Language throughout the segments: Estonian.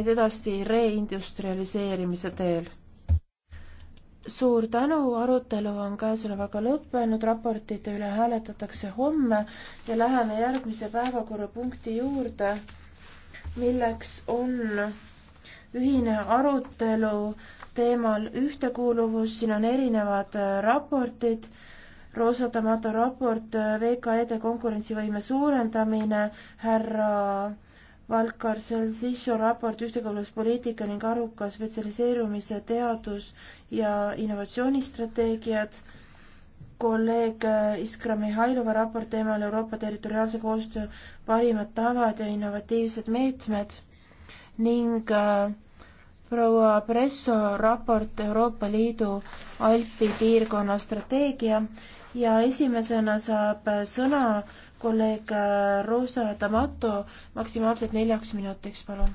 et edasi reindustrialiseerimise teel. suur tänu, arutelu on käesolevaga lõppenud, raportite üle hääletatakse homme ja läheme järgmise päevakorrapunkti juurde, milleks on ühine arutelu teemal ühtekuuluvus, siin on erinevad raportid Rosa Tamato raport VKE-de konkurentsivõime suurendamine, härra Valkar Selsisso raport ühtekuuluvuspoliitika ning aruka spetsialiseerumise teadus- ja innovatsioonistrateegiad, kolleeg äh, Iskra Mihhailova raport teemal Euroopa territoriaalse koostöö parimad tavad ja innovatiivsed meetmed ning äh, proua Presso raport Euroopa Liidu Alpi piirkonna strateegia ja esimesena saab äh, sõna kolleeg Rosa D'Amato maksimaalselt neljaks minutiks, palun.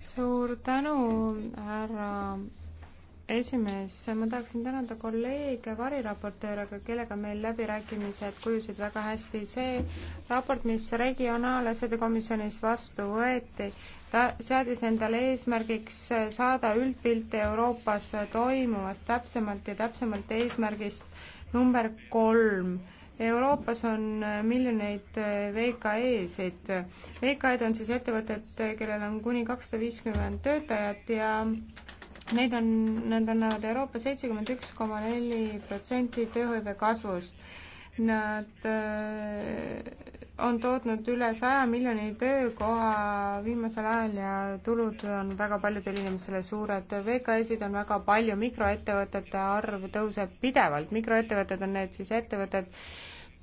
suur tänu, härra esimees, ma tahaksin tänada kolleege, variraportööre, kellega meil läbirääkimised kujusid väga hästi. see raport, mis regionaalasjade komisjonis vastu võeti, ta seadis endale eesmärgiks saada üldpilt Euroopas toimuvast täpsemalt ja täpsemalt eesmärgist number kolm Euroopas on miljoneid VKE-sid. VKE-d on siis ettevõtted, kellel on kuni kakssada viiskümmend töötajat ja neid on, nad annavad Euroopas seitsekümmend üks koma neli protsenti tööhõive kasvust. Nad on tootnud üle saja miljoni töökoha viimasel ajal ja tulud on väga paljudele inimestele suured. VKS-id on väga palju, mikroettevõtete arv tõuseb pidevalt, mikroettevõtted on need siis ettevõtted,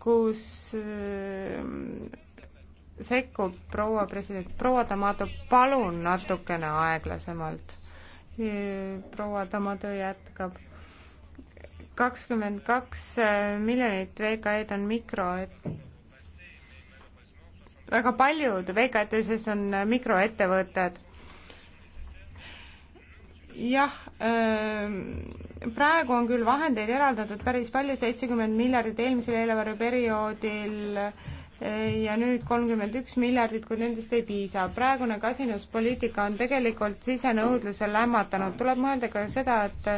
kus äh, sekkub proua president, proua Tamato, palun natukene aeglasemalt. proua Tamato jätkab kakskümmend kaks äh, miljonit VKE-d on mikroettevõtted väga paljud VKT-s on äh, mikroettevõtted. jah, ähm, praegu on küll vahendeid eraldatud päris palju, seitsekümmend miljardit eelmisel eelarveperioodil äh, ja nüüd kolmkümmend üks miljardit, kuid nendest ei piisa. praegune kasinuspoliitika on tegelikult sisenõudluse lämmatanud. tuleb mõelda ka seda, et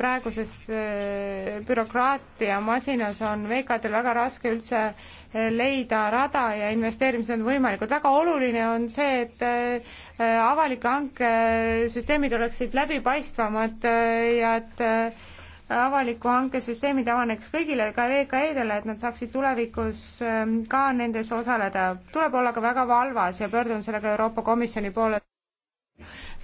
praeguses äh, bürokraatiamasinas on VKT-l väga raske üldse äh, leida rada ja investeerimised on võimalikud. väga oluline on see, et äh, avalike hankesüsteemid oleksid läbipaistvamad ja et avaliku hanke süsteemid avaneks kõigile, ka VKE-dele, et nad saaksid tulevikus ka nendes osaleda. tuleb olla ka väga valvas ja pöördun sellega Euroopa Komisjoni poole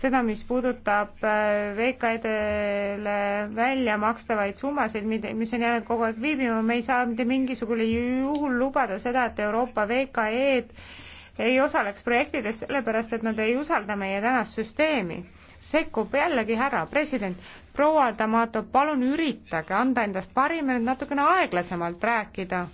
seda, mis puudutab äh, VKD-le välja makstavaid summasid, mis on jäänud kogu aeg viibima, me ei saa mitte mingisugune juhul lubada seda, et Euroopa VKE-d ei osaleks projektides, sellepärast et nad ei usalda meie tänast süsteemi. sekkub jällegi härra president, proua D'Amato, palun üritage anda endast parim ja natukene aeglasemalt rääkida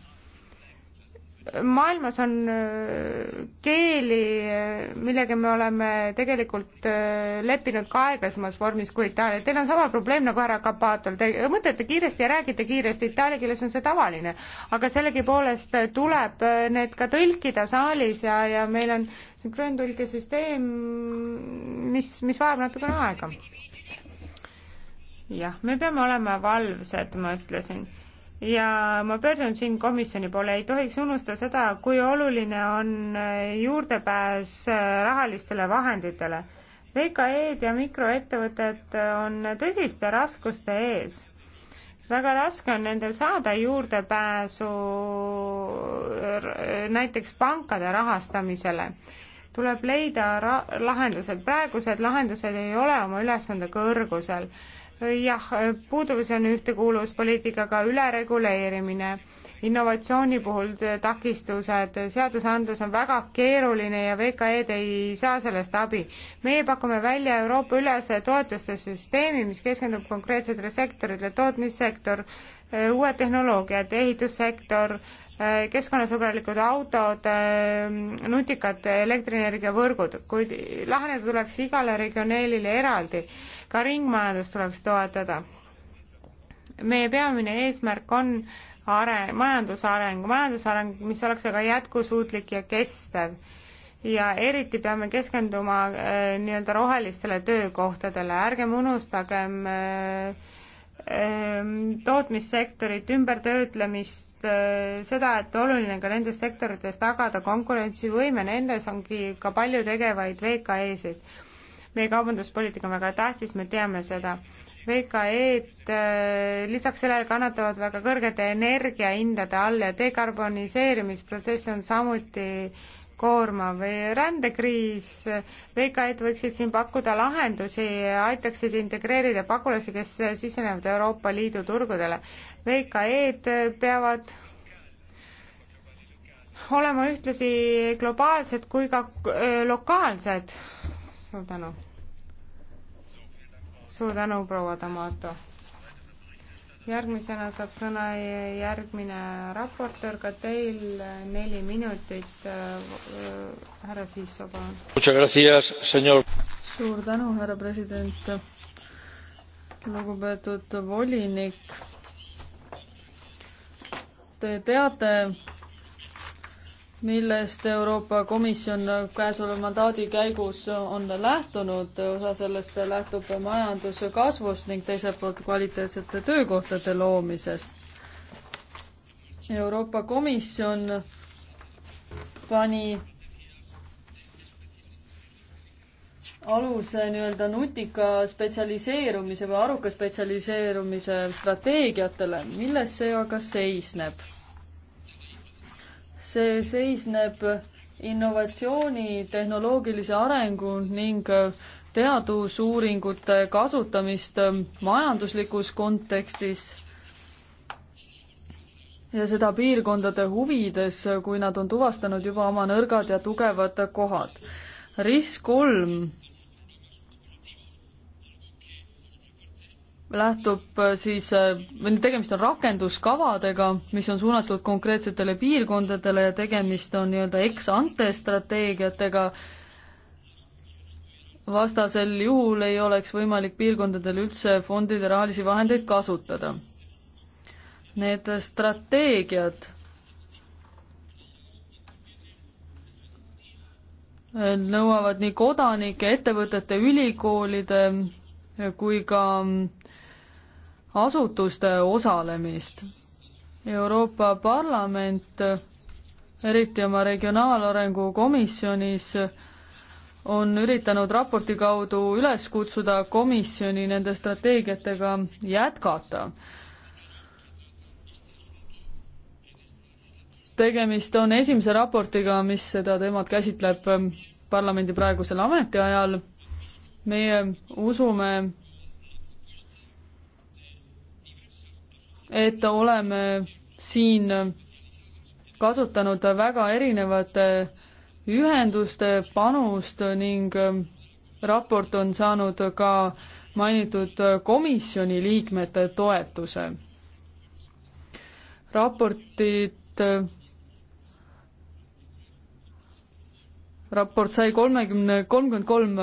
maailmas on äh, keeli, äh, millega me oleme tegelikult äh, leppinud ka aeglasemas vormis kui itaalia. Teil on sama probleem nagu härra Capatol, te mõtlete kiiresti ja räägite kiiresti, itaalia keeles on see tavaline, aga sellegipoolest tuleb need ka tõlkida saalis ja, ja meil on sünkroontõlkesüsteem, mis, mis vajab natukene aega. jah, me peame olema valvsad, ma ütlesin ja ma pöördun siin komisjoni poole, ei tohiks unustada seda, kui oluline on äh, juurdepääs äh, rahalistele vahenditele. VKE-d ja mikroettevõtted on tõsiste raskuste ees. väga raske on nendel saada juurdepääsu äh, näiteks pankade rahastamisele. tuleb leida ra-, lahendused, praegused lahendused ei ole oma ülesande kõrgusel jah, puuduvus on ühtekuuluvuspoliitikaga ülereguleerimine, innovatsiooni puhul takistused, seadusandlus on väga keeruline ja VKE-d ei saa sellest abi. meie pakume välja Euroopa-ülese toetuste süsteemi, mis keskendub konkreetsetele sektoritele, tootmissektor, eh, uued tehnoloogiad, ehitussektor, eh, keskkonnasõbralikud autod, eh, nutikad elektrienergiavõrgud, kuid läheneda tuleks igale regioneelile eraldi ka ringmajandust tuleks toetada. meie peamine eesmärk on are-, majandusareng, majandusareng, mis oleks aga jätkusuutlik ja kestev. ja eriti peame keskenduma äh, nii-öelda rohelistele töökohtadele, ärgem unustagem äh, ähm, tootmissektorit, ümbertöötlemist, äh, seda, et oluline ka nendes sektorites tagada konkurentsivõime, nendes ongi ka palju tegevaid VKE-sid meie kaubanduspoliitika on väga tähtis, me teame seda. VKE-d äh, lisaks sellele kannatavad väga kõrgete energiahindade all ja dekarboniseerimisprotsess on samuti koormav või rändekriis, VKE-d võiksid siin pakkuda lahendusi, aitaksid integreerida pagulasi, kes sisenevad Euroopa Liidu turgudele. VKE-d peavad olema ühtlasi globaalsed kui ka äh, lokaalsed suur tänu. suur tänu, proua Tomato. järgmisena saab sõna järgmine raportöör, ka teil neli minutit äh,. härra Sisso, palun. suur tänu, härra president. lugupeetud volinik. Te teate, millest Euroopa Komisjon käesoleva mandaadi käigus on lähtunud, osa sellest lähtub majanduskasvust ning teiselt poolt kvaliteetsete töökohtade loomisest. Euroopa Komisjon pani aluse nii-öelda nutika spetsialiseerumise või aruka spetsialiseerumise strateegiatele, milles see aga seisneb? see seisneb innovatsiooni, tehnoloogilise arengu ning teadusuuringute kasutamist majanduslikus kontekstis ja seda piirkondade huvides, kui nad on tuvastanud juba oma nõrgad ja tugevad kohad. RIS kolm lähtub äh, siis, äh, tegemist on rakenduskavadega, mis on suunatud konkreetsetele piirkondadele ja tegemist on nii-öelda ex-ante strateegiatega, vastasel juhul ei oleks võimalik piirkondadel üldse fondide rahalisi vahendeid kasutada. Need strateegiad äh, nõuavad nii kodanike, ettevõtete, ülikoolide kui ka äh, asutuste osalemist. Euroopa Parlament, eriti oma regionaalarengu komisjonis, on üritanud raporti kaudu üles kutsuda komisjoni nende strateegiatega jätkata. tegemist on esimese raportiga, mis seda teemat käsitleb parlamendi praegusel ametiajal. meie usume et oleme siin kasutanud väga erinevate ühenduste panust ning raport on saanud ka mainitud komisjoni liikmete toetuse. raportit, raport sai kolmekümne, kolmkümmend kolm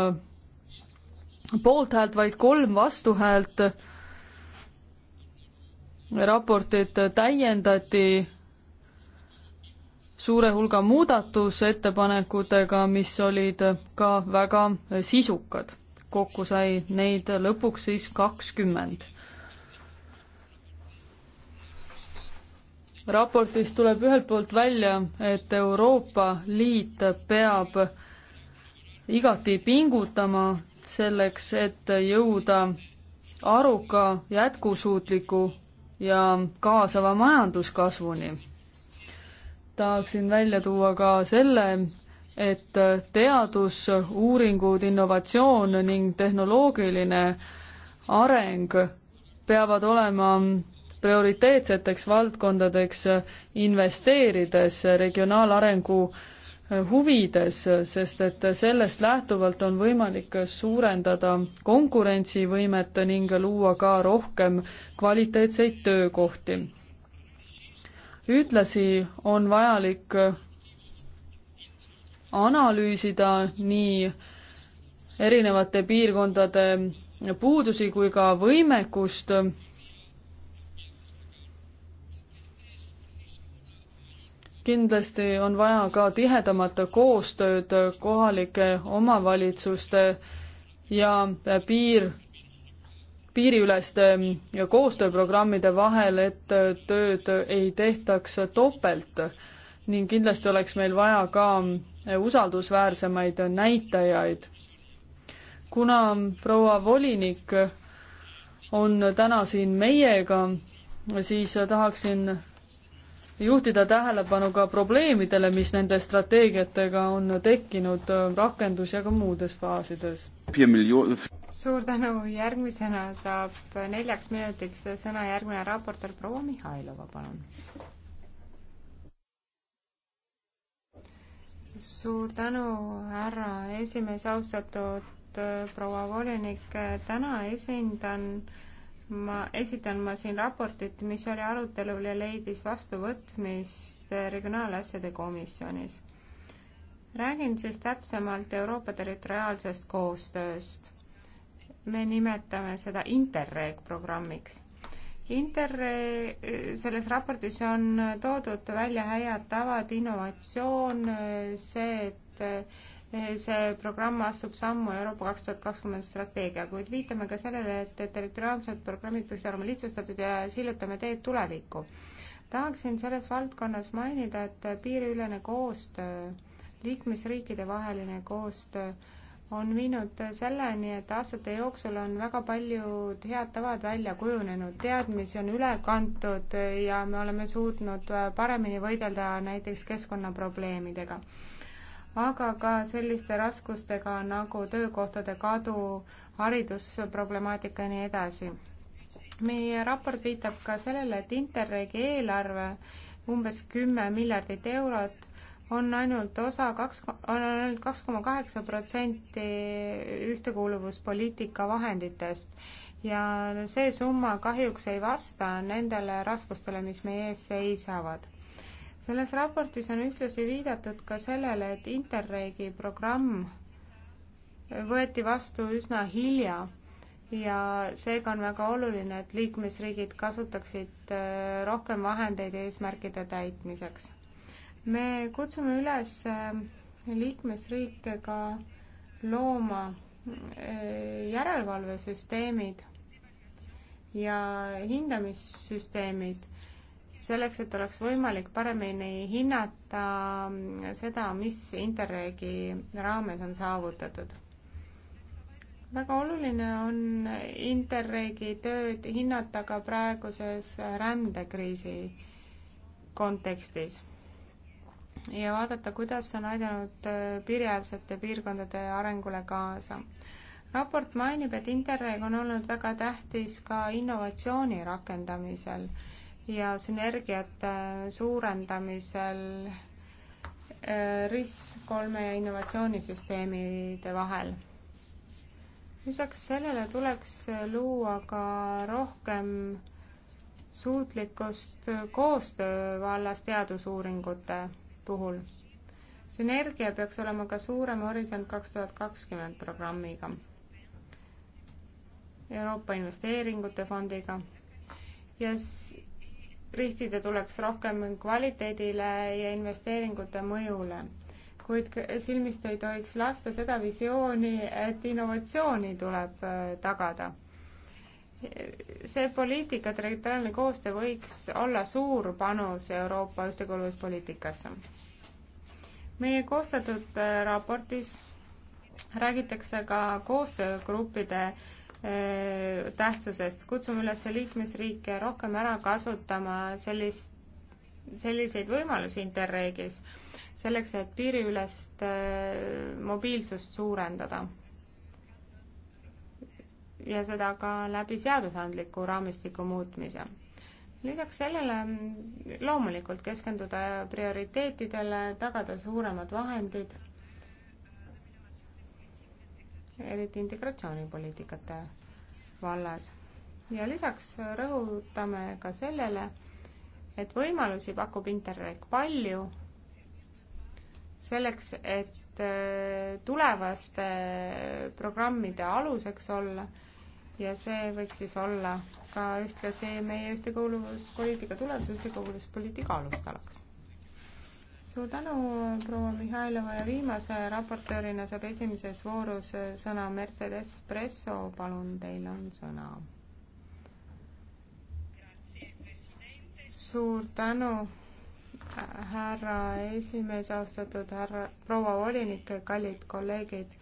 poolthäält, vaid kolm vastuhäält raportit täiendati suure hulga muudatusettepanekutega, mis olid ka väga sisukad. kokku sai neid lõpuks siis kakskümmend. raportis tuleb ühelt poolt välja, et Euroopa Liit peab igati pingutama selleks, et jõuda aruka jätkusuutliku ja kaasava majanduskasvuni. tahaksin välja tuua ka selle, et teadusuuringud, innovatsioon ning tehnoloogiline areng peavad olema prioriteetseteks valdkondadeks investeerides regionaalarengu äh, huvides, sest et sellest lähtuvalt on võimalik suurendada konkurentsivõimet ning luua ka rohkem kvaliteetseid töökohti. ühtlasi on vajalik analüüsida nii erinevate piirkondade puudusi kui ka võimekust kindlasti on vaja ka tihedamat koostööd kohalike omavalitsuste ja piir, piiriüleste koostööprogrammide vahel, et tööd ei tehtaks topelt ning kindlasti oleks meil vaja ka usaldusväärsemaid näitajaid. kuna proua volinik on täna siin meiega, siis tahaksin juhtida tähelepanu ka probleemidele, mis nende strateegiatega on tekkinud rakendus- ja ka muudes faasides. suur tänu, järgmisena saab neljaks minutiks sõna järgmine raportöör proua Mihhailova, palun. suur tänu, härra esimees, austatud äh, proua volinik, täna esindan äh, ma esitan ma siin raportit, mis oli arutelul ja leidis vastuvõtmist Regionaalasjade Komisjonis. räägin siis täpsemalt Euroopa territoriaalsest koostööst. me nimetame seda Interreg programmiks. Interre-, selles raportis on toodud välja head tavad, innovatsioon, see, et see programm astub sammu Euroopa kaks tuhat kakskümmend strateegia, kuid viitame ka sellele, et territoriaalsed programmid peaks olema lihtsustatud ja sillutame teed tulevikku. tahaksin selles valdkonnas mainida, et piiriülene koostöö, liikmesriikide vaheline koostöö on viinud selleni, et aastate jooksul on väga paljud head tavad välja kujunenud, teadmisi on üle kantud ja me oleme suutnud paremini võidelda näiteks keskkonnaprobleemidega aga ka selliste raskustega nagu töökohtade kadu, haridusproblemaatika ja nii edasi. meie raport viitab ka sellele, et Interregi eelarve umbes kümme miljardit eurot on ainult osa kaks, on ainult kaks koma kaheksa protsenti ühtekuuluvuspoliitika vahenditest ja see summa kahjuks ei vasta nendele raskustele, mis meie ees seisavad selles raportis on ühtlasi viidatud ka sellele, et Interregi programm võeti vastu üsna hilja ja seega on väga oluline, et liikmesriigid kasutaksid äh, rohkem vahendeid eesmärkide täitmiseks. me kutsume üles äh, liikmesriike ka looma äh, järelevalvesüsteemid ja hindamissüsteemid selleks, et oleks võimalik paremini hinnata mm, seda, mis Interregi raames on saavutatud. väga oluline on Interregi tööd hinnata ka praeguses rändekriisi kontekstis ja vaadata, kuidas on aidanud äh, piiriäärsete piirkondade arengule kaasa. raport mainib, et Interreg on olnud väga tähtis ka innovatsiooni rakendamisel ja sünergiate äh, suurendamisel äh, RIS kolme ja innovatsioonisüsteemide vahel. lisaks sellele tuleks luua ka rohkem suutlikkust koostöö vallas teadusuuringute puhul. sünergia peaks olema ka suurem Horisont kaks tuhat kakskümmend programmiga, Euroopa Investeeringute Fondiga ja rihtida tuleks rohkem kvaliteedile ja investeeringute mõjule. kuid silmist ei tohiks lasta seda visiooni, et innovatsiooni tuleb äh, tagada. see poliitika, territoriaalne koostöö võiks olla suur panus Euroopa ühtekuuluvuspoliitikasse. meie koostatud äh, raportis räägitakse ka koostöögruppide Äh, tähtsusest. kutsume üles liikmesriike rohkem ära kasutama sellist, selliseid võimalusi Interregis, selleks et piiriülest äh, mobiilsust suurendada. ja seda ka läbi seadusandliku raamistiku muutmise lisaks sellele loomulikult keskenduda prioriteetidele, tagada suuremad vahendid eriti integratsioonipoliitikate vallas. ja lisaks rõhutame ka sellele, et võimalusi pakub Interreg palju selleks, et äh, tulevaste programmide aluseks olla ja see võiks siis olla ka ühtlasi meie ühtekuuluvuspoliitika tulevikus ühtekuuluvuspoliitika alustalaks suur tänu, proua Mihhailova ja viimase raportöörina saab esimeses voorus sõna Mercedes Presso, palun, teil on sõna. suur tänu, härra esimees, austatud härra, proua volinik, kallid kolleegid.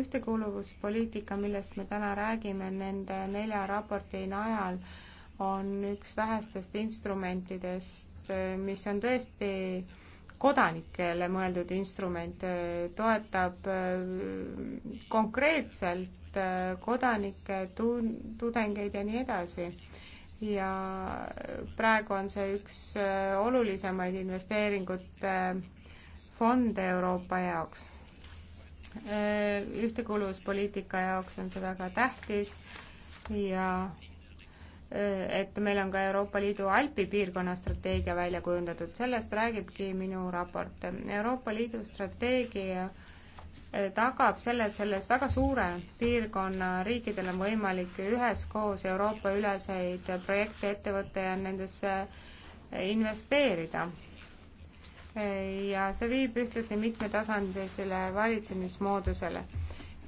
ühtekuuluvuspoliitika, millest me täna räägime nende nelja raporti najal, on üks vähestest instrumentidest, mis on tõesti kodanikele mõeldud instrument, äh, toetab äh, konkreetselt äh, kodanikke, tu-, tudengeid ja nii edasi. ja praegu on see üks olulisemaid investeeringute fonde Euroopa jaoks. ühtekuuluvuspoliitika jaoks on see väga tähtis ja et meil on ka Euroopa Liidu Alpi piirkonna strateegia välja kujundatud, sellest räägibki minu raport. Euroopa Liidu strateegia eh, tagab selle, et selles väga suure piirkonna riikidel on võimalik üheskoos Euroopa-üleseid projekte ette võtta ja nendesse eh, investeerida. ja see viib ühtlasi mitmetasandilisele valitsemismoodusele.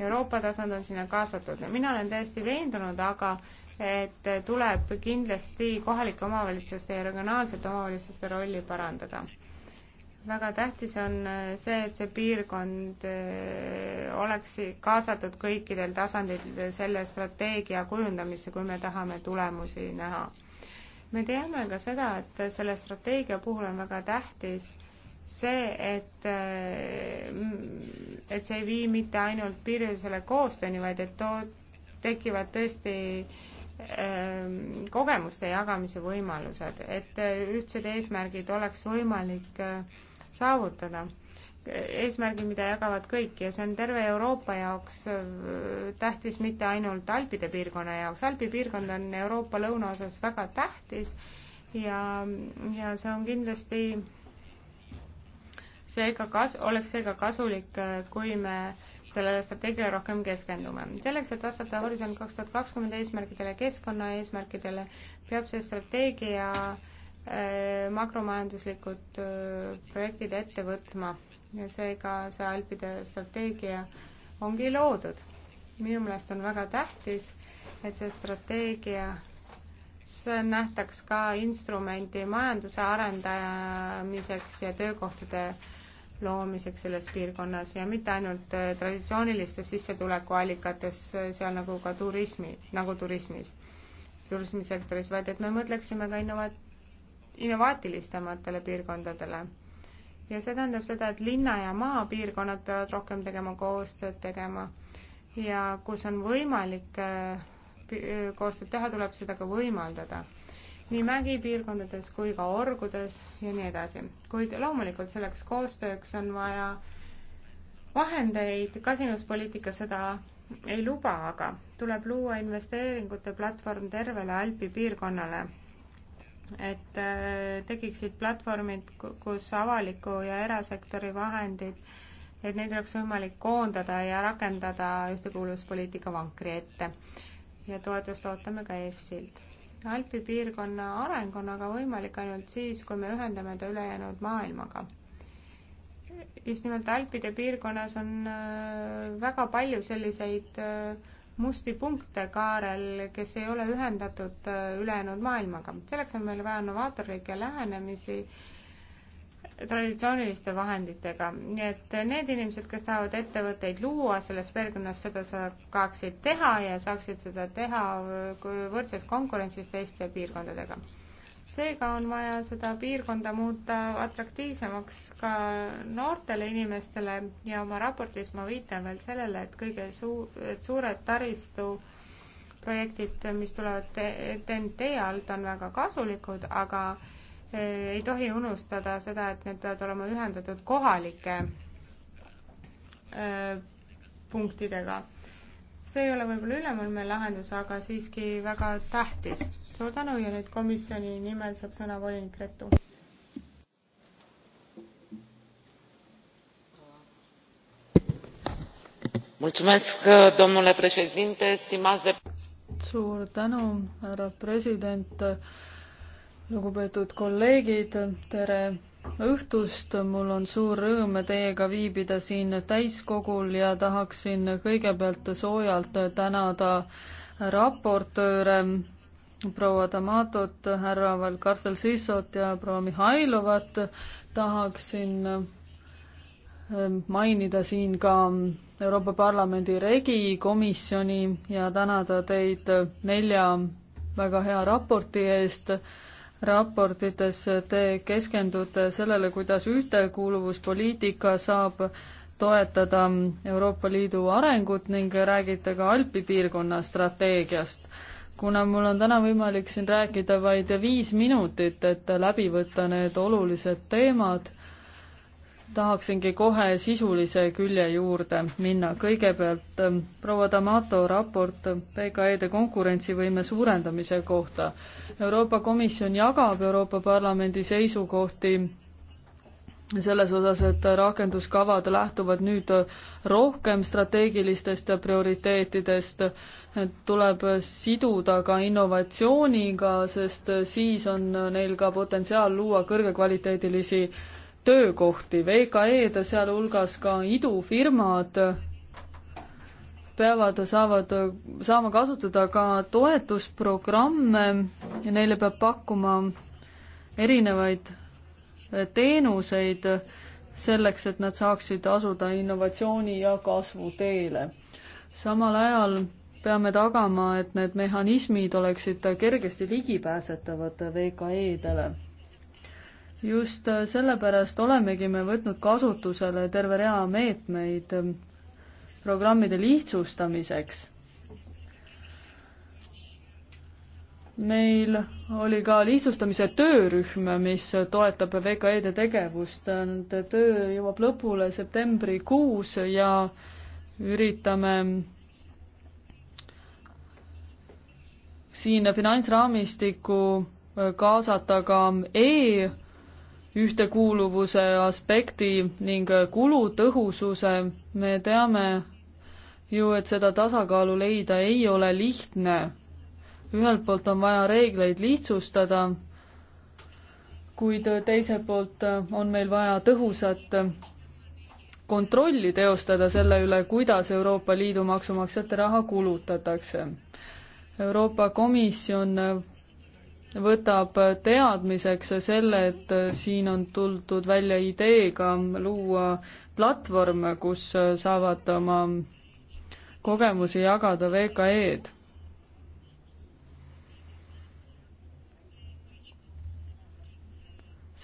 Euroopa tasand on sinna kaasatud ja mina olen täiesti veendunud aga, et tuleb kindlasti kohalike omavalitsuste ja regionaalsete omavalitsuste rolli parandada. väga tähtis on äh, see, et see piirkond äh, oleks kaasatud kõikidel tasanditel selle strateegia kujundamisse, kui me tahame tulemusi näha. me teame ka seda, et selle strateegia puhul on väga tähtis see, et, äh, et see ei vii mitte ainult piirilisele koostööni, vaid et too-, tekivad tõesti äh, Ähm, kogemuste jagamise võimalused, et äh, ühtsed eesmärgid oleks võimalik äh, saavutada. eesmärgid, mida jagavad kõik ja see on terve Euroopa jaoks äh, tähtis, mitte ainult Alpide piirkonna jaoks. Alpi piirkond on Euroopa lõunaosas väga tähtis ja, ja see on kindlasti seega kas-, oleks seega kasulik, kui me äh, sellele strateegiale rohkem keskendume. selleks, et vastata Horisont kaks tuhat kakskümmend eesmärkidele, keskkonna eesmärkidele, peab see strateegia äh, makromajanduslikud äh, projektid ette võtma ja seega see Alpide strateegia ongi loodud. minu meelest on väga tähtis, et see strateegia nähtaks ka instrumenti majanduse arendamiseks ja töökohtade äh, loomiseks selles piirkonnas ja mitte ainult äh, traditsioonilistes sissetulekuallikates, äh, seal nagu ka turismi, nagu turismis, turismisektoris, vaid et me mõtleksime ka innova-, innovaatilisematele piirkondadele. ja see tähendab seda, et linna- ja maapiirkonnad peavad rohkem tegema koostööd tegema ja kus on võimalik äh, koostööd teha, tuleb seda ka võimaldada nii mägipiirkondades kui ka orgudes ja nii edasi. kuid loomulikult selleks koostööks on vaja vahendeid, kasinuspoliitika seda ei luba, aga tuleb luua investeeringute platvorm tervele Alpi piirkonnale. et äh, tekiksid platvormid, kus avaliku ja erasektori vahendid, et neid oleks võimalik koondada ja rakendada ühtekuuluvuspoliitika vankri ette. ja toetust ootame ka EFSilt. Alpi piirkonna areng on aga võimalik ainult siis, kui me ühendame ta ülejäänud maailmaga. just nimelt Alpide piirkonnas on äh, väga palju selliseid äh, musti punkte kaarel, kes ei ole ühendatud äh, ülejäänud maailmaga. selleks on meil vaja novaatorlikke lähenemisi traditsiooniliste vahenditega, nii et need inimesed, kes tahavad ettevõtteid luua selles piirkonnas, seda saaksid teha ja saaksid seda teha võrdses konkurentsis teiste piirkondadega. seega on vaja seda piirkonda muuta atraktiivsemaks ka noortele inimestele ja oma raportis ma viitan veel sellele, et kõige suu-, suured taristu projektid, mis tulevad TNT alt, on väga kasulikud, aga ei tohi unustada seda, et need peavad olema ühendatud kohalike punktidega. see ei ole võib-olla ülemaailmne lahendus, aga siiski väga tähtis. suur tänu ja nüüd komisjoni nimel saab sõna volinik Retu. domnule președinte stimați deputați. suur tänu härra president lugupeetud kolleegid, tere õhtust, mul on suur rõõm teiega viibida siin täiskogul ja tahaksin kõigepealt soojalt tänada raportööre proua Damatot, härra Valkartel Sissot ja proua Mihhailovat. tahaksin ähm, mainida siin ka Euroopa Parlamendi regi komisjoni ja tänada teid nelja väga hea raporti eest raportites te keskendute sellele, kuidas ühtekuuluvuspoliitika saab toetada Euroopa Liidu arengut ning räägite ka Alpi piirkonna strateegiast. kuna mul on täna võimalik siin rääkida vaid viis minutit, et läbi võtta need olulised teemad tahaksingi kohe sisulise külje juurde minna. kõigepealt ähm, proua D'Amato raport PKE-de konkurentsivõime suurendamise kohta. Euroopa Komisjon jagab Euroopa Parlamendi seisukohti selles osas, et rakenduskavad lähtuvad nüüd rohkem strateegilistest prioriteetidest, et tuleb siduda ka innovatsiooniga, sest siis on neil ka potentsiaal luua kõrgekvaliteedilisi töökohti, VKE-d, sealhulgas ka idufirmad peavad, saavad, saama kasutada ka toetusprogramme ja neile peab pakkuma erinevaid eh, teenuseid selleks, et nad saaksid asuda innovatsiooni ja kasvu teele. samal ajal peame tagama, et need mehhanismid oleksid kergesti ligipääsetavad VKE-dele just äh, sellepärast olemegi me võtnud kasutusele terve rea meetmeid ähm, programmide lihtsustamiseks. meil oli ka lihtsustamise töörühm, mis toetab VKE-de tegevust, äh, nende töö jõuab lõpule septembrikuus ja üritame ähm, siin finantsraamistikku äh, kaasata ka ähm, e- ühtekuuluvuse aspekti ning kulutõhususe, me teame ju, et seda tasakaalu leida ei ole lihtne. ühelt poolt on vaja reegleid lihtsustada, kuid teiselt poolt on meil vaja tõhusat kontrolli teostada selle üle, kuidas Euroopa Liidu maksumaksjate raha kulutatakse. Euroopa Komisjon võtab teadmiseks selle, et siin on tuldud välja ideega luua platvorm, kus saavad oma kogemusi jagada VKE-d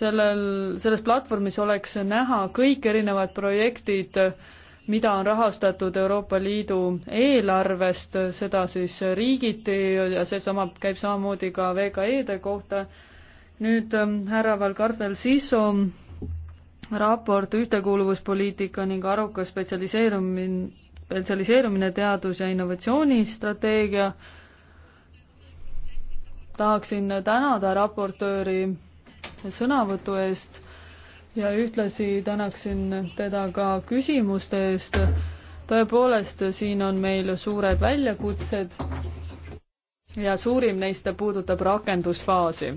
sellel, selles platvormis oleks näha kõik erinevad projektid, mida on rahastatud Euroopa Liidu eelarvest, seda siis riigiti ja seesama käib samamoodi ka VKE-de kohta. nüüd ähm, härra Valkartel Sisso raport Ühtekuuluvuspoliitika ning arukas spetsialiseerumine, spetsialiseerumine teadus- ja innovatsioonistrateegia. tahaksin tänada raportööri sõnavõtu eest ja ühtlasi tänaksin teda ka küsimuste eest. tõepoolest, siin on meil suured väljakutsed ja suurim neist puudutab rakendusfaasi.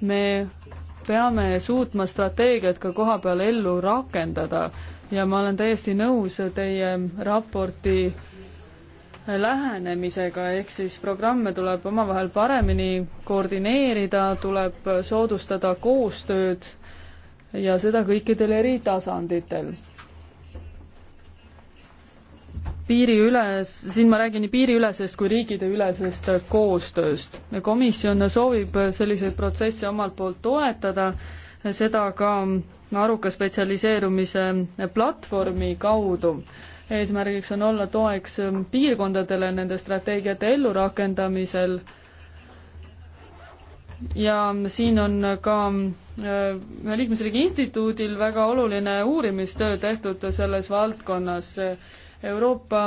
me peame suutma strateegiat ka koha peal ellu rakendada ja ma olen täiesti nõus teie raporti lähenemisega, ehk siis programme tuleb omavahel paremini koordineerida, tuleb soodustada koostööd ja seda kõikidel eri tasanditel. piiriüles, siin ma räägin nii piiriülesest kui riikideülesest koostööst. komisjon soovib selliseid protsesse omalt poolt toetada, seda ka aruka spetsialiseerumise platvormi kaudu eesmärgiks on olla toeks piirkondadele nende strateegiate ellurakendamisel. ja siin on ka ühe äh, liikmesriigi instituudil väga oluline uurimistöö tehtud selles valdkonnas. Euroopa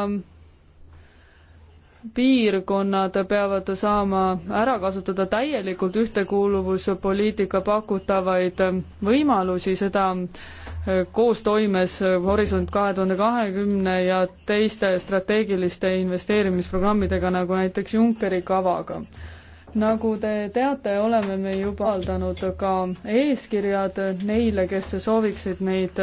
piirkonnad peavad saama ära kasutada täielikult ühtekuuluvuspoliitika pakutavaid võimalusi, seda äh, koostoimes Horisont kahe tuhande kahekümne ja teiste strateegiliste investeerimisprogrammidega, nagu näiteks Junckeri kavaga nagu te teate, oleme me juba avaldanud ka eeskirjad neile, kes sooviksid neid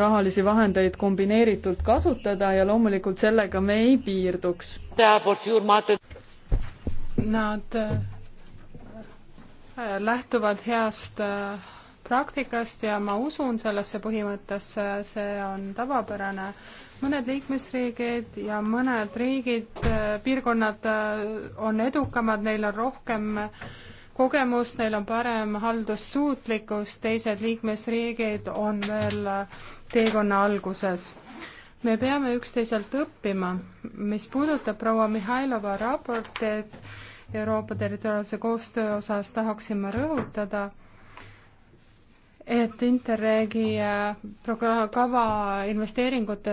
rahalisi vahendeid kombineeritult kasutada ja loomulikult sellega me ei piirduks. Nad äh, lähtuvad heast äh, praktikast ja ma usun sellesse põhimõttesse, see on tavapärane mõned liikmesriigid ja mõned riigid, äh, piirkonnad äh, on edukamad, neil on rohkem äh, kogemust, neil on parem haldussuutlikkus, teised liikmesriigid on veel teekonna alguses. me peame üksteiselt õppima. mis puudutab proua Mihhailova raporteid Euroopa territoriaalse koostöö osas, tahaksin ma rõhutada, et Interregi äh, kava investeeringute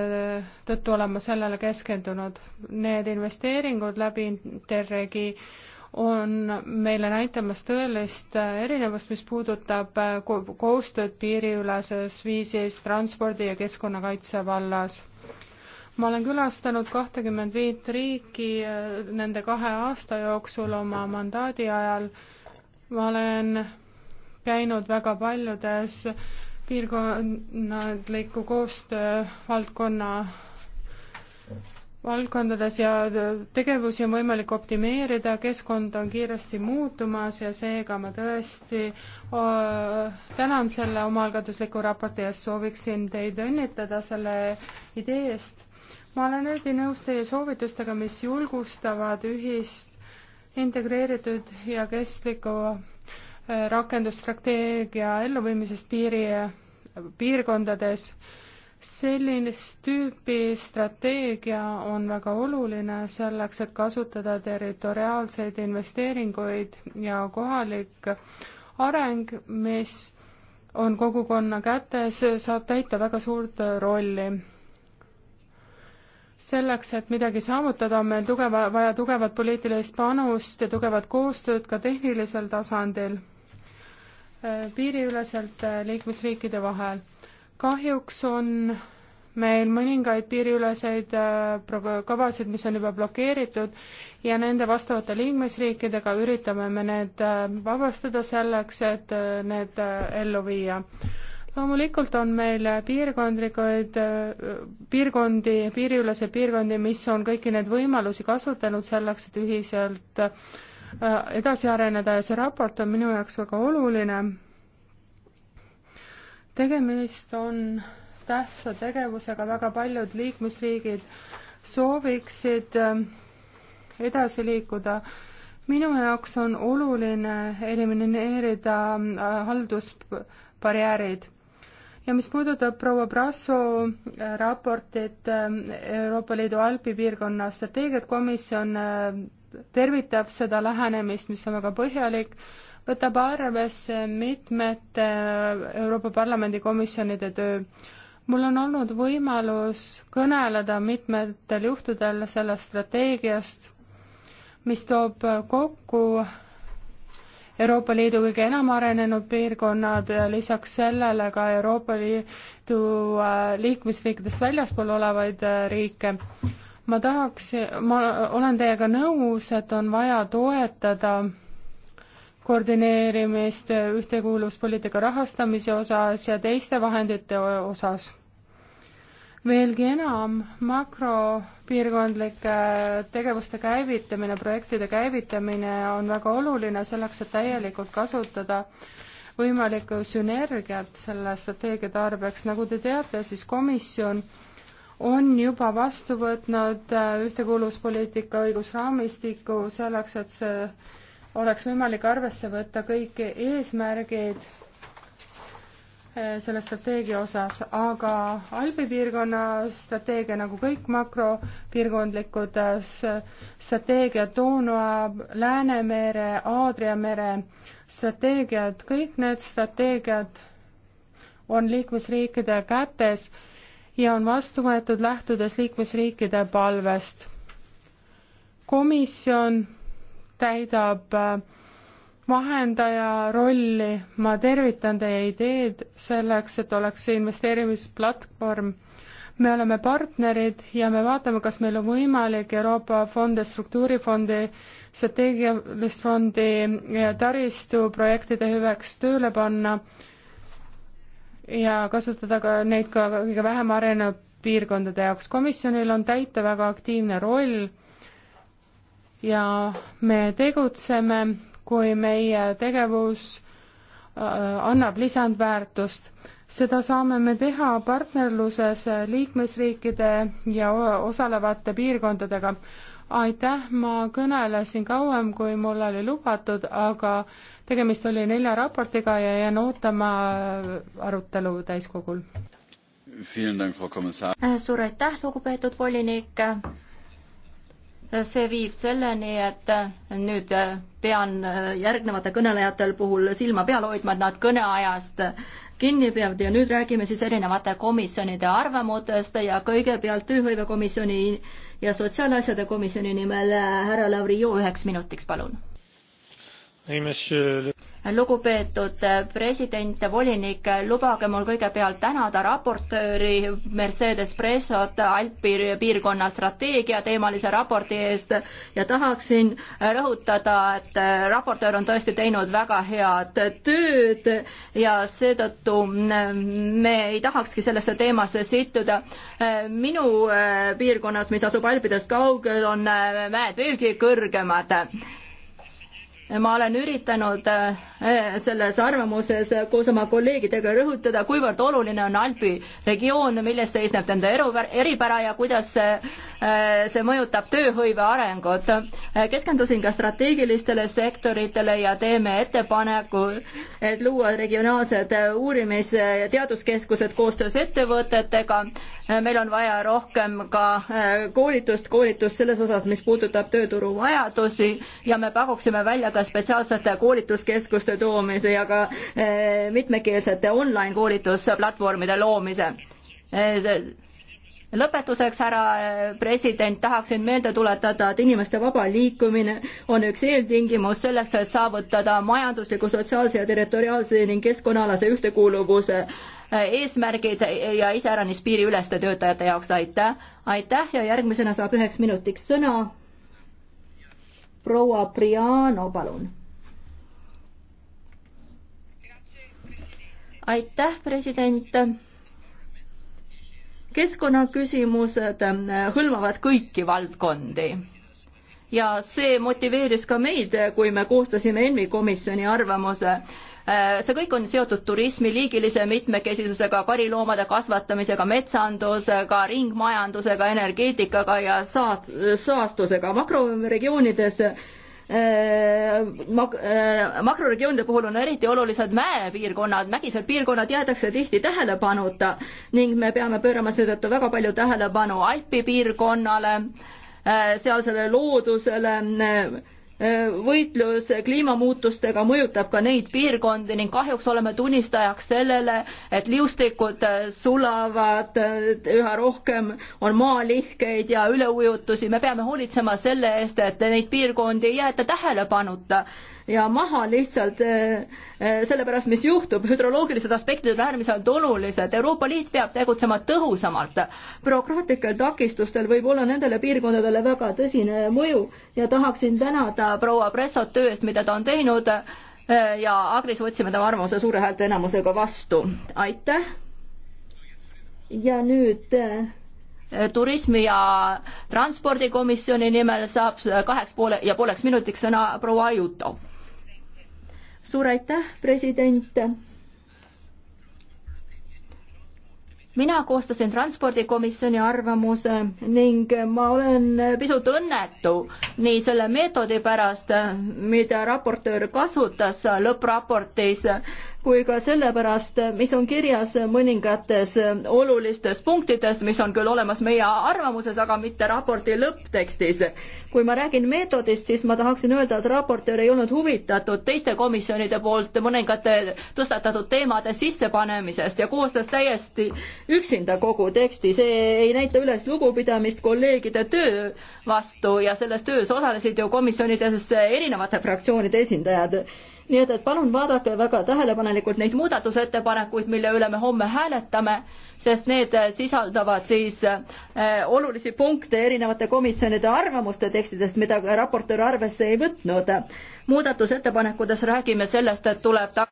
tõttu olen ma sellele keskendunud. Need investeeringud läbi Interregi on meile näitamas tõelist äh, erinevust, mis puudutab äh, koostööd piiriüleses viisis transpordi ja keskkonnakaitse vallas. ma olen külastanud kahtekümmend viit riiki nende kahe aasta jooksul oma mandaadi ajal. ma olen käinud väga paljudes piirkonnaliku koostöö valdkonna valdkondades ja tegevusi on võimalik optimeerida, keskkond on kiiresti muutumas ja seega ma tõesti öö, tänan selle omaalgatusliku raporti eest, sooviksin teid õnnitleda selle idee eest. ma olen eriti nõus teie soovitustega, mis julgustavad ühist integreeritud ja kestlikku rakendusstrateegia elluviimisest piiri, piirkondades. sellist tüüpi strateegia on väga oluline selleks, et kasutada territoriaalseid investeeringuid ja kohalik areng, mis on kogukonna kätes, saab täita väga suurt rolli selleks, et midagi saavutada, on meil tugeva, vaja tugevat poliitilist panust ja tugevat koostööd ka tehnilisel tasandil piiriüleselt äh, liikmesriikide vahel. kahjuks on meil mõningaid piiriüleseid äh, kavasid, mis on juba blokeeritud ja nende vastavate liikmesriikidega üritame me need äh, vabastada selleks, et need ellu viia. loomulikult on meil piirkondlikud, piirkondi, piiriüleseid piirkondi, mis on kõiki neid võimalusi kasutanud selleks, et ühiselt Äh, edasi areneda ja see raport on minu jaoks väga oluline. tegemist on tähtsa tegevusega, väga paljud liikmesriigid sooviksid äh, edasi liikuda. minu jaoks on oluline elimineerida äh, haldusbarjäärid ja mis puudutab proua Brasso raportit Euroopa Liidu alpipiirkonna strateegiat, komisjon tervitab seda lähenemist, mis on väga põhjalik, võtab arvesse mitmete äh, Euroopa Parlamendi komisjonide töö. mul on olnud võimalus kõneleda mitmetel juhtudel sellest strateegiast, mis toob kokku Euroopa Liidu kõige enam arenenud piirkonnad ja lisaks sellele ka Euroopa Liidu äh, liikmesriikidest väljaspool olevaid äh, riike ma tahaks, ma olen teiega nõus, et on vaja toetada koordineerimist ühtekuuluvuspoliitika rahastamise osas ja teiste vahendite osas. veelgi enam, makropiirkondlike tegevuste käivitamine, projektide käivitamine on väga oluline selleks, et täielikult kasutada võimalikku sünergiat selle strateegia tarbeks, nagu te teate, siis komisjon on juba vastu võtnud äh, ühtekuuluvuspoliitika õigusraamistiku selleks, et see oleks võimalik arvesse võtta kõik eesmärgid äh, selle strateegia osas, aga Albi piirkonna strateegia nagu kõik makropiirkondlikud äh, strateegiad, Donau, Läänemere, Aadria mere strateegiad, kõik need strateegiad on liikmesriikide kätes ja on vastu võetud lähtudes liikmesriikide palvest. komisjon täidab äh, vahendaja rolli, ma tervitan teie ideed selleks, et oleks see investeerimisplatvorm. me oleme partnerid ja me vaatame, kas meil on võimalik Euroopa fonde, struktuurifondi, strateegilist fondi ja taristuprojektide hüveks tööle panna ja kasutada ka neid ka kõige vähem arenenud piirkondade jaoks. komisjonil on täita väga aktiivne roll ja me tegutseme, kui meie tegevus äh, annab lisandväärtust. seda saame me teha partnerluses liikmesriikide ja osalevate piirkondadega aitäh, ma kõnelesin kauem, kui mul oli lubatud, aga tegemist oli nelja raportiga ja jään ootama arutelu täiskogul. Äh, suur aitäh, lugupeetud volinik. Äh, see viib selleni, et äh, nüüd pean järgnevate kõnelejatel puhul silma peal hoidma, et nad kõneajast kinni peavad ja nüüd räägime siis erinevate komisjonide arvamutest ja kõigepealt tööhõivekomisjoni ja sotsiaalasjade komisjoni nimel härra Lavrio üheks minutiks, palun lugupeetud president, volinik, lubage mul kõigepealt tänada raportööri Mercedes Pressot Alpi piirkonna strateegia teemalise raporti eest ja tahaksin rõhutada, et raportöör on tõesti teinud väga head tööd ja seetõttu me ei tahakski sellesse teemasse sittuda. minu piirkonnas, mis asub Alpidest kaugel, on mäed veelgi kõrgemad ma olen üritanud äh, selles arvamuses koos oma kolleegidega rõhutada, kuivõrd oluline on Alpi regioon, milles seisneb nende eru, eripära ja kuidas see, äh, see mõjutab tööhõive arengut. Äh, keskendusin ka strateegilistele sektoritele ja teeme ettepaneku, et luua regionaalsed uurimis- ja teaduskeskused koostöös ettevõtetega Äh, meil on vaja rohkem ka äh, koolitust, koolitust selles osas, mis puudutab tööturu vajadusi ja me pakuksime välja ka spetsiaalsete koolituskeskuste toomise ja ka äh, mitmekeelsete online koolitusplatvormide loomise lõpetuseks, härra president, tahaksin meelde tuletada, et inimeste vaba liikumine on üks eeltingimus selleks, et saavutada majandusliku, sotsiaalse ja territoriaalse ning keskkonnaalase ühtekuuluvuse eesmärgid ja iseäranis piiriüleste töötajate jaoks, aitäh. aitäh ja järgmisena saab üheks minutiks sõna proua Priano, palun. aitäh, president keskkonnaküsimused hõlmavad kõiki valdkondi ja see motiveeris ka meid, kui me koostasime ENMi komisjoni arvamuse Äh, see kõik on seotud turismi liigilise mitmekesisusega, kariloomade kasvatamisega, metsandusega, ringmajandusega, energeetikaga ja saat-, saastusega. makroregioonides äh, mak-, äh, makroregioonide puhul on eriti olulised mäepiirkonnad, mägised piirkonnad jäetakse tihti tähelepanuta ning me peame pöörama seetõttu väga palju tähelepanu Alpi piirkonnale, sealsele loodusele, võitlus kliimamuutustega mõjutab ka neid piirkondi ning kahjuks oleme tunnistajaks sellele, et liustikud sulavad üha rohkem, on maalihkeid ja üleujutusi, me peame hoolitsema selle eest, et neid piirkondi ei jäeta tähelepanuta ja maha lihtsalt eh, eh, selle pärast, mis juhtub. hüdroloogilised aspektid on äärmiselt olulised. Euroopa Liit peab tegutsema tõhusamalt. bürokraatlikel takistustel võib olla nendele piirkondadele väga tõsine mõju ja tahaksin tänada proua Pressot töö eest, mida ta on teinud eh, ja Agris võtsime tema arvamuse suure häälteenamusega vastu. aitäh! ja nüüd turismi ja transpordikomisjoni nimel saab kaheks poole ja pooleks minutiks sõna proua Ajuto. suur aitäh, president. mina koostasin transpordikomisjoni arvamuse ning ma olen pisut õnnetu nii selle meetodi pärast, mida raportöör kasutas lõppraportis kui ka sellepärast, mis on kirjas mõningates olulistes punktides, mis on küll olemas meie arvamuses, aga mitte raporti lõpptekstis. kui ma räägin meetodist, siis ma tahaksin öelda, et raportöör ei olnud huvitatud teiste komisjonide poolt mõningate tõstatatud teemade sissepanemisest ja koostas täiesti üksinda kogu teksti, see ei näita üles lugupidamist kolleegide töö vastu ja selles töös osalesid ju komisjonides erinevate fraktsioonide esindajad nii et, et palun vaadake väga tähelepanelikult neid muudatusettepanekuid, mille üle me homme hääletame, sest need sisaldavad siis äh, olulisi punkte erinevate komisjonide arvamuste tekstidest, mida raportöör arvesse ei võtnud. muudatusettepanekutes räägime sellest, et tuleb ta-,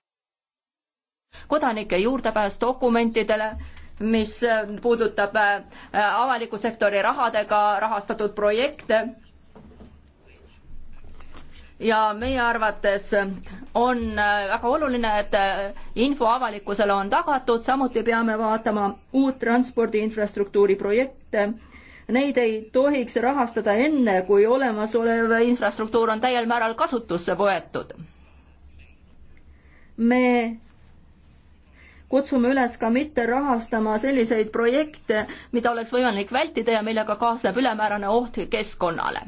kodanike juurdepääs dokumentidele, mis eh, puudutab eh, avaliku sektori rahadega rahastatud projekte ja meie arvates on äh, väga oluline, et äh, info avalikkusele on tagatud, samuti peame vaatama uut transpordi infrastruktuuri projekte. Neid ei tohiks rahastada enne, kui olemasolev infrastruktuur on täiel määral kasutusse võetud. me kutsume üles ka mitte rahastama selliseid projekte, mida oleks võimalik vältida ja millega kaasneb ülemäärane oht keskkonnale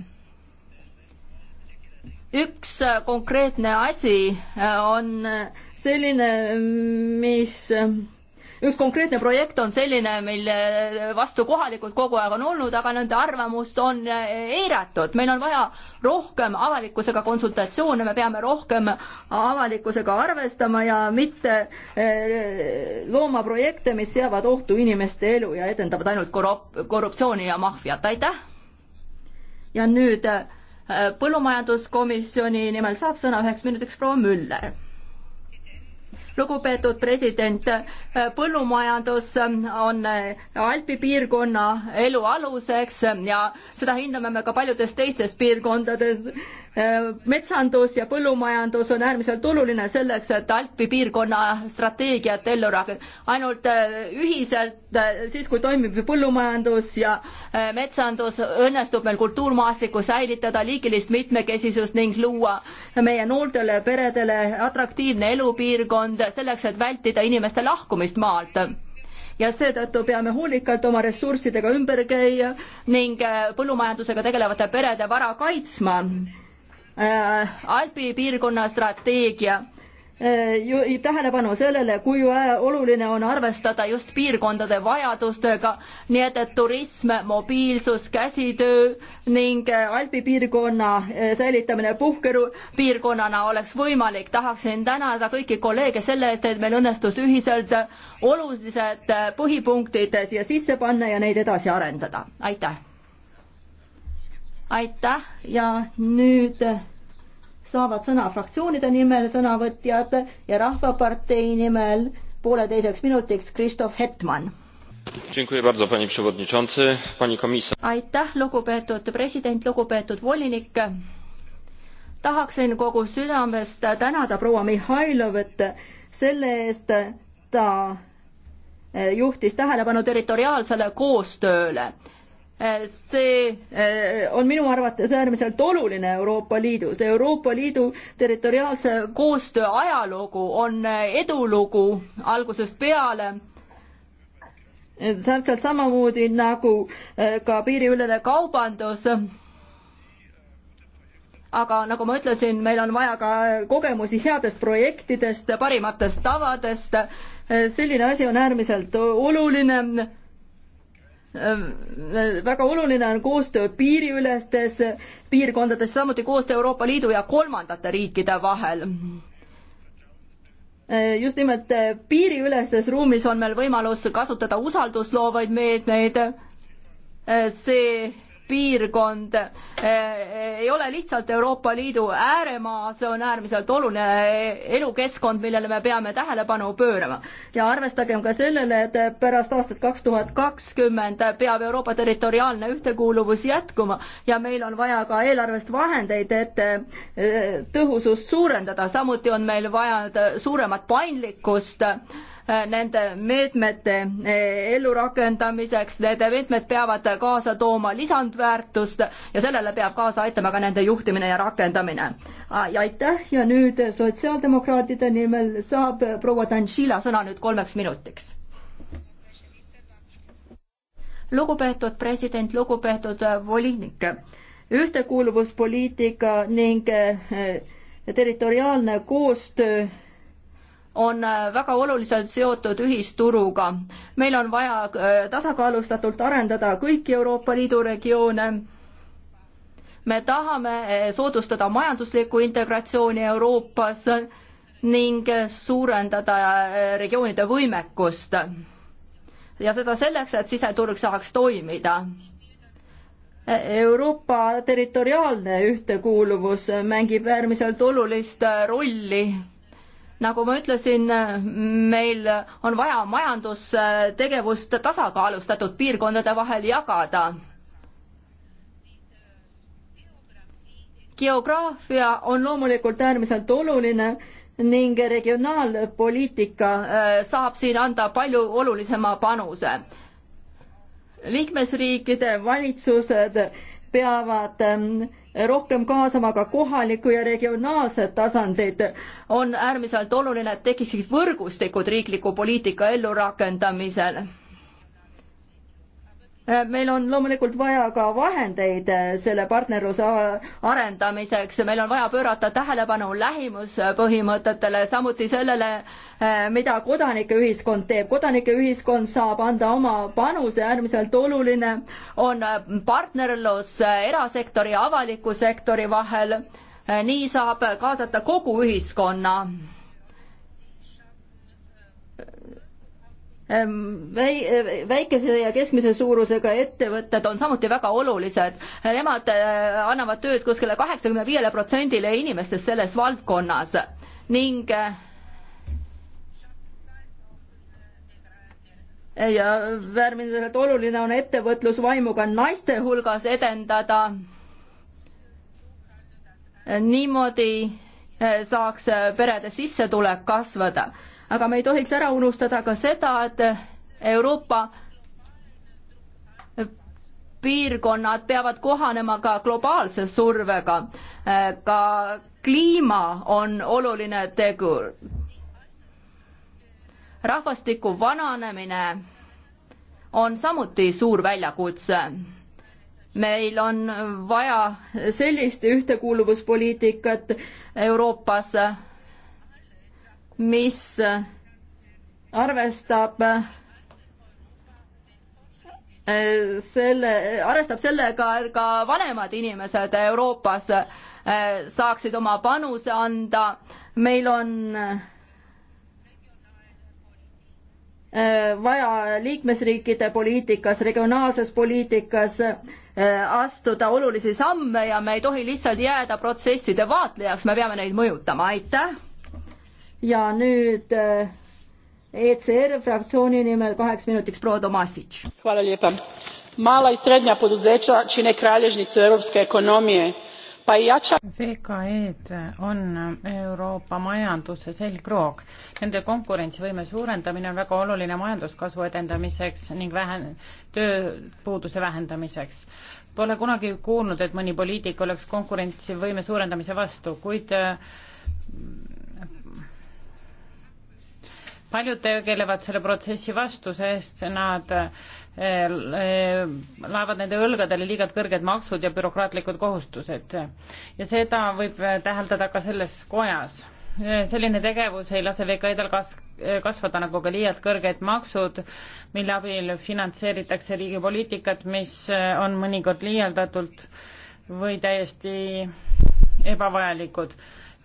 üks äh, konkreetne asi äh, on äh, selline, mis, üks konkreetne projekt on selline, mille vastu kohalikud kogu aeg on olnud, aga nende arvamust on eiratud. meil on vaja rohkem avalikkusega konsultatsioone, me peame rohkem avalikkusega arvestama ja mitte looma projekte, mis seavad ohtu inimeste elu ja edendavad ainult korrup-, korruptsiooni ja maffiat, aitäh! ja nüüd äh, Äh, põllumajanduskomisjoni nimel saab sõna üheks minutiks proua Müller. lugupeetud president, äh, põllumajandus äh, on Alpi piirkonna elu aluseks ja seda hindame me ka paljudes teistes piirkondades Äh, metsandus ja põllumajandus on äärmiselt oluline selleks, et Alpi piirkonna strateegiat ellu rakendada. ainult äh, ühiselt, äh, siis kui toimib põllumajandus ja metsandus, õnnestub meil kultuurmaastikku säilitada, liigilist mitmekesisust ning luua meie noortele peredele atraktiivne elupiirkond selleks, et vältida inimeste lahkumist maalt ja seetõttu peame hoolikalt oma ressurssidega ümber käia ning põllumajandusega tegelevate perede vara kaitsma Äh, Alpi piirkonna strateegia äh, juhib tähelepanu sellele, kui äh, oluline on arvestada just piirkondade vajadustega, nii et, et turism, mobiilsus, käsitöö ning Alpi piirkonna säilitamine puhkepiirkonnana oleks võimalik. tahaksin tänada kõiki kolleege selle eest, et meil õnnestus ühiselt olulised põhipunktid siia sisse panna ja neid edasi arendada. aitäh! aitäh ja nüüd saavad sõna fraktsioonide nimel sõnavõtjad ja Rahvapartei nimel pooleteiseks minutiks Kristof Hetman. aitäh, lugupeetud president, lugupeetud volinik. tahaksin kogu südamest tänada proua Mihhailovit selle eest, ta juhtis tähelepanu territoriaalsele koostööle Eh, see eh, on minu arvates äärmiselt oluline Euroopa Liidus. Euroopa Liidu territoriaalse koostöö ajalugu on eh, edulugu algusest peale. täpselt samamoodi nagu ka piiriülene kaubandus. aga nagu ma ütlesin, meil on vaja ka kogemusi headest projektidest, parimatest tavadest. selline asi on äärmiselt oluline Ehm, väga oluline on koostöö piiriülestes piirkondades, samuti koostöö Euroopa Liidu ja kolmandate riikide vahel. Ehm, just nimelt eh, piiriülestes ruumis on meil võimalus kasutada usaldusloovaid meetmeid, ehm, see piirkond ei ole lihtsalt Euroopa Liidu ääremaa, see on äärmiselt oluline elukeskkond, millele me peame tähelepanu pöörama. ja arvestagem ka sellele, et pärast aastat kaks tuhat kakskümmend peab Euroopa territoriaalne ühtekuuluvus jätkuma ja meil on vaja ka eelarvest vahendeid, et eh, tõhusust suurendada, samuti on meil vaja suuremat paindlikkust Äh, nende meetmete äh, ellurakendamiseks, need meetmed peavad kaasa tooma lisandväärtust ja sellele peab kaasa aitama ka nende juhtimine ja rakendamine. Äh, aitäh ja nüüd sotsiaaldemokraatide nimel saab proua Danšila sõna nüüd kolmeks minutiks lugupeetud president, lugupeetud volinik, ühtekuuluvuspoliitika ning territoriaalne koostöö on äh, väga oluliselt seotud ühisturuga. meil on vaja äh, tasakaalustatult arendada kõiki Euroopa Liidu regioone. me tahame äh, soodustada majanduslikku integratsiooni Euroopas ning suurendada regioonide võimekust. ja seda selleks, et siseturg saaks toimida Euroopa territoriaalne ühtekuuluvus mängib äärmiselt olulist rolli nagu ma ütlesin, meil on vaja majandustegevust tasakaalustatud piirkondade vahel jagada geograafia on loomulikult äärmiselt oluline ning regionaalpoliitika äh, saab siin anda palju olulisema panuse. liikmesriikide valitsused peavad ähm, rohkem kaasama ka kohalikku ja regionaalset tasandit, on äärmiselt oluline, et tekiksid võrgustikud riikliku poliitika ellurakendamisel Äh, meil on loomulikult vaja ka vahendeid äh, selle partnerluse arendamiseks, meil on vaja pöörata tähelepanu lähimuspõhimõtetele, samuti sellele, äh, mida kodanikeühiskond teeb. kodanikeühiskond saab anda oma panuse, äärmiselt oluline on partnerlus erasektori ja avaliku sektori vahel. nii saab kaasata kogu ühiskonna Ehm, väi-, väikese ja keskmise suurusega ettevõtted on samuti väga olulised. Nemad eh, annavad tööd kuskile kaheksakümne viiele protsendile inimestest selles valdkonnas ning eh, ja väärmiselt oluline on ettevõtlusvaimuga naiste hulgas edendada. Eh, niimoodi saaks perede sissetulek kasvada aga me ei tohiks ära unustada ka seda, et Euroopa piirkonnad peavad kohanema ka globaalse survega. ka kliima on oluline tegur. rahvastiku vananemine on samuti suur väljakutse. meil on vaja sellist ühtekuuluvuspoliitikat Euroopas mis arvestab selle, arvestab sellega, et ka vanemad inimesed Euroopas äh, saaksid oma panuse anda. meil on äh, vaja liikmesriikide poliitikas, regionaalses poliitikas äh, astuda olulisi samme ja me ei tohi lihtsalt jääda protsesside vaatlejaks, me peame neid mõjutama, aitäh! ja nüüd äh, ECR fraktsiooni nimel kaheks minutiks proua Tomasic. Mala i srednja poduzeća čine kralježnicu europske ekonomije, pa i jača... VKE-d on Euroopa majanduse selgroog. Nende konkurentsivõime suurendamine on väga oluline majanduskasvu edendamiseks ning vähen-, tööpuuduse vähendamiseks. Pole kunagi kuulnud, et mõni poliitik oleks konkurentsivõime suurendamise vastu, kuid äh, paljud tegelevad selle protsessi vastu, sest nad eh, eh, laevad nende õlgadele liiga kõrged maksud ja bürokraatlikud kohustused. ja seda võib täheldada ka selles kojas. selline tegevus ei lase VKI-del kas-, kasvada nagu ka liialt kõrged maksud, mille abil finantseeritakse riigi poliitikat, mis on mõnikord liialdatult või täiesti ebavajalikud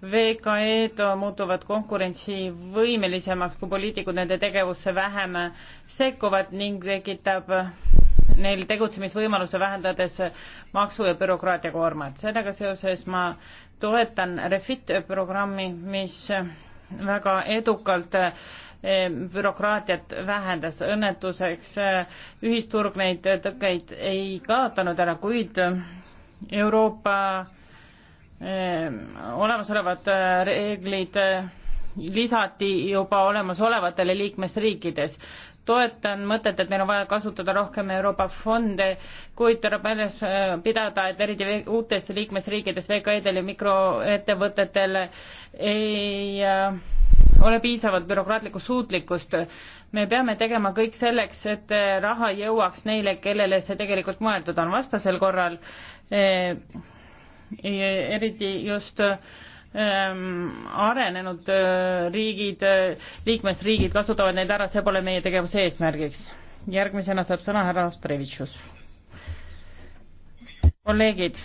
VKE-d muutuvad konkurentsivõimelisemaks, kui poliitikud nende tegevusse vähem sekkuvad ning tekitab neil tegutsemisvõimaluse, vähendades maksu- ja bürokraatia koormat. sellega seoses ma toetan Refit programmi, mis väga edukalt eh, bürokraatiat vähendas. õnnetuseks eh, ühisturg neid tõkkeid ei kaotanud ära, kuid Euroopa Ehm, olemasolevad äh, reeglid äh, lisati juba olemasolevatele liikmesriikides. toetan mõtet, et meil on vaja kasutada rohkem Euroopa fonde, kuid tuleb meeles äh, pidada, et eriti uutes liikmesriikides VKE-del ja mikroettevõtetel ei ole piisavalt bürokraatlikku suutlikkust. me peame tegema kõik selleks, et raha jõuaks neile, kellele see tegelikult mõeldud on, vastasel korral eh, eriti just ähm, arenenud äh, riigid äh,, liikmesriigid kasutavad neid ära, see pole meie tegevuse eesmärgiks. järgmisena saab sõna härra Ostrevitšus. kolleegid,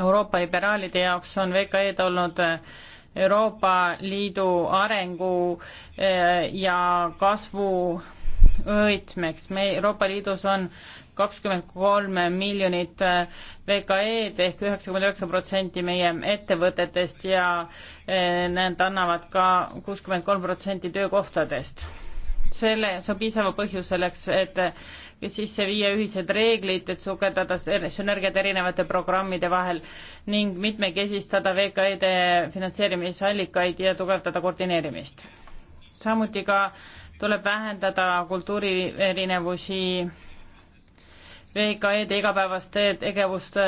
Euroopa liberaalide jaoks on VKE-d olnud äh, Euroopa Liidu arengu äh, ja kasvu võtmeks. me Euroopa Liidus on äh, kakskümmend kolme miljonit äh, VKE-d ehk üheksakümmend üheksa protsenti meie ettevõtetest ja äh, need annavad ka kuuskümmend kolm protsenti töökohtadest. selle, see on piisava põhjus selleks, et äh, sisse viia ühised reeglid, et sugedada sünergiat erinevate programmide vahel ning mitmekesistada VKE-de finantseerimisallikaid ja tugevdada koordineerimist. samuti ka tuleb vähendada kultuuri erinevusi VKE-de igapäevaste tegevuste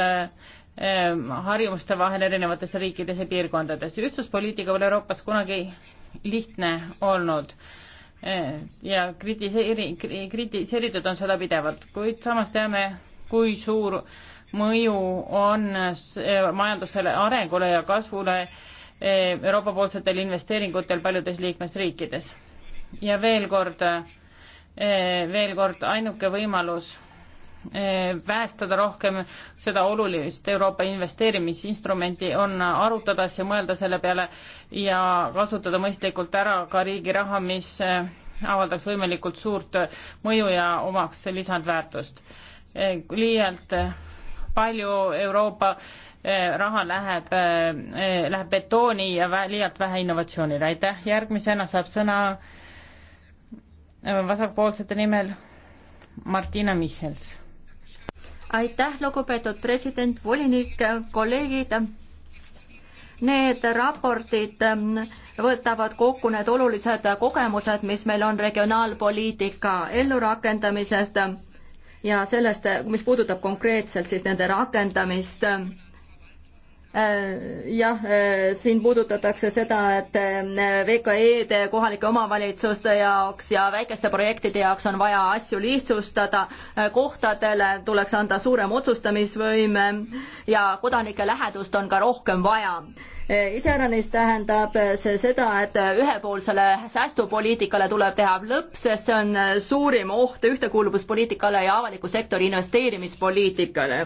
eh, harjumuste vahel erinevates riikides ja piirkondades. ühtsuspoliitika pole Euroopas kunagi lihtne olnud eh, ja kritiseeri-, kritiseeritud on seda pidevalt, kuid samas teame, kui suur mõju on eh, majandusele, arengule ja kasvule Euroopa poolsetel investeeringutel paljudes liikmesriikides. ja veel kord, veel kord ainuke võimalus Eh, väestada rohkem seda olulist Euroopa investeerimisinstrumenti, on arutada asja, mõelda selle peale ja kasutada mõistlikult ära ka riigi raha, mis eh, avaldaks võimalikult suurt mõju ja omaks lisandväärtust. Eh, liialt palju Euroopa raha läheb, läheb betooni ja vä liialt vähe innovatsioonile, aitäh, järgmisena saab sõna vasakpoolsete nimel Martina Michels aitäh, lugupeetud president, volinik, kolleegid. Need raportid ähm, võtavad kokku need olulised kogemused, mis meil on regionaalpoliitika ellurakendamisest ja sellest, mis puudutab konkreetselt siis nende rakendamist Äh, jah, äh, siin puudutatakse seda, et äh, VKE-de, kohalike omavalitsuste jaoks ja väikeste projektide jaoks on vaja asju lihtsustada, kohtadele tuleks anda suurem otsustamisvõime ja kodanike lähedust on ka rohkem vaja iseäranis tähendab see seda, et ühepoolsele säästupoliitikale tuleb teha lõpp, sest see on suurim oht ühtekuuluvuspoliitikale ja avaliku sektori investeerimispoliitikale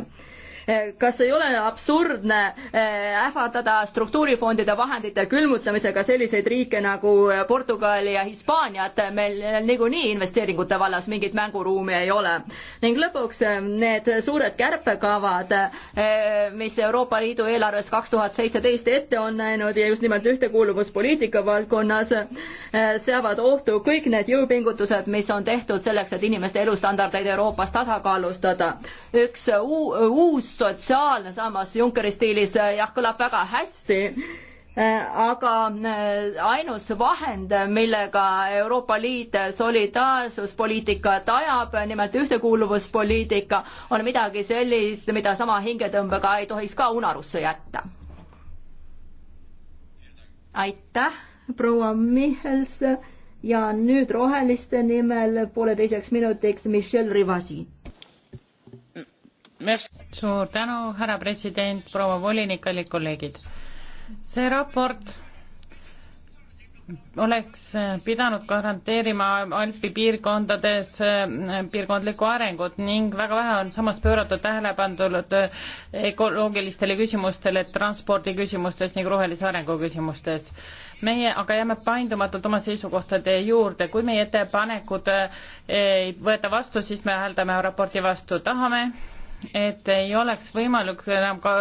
Eh, kas ei ole absurdne eh, ähvardada struktuurifondide vahendite külmutamisega selliseid riike nagu eh, Portugali ja Hispaaniat, meil niikuinii investeeringute vallas mingit mänguruumi ei ole. ning lõpuks need suured kärpekavad, mis Euroopa Liidu eelarves kaks tuhat seitseteist ette on näinud ja just nimelt ühtekuuluvuspoliitika valdkonnas, seavad ohtu kõik need jõupingutused, mis on tehtud selleks, et inimeste elustandardeid Euroopas tasakaalustada. üks uus just sotsiaalne sammas Junckeri stiilis eh, jah, kõlab väga hästi, eh, aga eh, ainus vahend, millega Euroopa Liit solidaarsuspoliitikat ajab, nimelt ühtekuuluvuspoliitika, on midagi sellist, mida sama hingetõmbega ei tohiks ka unarusse jätta. aitäh, proua Michals ja nüüd roheliste nimel pooleteiseks minutiks Michelle Rivasi suur tänu, härra president, proua volinik, kallid kolleegid. see raport oleks pidanud garanteerima Alpi piirkondades eh, piirkondlikku arengut ning väga vähe on samas pööratud tähelepanu ökoloogilistele küsimustele, transpordiküsimustes ning rohelise arengu küsimustes. meie aga jääme paindumatult oma seisukohtade juurde, kui meie ettepanekud eh, ei võeta vastu, siis me hääldame raporti vastu, tahame et ei oleks võimalik enam ka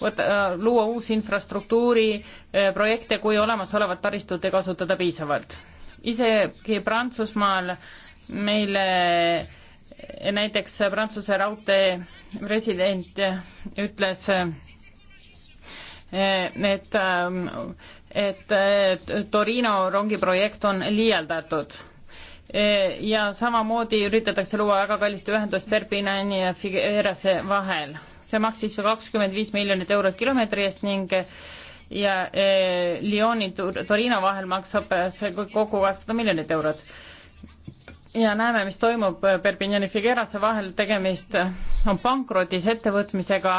võtta, luua uusi infrastruktuuriprojekte, eh, kui olemasolevat taristut ei kasutata piisavalt. isegi Prantsusmaal meile eh, näiteks Prantsuse raudtee president ütles, eh, et, et Torino rongiprojekt on liialdatud E, ja samamoodi üritatakse luua väga kallist ühendust Perpinani ja Figuerase vahel. see maksis kakskümmend viis miljonit eurot kilomeetri eest ning ja e, Lyoni Torino vahel maksab see kokku kakssada miljonit eurot ja näeme, mis toimub Perpignani Figuerase vahel, tegemist on pankrotis ettevõtmisega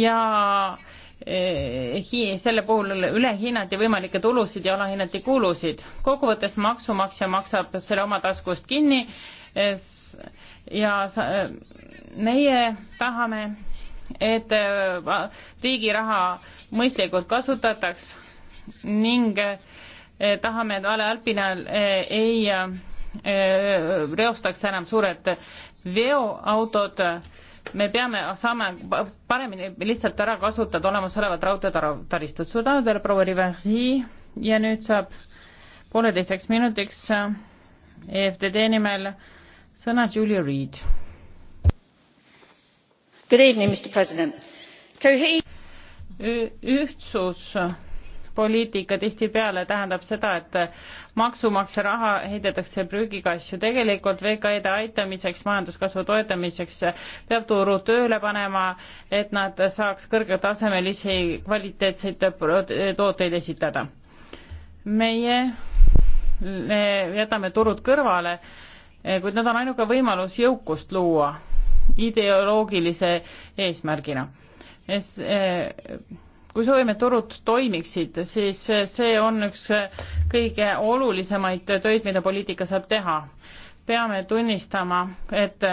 ja äh, Eh, hi-, selle puhul ülehinnati võimalikke tulusid ja alahinnati kulusid. kokkuvõttes maksumaksja maksab selle oma taskust kinni ja sa, meie tahame, et äh, riigi raha mõistlikult kasutataks ning äh, tahame, et Vale Alpinal äh, ei reostaks enam suured veoautod me peame, saame paremini lihtsalt ära kasutada olemasolevat raudteetaristut. suur tänu teile, proua Riversi ja nüüd saab pooleteiseks minutiks äh, EFTD nimel sõna Julia Reed. Good evening, Mr President. ühtsus poliitika tihtipeale tähendab seda, et maksumaksja raha heidetakse prügikasju. tegelikult VKE-de aitamiseks, majanduskasvu toetamiseks peab turu tööle panema, et nad saaks kõrgetasemelisi kvaliteetseid tooteid esitada. meie me jätame turud kõrvale, kuid nad on ainuke võimalus jõukust luua ideoloogilise eesmärgina. Es, eh, kui soovime, et turud toimiksid, siis see on üks kõige olulisemaid töid, mida poliitika saab teha. peame tunnistama, et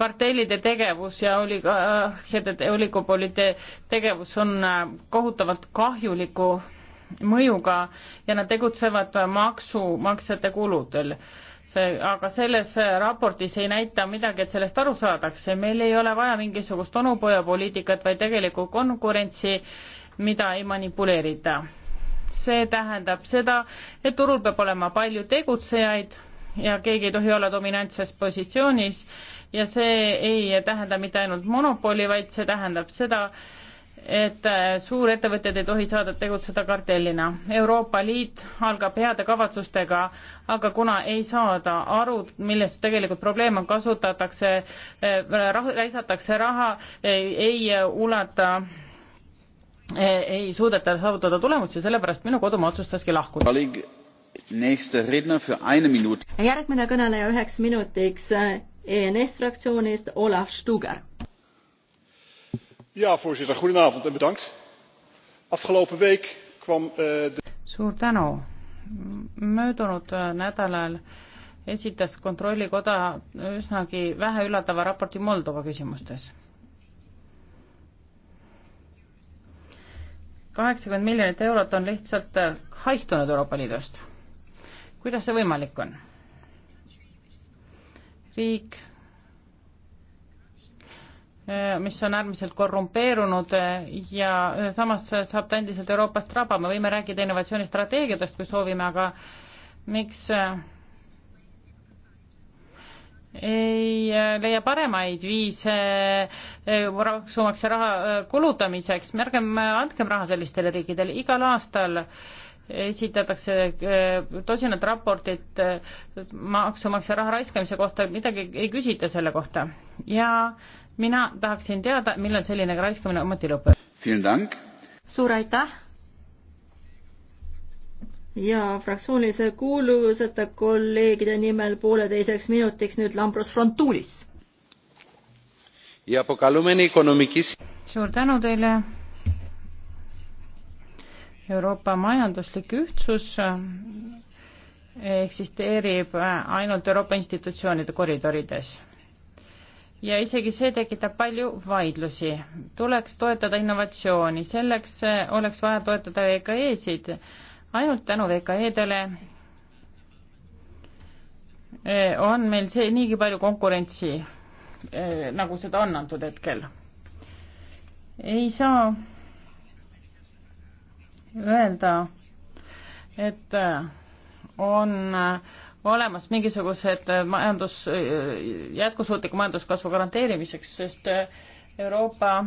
kartellide tegevus ja oligarhide, oligopolide tegevus on kohutavalt kahjuliku mõjuga ja nad tegutsevad maksumaksjate kuludel see, aga selles raportis ei näita midagi, et sellest aru saadakse, meil ei ole vaja mingisugust onupojapoliitikat, vaid tegelikku konkurentsi, mida ei manipuleerita. see tähendab seda, et turul peab olema palju tegutsejaid ja keegi ei tohi olla dominantses positsioonis ja see ei tähenda mitte ainult monopoli, vaid see tähendab seda, et äh, suurettevõtjad ei tohi saada tegutseda kartellina. Euroopa Liit algab heade kavatsustega, aga kuna ei saada aru, milles tegelikult probleem on, kasutatakse äh, rah,, raisatakse raha, ei äh, ulata ei suudeta saavutada tulemust ja sellepärast minu kodumaa otsustaski lahkuda. järgmine kõneleja üheks minutiks ENF fraktsioonist, Olav Stuger voorzitter goedenavond en bedankt. afgelopen week kwam eh, de. suur tänu. möödunud eh, nädalal esitas kontrollikoda üsnagi vähe üllatava raporti Moldova küsimustes. kaheksakümmend miljonit eurot on lihtsalt eh, haihtunud Euroopa Liidust. kuidas see võimalik on? riik Äh, mis on äärmiselt korrumpeerunud äh, ja äh, samas saab ta endiselt Euroopast raba, me võime rääkida innovatsioonistrateegiatest, kui soovime, aga miks ei leia paremaid viise maksumaksja raha kulutamiseks, ärgem andkem raha sellistele riikidele, igal aastal esitatakse tosinad raportit maksumaksja raha raiskamise kohta, midagi ei küsita selle kohta ja mina tahaksin teada, millal selline raiskamine ometi lõpeb. suur aitäh! ja fraktsioonilise kuuluvuseta kolleegide nimel pooleteiseks minutiks nüüd Lambros Frontulis. suur tänu teile! Euroopa majanduslik ühtsus eksisteerib ainult Euroopa institutsioonide koridorides ja isegi see tekitab palju vaidlusi. tuleks toetada innovatsiooni, selleks eh, oleks vaja toetada VKE-sid. ainult tänu VKE-dele eh, on meil see niigi palju konkurentsi, eh, nagu seda on antud hetkel. ei saa öelda, et on äh, olemas mingisugused äh, majandus, äh, jätkusuutliku majanduskasvu garanteerimiseks, sest äh, Euroopa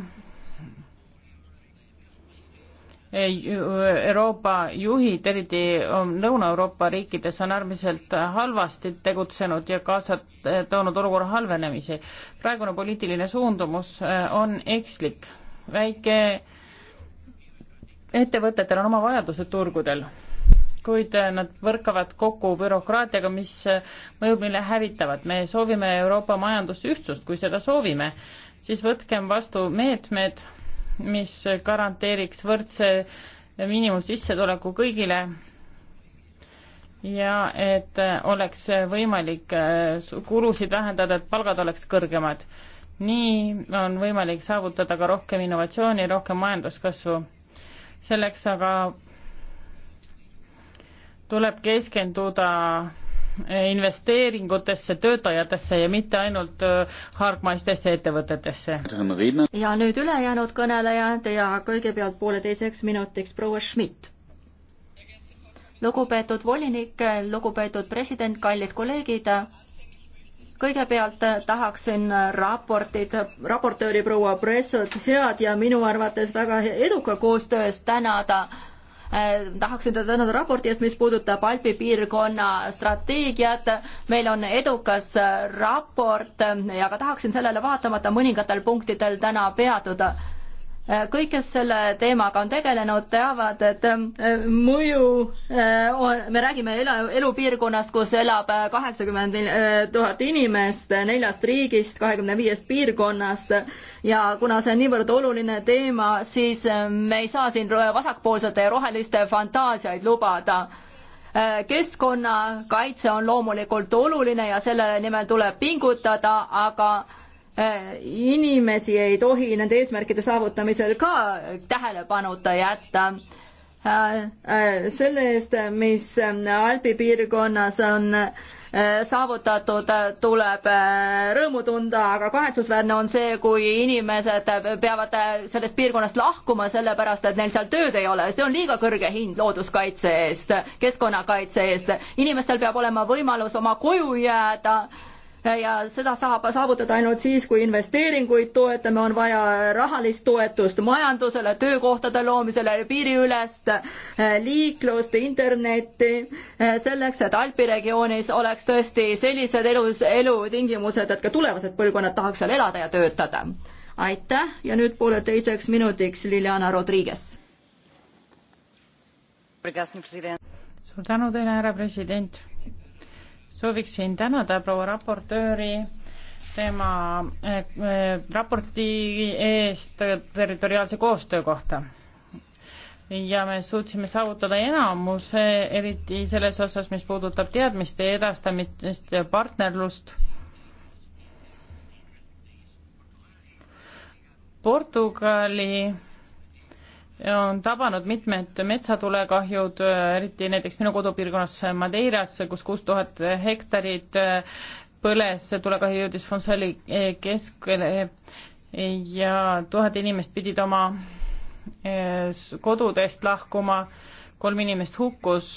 Euroopa juhid, eriti ähm, Lõuna-Euroopa riikides, on äärmiselt halvasti tegutsenud ja kaasa toonud olukorra halvenemisi. praegune poliitiline suundumus on ekslik. väike ettevõtetel on oma vajadused turgudel kuid nad põrkavad kokku bürokraatiaga, mis mõjub meile hävitavalt. me soovime Euroopa majandusühtsust, kui seda soovime, siis võtkem vastu meetmed, mis garanteeriks võrdse miinimumsissetuleku kõigile ja et oleks võimalik äh, kulusid vähendada, et palgad oleks kõrgemad. nii on võimalik saavutada ka rohkem innovatsiooni, rohkem majanduskasvu. selleks aga tuleb keskenduda investeeringutesse, töötajatesse ja mitte ainult äh, hargmaistesse ettevõtetesse. ja nüüd ülejäänud kõnelejad ja kõigepealt pooleteiseks minutiks proua Schmidt. lugupeetud volinik, lugupeetud president, kallid kolleegid, kõigepealt tahaksin raportit, raportööri proua Pressot head ja minu arvates väga eduka koostöö eest tänada Äh, tahaksin teda tänada raporti eest, mis puudutab Alpi piirkonna strateegiat. meil on edukas äh, raport äh, ja ka tahaksin sellele vaatamata mõningatel punktidel täna peatuda kõik, kes selle teemaga on tegelenud, teavad, et äh, mõju äh, on, me räägime elu, elupiirkonnast, kus elab äh, kaheksakümmend tuhat inimest neljast riigist, kahekümne viiest piirkonnast ja kuna see on niivõrd oluline teema, siis me ei saa siin vasakpoolsete ja roheliste fantaasiaid lubada keskkonnakaitse on loomulikult oluline ja selle nimel tuleb pingutada, aga Äh, inimesi ei tohi nende eesmärkide saavutamisel ka tähelepanuta jätta. Äh, äh, selle eest, mis Alpi piirkonnas on saavutatud, tuleb rõõmu tunda, aga kahetsusväärne on see, kui inimesed peavad sellest piirkonnast lahkuma, sellepärast et neil seal tööd ei ole, see on liiga kõrge hind looduskaitse eest, keskkonnakaitse eest. inimestel peab olema võimalus oma koju jääda ja seda saab saavutada ainult siis, kui investeeringuid toetame, on vaja rahalist toetust majandusele, töökohtade loomisele, piiriülest eh, liiklust, internetti, eh, selleks, et Alpi regioonis oleks tõesti sellised elus, elutingimused, et ka tulevased põlvkonnad tahaks seal elada ja töötada. aitäh ja nüüd pooleteiseks minutiks Liliana Rodriguez. suur tänu teile, härra president sooviksin tänada proua raportööri tema eh, raporti eest territoriaalse koostöö kohta. ja me suutsime saavutada enamuse, eriti selles osas, mis puudutab teadmiste edastamist, partnerlust. Portugali on tabanud mitmed metsatulekahjud, eriti näiteks minu kodupiirkonnas Madeiras, kus kuus tuhat hektarit äh, põles, tulekahju jõudis Fonsali äh, keskele ja tuhat inimest pidid oma äh, kodudest lahkuma, kolm inimest hukkus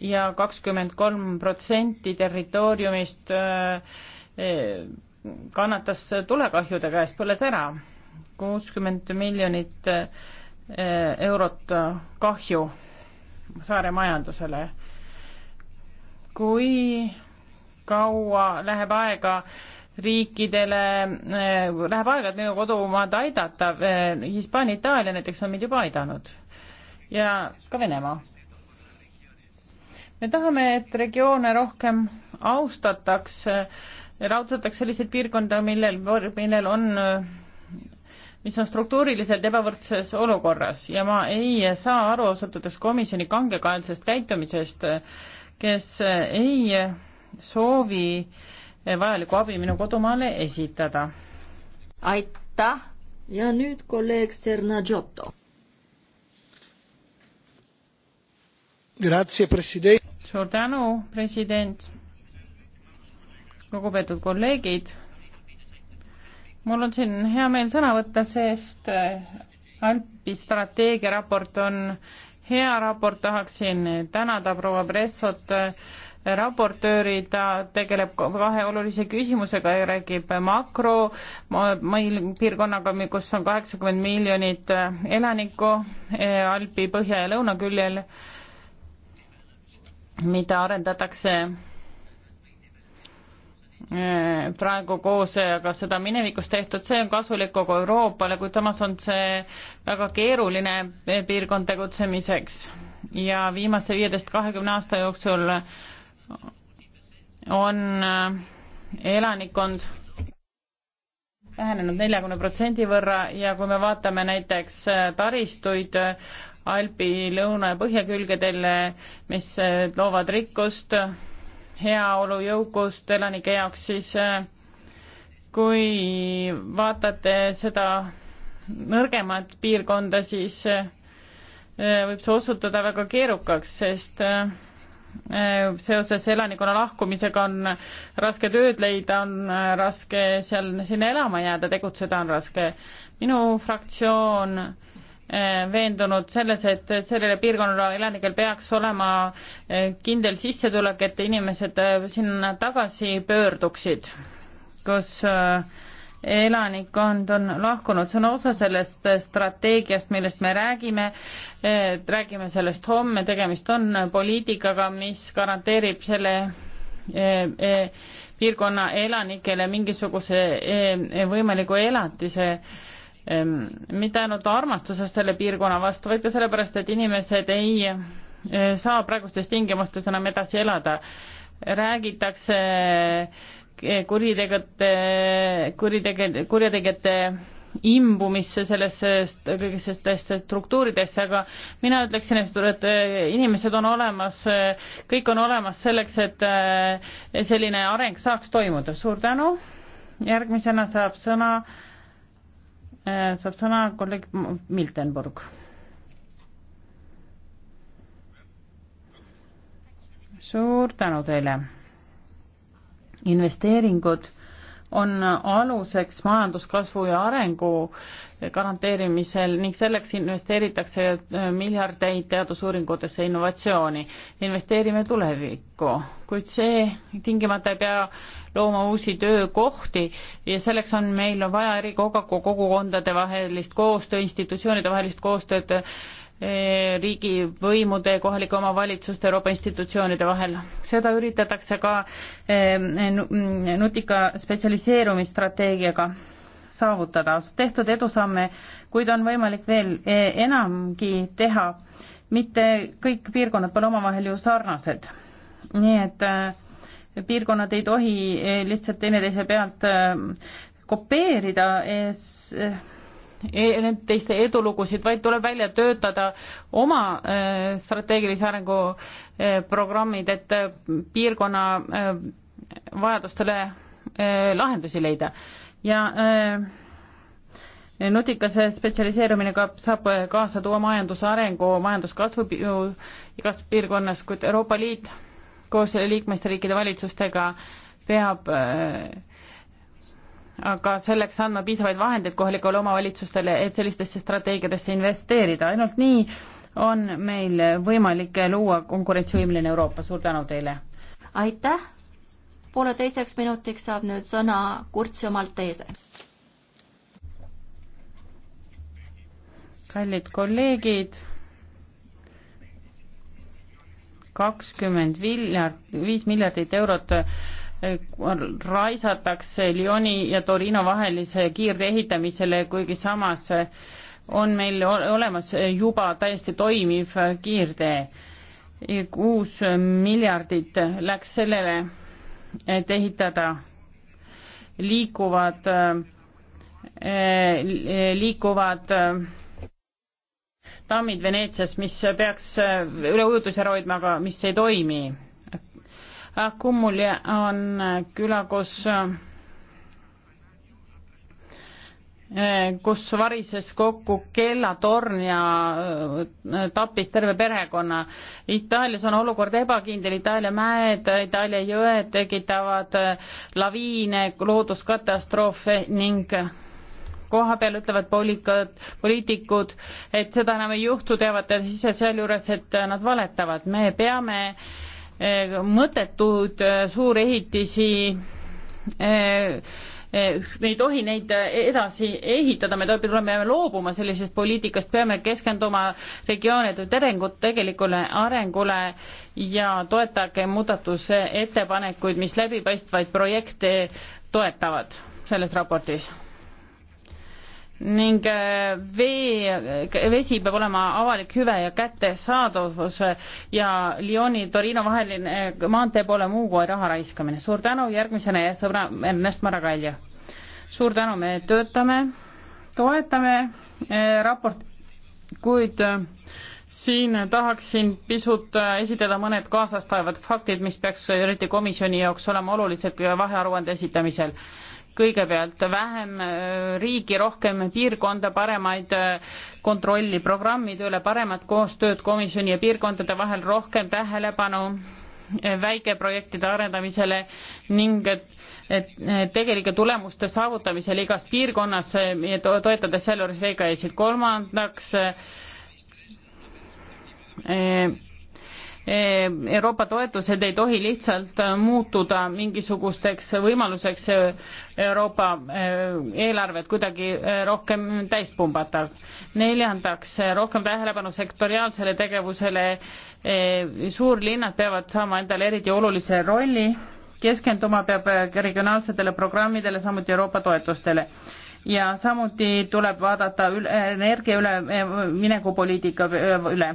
ja kakskümmend kolm protsenti territooriumist kannatas tulekahjude käes, põles ära. kuuskümmend miljonit Eh, eurot eh, kahju saare majandusele. kui kaua läheb aega riikidele, eh, läheb aega, et minu kodumaad aidata, Hispaania, Itaalia näiteks on meid juba aidanud ja ka Venemaa. me tahame, et regioone rohkem austataks, raudsetaks selliseid piirkondi, millel, millel on mis on struktuuriliselt ebavõrdses olukorras ja ma ei saa aru, osutudes komisjoni kangekaelsest käitumisest, kes ei soovi vajalikku abi minu kodumaale esitada. aitäh ja nüüd kolleeg Sernadžoto. suur tänu, president. lugupeetud kolleegid mul on siin hea meel sõna võtta, sest äh, Alpi strateegiaraport on hea raport, tahaksin tänada proua Bressot, äh, raportööri, ta tegeleb kahe olulise küsimusega ja räägib makro piirkonnaga, kus on kaheksakümmend miljonit äh, elanikku Alpi põhja ja lõuna küljel, mida arendatakse Eh, praegu koos, eh, aga seda minevikus tehtud, see on kasulik kogu Euroopale, kuid samas on see väga keeruline eh, piirkond tegutsemiseks ja viimase viieteist, kahekümne aasta jooksul on elanikkond vähenenud neljakümne protsendi võrra ja kui me vaatame näiteks taristuid, Alpi lõuna ja põhja külgedel, mis loovad rikkust, heaolu jõukust elanike jaoks, siis äh, kui vaatate seda nõrgemat piirkonda, siis äh, äh, võib see osutuda väga keerukaks, sest seoses elanikkonna lahkumisega on raske tööd leida, on raske seal, sinna elama jääda, tegutseda on raske. minu fraktsioon Eh, veendunud selles, et sellele piirkonnale elanikel peaks olema eh, kindel sissetulek, et inimesed eh, sinna tagasi pöörduksid, kus elanikkond on lahkunud, see on osa sellest strateegiast, millest me räägime, räägime sellest homme, tegemist on poliitikaga, mis garanteerib selle piirkonna elanikele mingisuguse võimaliku elatise mitte ainult armastusest selle piirkonna vastu, vaid ka sellepärast, et inimesed ei eh, saa praegustes tingimustes enam edasi elada. räägitakse eh, kuritegevate, kuritege-, kurjategijate imbumisse sellesse kõigisse struktuuridesse, aga mina ütleksin, et eh, inimesed on olemas, kõik on olemas selleks, et selline areng saaks toimuda. suur tänu, järgmisena saab sõna äh, Äh, saab sõna kolleeg Miltenburg. suur tänu teile. investeeringud on aluseks majanduskasvu ja arengu garanteerimisel ning selleks investeeritakse äh, miljardeid teadusuuringutesse innovatsiooni. investeerime tulevikku, kuid see tingimata ei pea looma uusi töökohti ja selleks on meil on vaja eri kogukondade vahelist koostöö, institutsioonide vahelist koostööd äh, riigivõimude, kohalike omavalitsuste, Euroopa institutsioonide vahel. seda üritatakse ka äh, nutika spetsialiseerumisstrateegiaga saavutada. tehtud edusamme, kuid on võimalik veel e, enamgi teha. mitte kõik piirkonnad pole omavahel ju sarnased. nii et e, piirkonnad ei tohi e, lihtsalt teineteise pealt kopeerida ees, need teiste edulugusid, vaid tuleb välja töötada oma strateegilise arengu programmid, et piirkonna vajadustele lahendusi leida ja äh, nutikas spetsialiseerumine ka saab kaasa tuua majanduse arengu, majanduskasvu igas piirkonnas, kuid Euroopa Liit koos liikmesriikide valitsustega peab äh, aga selleks andma piisavaid vahendeid kohalikele omavalitsustele, et sellistesse strateegiatesse investeerida, ainult nii on meil võimalik luua konkurentsivõimeline Euroopa, suur tänu teile! aitäh! pooleteiseks minutiks saab nüüd sõna Kurtsio Maltese. kallid kolleegid, kakskümmend miljard, viis miljardit eurot eh, raisatakse Lyoni ja Torino vahelise kiirtee ehitamisele, kuigi samas eh, on meil olemas juba täiesti toimiv kiirtee. Eh, kuus miljardit läks sellele et ehitada liikuvad, äh, liikuvad tammid äh, Veneetsias, mis peaks äh, üleujutuse ära hoidma, aga mis ei toimi. Akumulia on küla, kus kus varises kokku kellatorn ja äh, tappis terve perekonna. Itaalias on olukord ebakindel, Itaalia mäed, Itaalia jõed tekitavad äh, laviine, looduskatastroofe ning äh, koha peal ütlevad poliikud, poliitikud, et seda enam ei juhtu, teavad ise sealjuures, et nad valetavad. me peame mõttetuid suurehitisi me ei tohi neid edasi ehitada, me peame loobuma sellisest poliitikast, peame keskenduma regioonide arengut, tegelikule arengule ja toetage muudatusettepanekuid, mis läbipaistvaid projekte toetavad selles raportis ning äh, vee, vesi peab olema avalik hüve ja kättesaadavus äh, ja Lyoni, Torino vaheline äh, maantee pole muu kui raha raiskamine. suur tänu, järgmisena sõbra Ernest Maragalja. suur tänu, me töötame, toetame raport, kuid siin tahaksin pisut esitada mõned kaasastavad faktid, mis peaks eriti komisjoni jaoks olema olulised vahearuande esitamisel kõigepealt vähem äh, riigi, rohkem piirkonda, paremaid äh, kontrolli programmide üle, paremat koostööd komisjoni ja piirkondade vahel, rohkem tähelepanu äh, väikeprojektide arendamisele ning et tegelike tulemuste saavutamisel igas piirkonnas to, toetades sealjuures VKS-id. kolmandaks eh, Eh, Euroopa toetused ei tohi lihtsalt eh, muutuda mingisugusteks võimaluseks eh, Euroopa eelarvet kuidagi rohkem täis pumbata. neljandaks, rohkem tähelepanu sektoriaalsele tegevusele. suurlinnad peavad saama endale eriti olulise rolli, keskenduma peab regionaalsetele programmidele, samuti Euroopa toetustele ja samuti tuleb vaadata üle, energia üle, minekupoliitika üle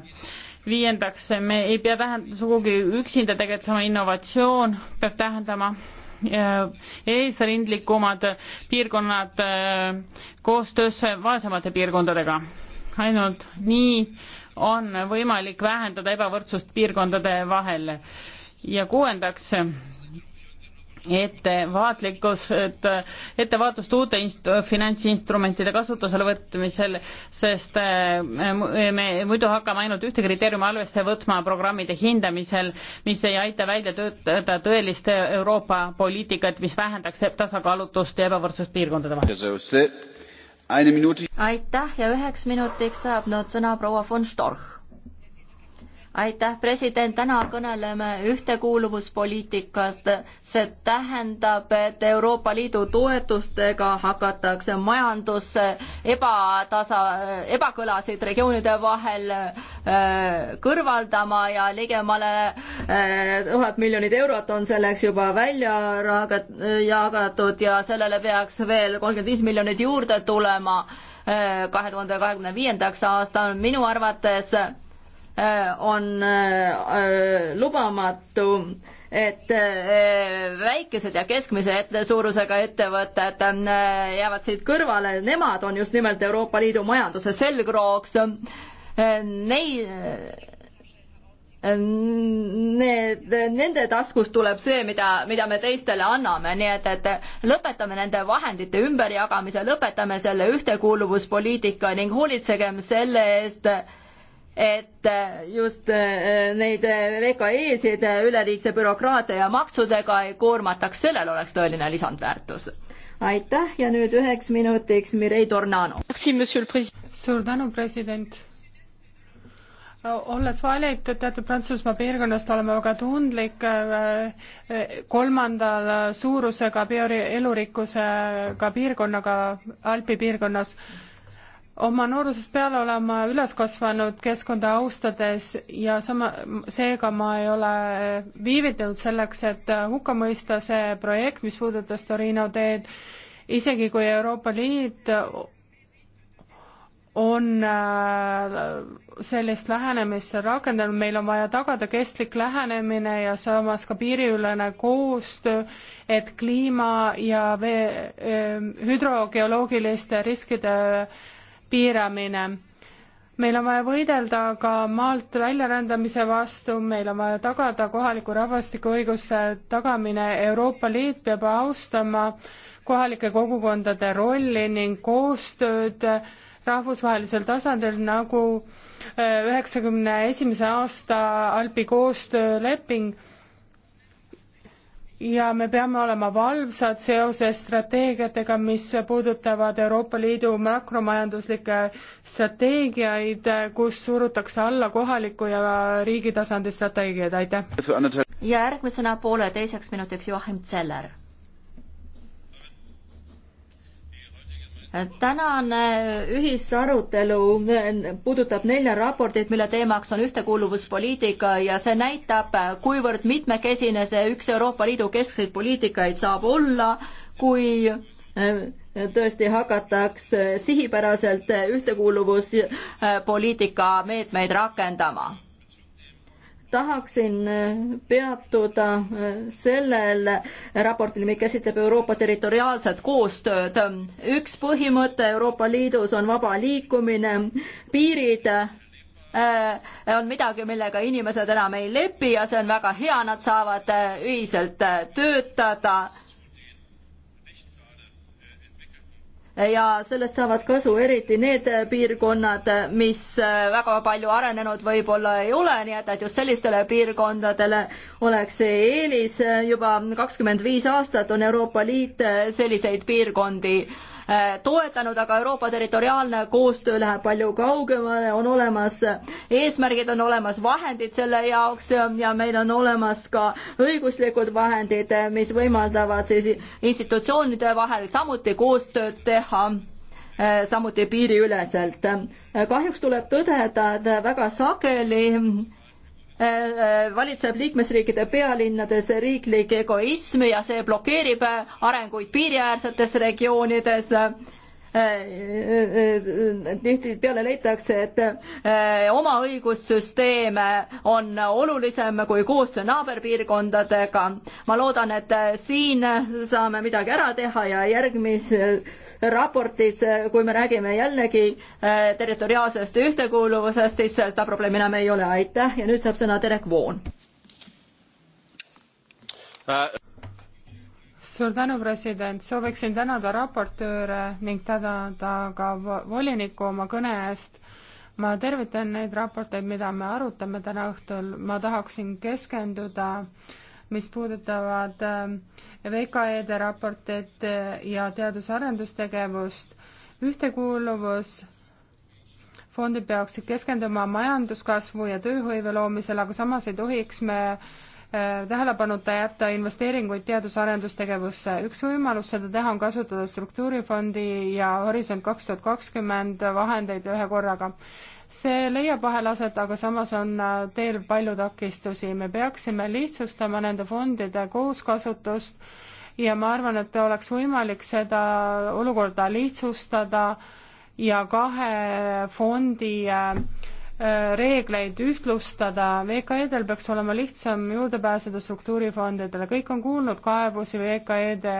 viiendaks, me ei pea tähend-, sugugi üksinda tegutsema, innovatsioon peab tähendama eesrindlikumad piirkonnad äh, koostöös vaesemate piirkondadega. ainult nii on võimalik vähendada ebavõrdsust piirkondade vahel. ja kuuendaks ettevaatlikkus, et ettevaatust uute inst-, finantsinstrumentide kasutusele võtmisel, sest äh, me muidu hakkame ainult ühte kriteeriumi arvesse võtma programmide hindamisel, mis ei aita välja töötada tõelist Euroopa poliitikat, mis vähendaks tasakaalutust ja ebavõrdsust piirkondade vahel. aitäh ja üheks minutiks saab nüüd sõna proua von Storch aitäh, president, täna kõneleme ühtekuuluvuspoliitikast. see tähendab, et Euroopa Liidu toetustega hakatakse majandusse ebatasa, ebakõlasid regioonide vahel äh, kõrvaldama ja ligemale äh, tuhat miljonit eurot on selleks juba välja jagatud ja sellele peaks veel kolmkümmend viis miljonit juurde tulema äh, kahe tuhande kahekümne viiendaks aastal. minu arvates Äh, on äh, lubamatu, et äh, väikesed ja keskmise ette, suurusega ettevõtted jäävad siit kõrvale, nemad on just nimelt Euroopa Liidu majanduse selgrooks. Neid need, nende taskust tuleb see, mida, mida me teistele anname, nii et, et lõpetame nende vahendite ümberjagamise, lõpetame selle ühtekuuluvuspoliitika ning hoolitsegem selle eest, et äh, just äh, neid äh, VKE-sid üleliigse bürokraatia ja maksudega ei koormataks, sellel oleks tõeline lisandväärtus. aitäh ja nüüd üheks minutiks Mirei Tornano. suur tänu, president olles valitud teatud Prantsusmaa piirkonnast, oleme väga tundlik kolmandal suurusega bioelurikkusega piirkonnaga Alpi piirkonnas oma noorusest peale olen ma üles kasvanud keskkonda austades ja sama, seega ma ei ole viivitanud selleks, et hukka mõista see projekt, mis puudutas Torino teed, isegi kui Euroopa Liit on äh, sellist lähenemist rakendanud, meil on vaja tagada kestlik lähenemine ja samas ka piiriülene koostöö, et kliima ja vee, äh, hüdrogeoloogiliste riskide äh, piiramine. meil on vaja võidelda ka maalt väljarändamise vastu, meil on vaja tagada kohaliku rahvastiku õiguste tagamine, Euroopa Liit peab austama kohalike kogukondade rolli ning koostööd rahvusvahelisel tasandil, nagu äh, üheksakümne esimese aasta Alpi koostööleping ja me peame olema valvsad seoses strateegiatega, mis puudutavad Euroopa Liidu makromajanduslikke strateegiaid, kus surutakse alla kohaliku ja riigi tasandi strateegiaid, aitäh! ja järgmisena pooleteiseks minutiks Joachim Zeller tänane äh, ühisarutelu puudutab nelja raportit, mille teemaks on ühtekuuluvuspoliitika ja see näitab, kuivõrd mitmekesine see üks Euroopa Liidu keskseid poliitikaid saab olla, kui äh, tõesti hakatakse sihipäraselt ühtekuuluvuspoliitika meetmeid rakendama tahaksin äh, peatuda äh, sellel raportil, mis käsitleb Euroopa territoriaalset koostööd. üks põhimõte Euroopa Liidus on vaba liikumine, piirid äh, on midagi, millega inimesed enam ei lepi ja see on väga hea, nad saavad ühiselt töötada ja sellest saavad kasu eriti need piirkonnad, mis äh, väga palju arenenud võib-olla ei ole, nii et, et just sellistele piirkondadele oleks see eelis. juba kakskümmend viis aastat on Euroopa Liit äh, selliseid piirkondi äh, Äh, toetanud, aga Euroopa territoriaalne koostöö läheb palju kaugemale, on olemas eesmärgid, on olemas vahendid selle jaoks ja meil on olemas ka õiguslikud vahendid, mis võimaldavad siis institutsioonide vahel samuti koostööd teha äh, samuti piiriüleselt. kahjuks tuleb tõdeda, et väga sageli Äh, äh, valitseb liikmesriikide pealinnades riiklik egoism ja see blokeerib arenguid piiriäärsetes regioonides tihtipeale leitakse, et eh, oma õigussüsteem eh, on olulisem kui koostöö naaberpiirkondadega. ma loodan, et eh, siin saame midagi ära teha ja järgmisel raportis, kui me räägime jällegi territoriaalsest ühtekuuluvusest, siis seda probleemi enam ei ole. aitäh ja nüüd saab sõna Terek Voon. Äh, suur tänu, president, sooviksin tänada raportööre ning tänada ka volinikku oma kõne eest. ma tervitan neid raporteid, mida me arutame täna õhtul, ma tahaksin keskenduda, mis puudutavad äh, VKE-de raportit äh, ja teadus-arendustegevust. ühtekuuluvus fondid peaksid keskenduma majanduskasvu ja tööhõive loomisele, aga samas ei tohiks me Äh, tähelepanuta jätta investeeringuid teadus- ja arendustegevusse. üks võimalus seda teha on kasutada struktuurifondi ja Horisont kaks tuhat kakskümmend vahendeid ühe korraga. see leiab vahel aset, aga samas on äh, teel palju takistusi. me peaksime lihtsustama nende fondide kooskasutust ja ma arvan, et oleks võimalik seda olukorda lihtsustada ja kahe fondi äh, reegleid ühtlustada, VKE-del peaks olema lihtsam juurde pääseda struktuurifondidele, kõik on kuulnud kaebusi VKE-de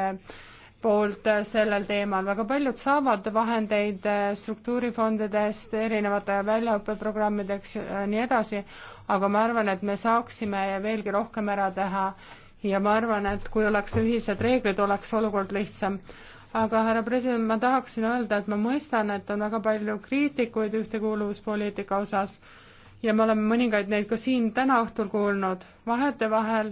poolt sellel teemal, väga paljud saavad vahendeid struktuurifondidest erinevate väljaõppeprogrammideks ja äh, nii edasi, aga ma arvan, et me saaksime veelgi rohkem ära teha ja ma arvan, et kui oleks ühised reeglid, oleks olukord lihtsam aga härra president, ma tahaksin öelda, et ma mõistan, et on väga palju kriitikuid ühtekuuluvuspoliitika osas ja me oleme mõningaid neid ka siin täna õhtul kuulnud. vahetevahel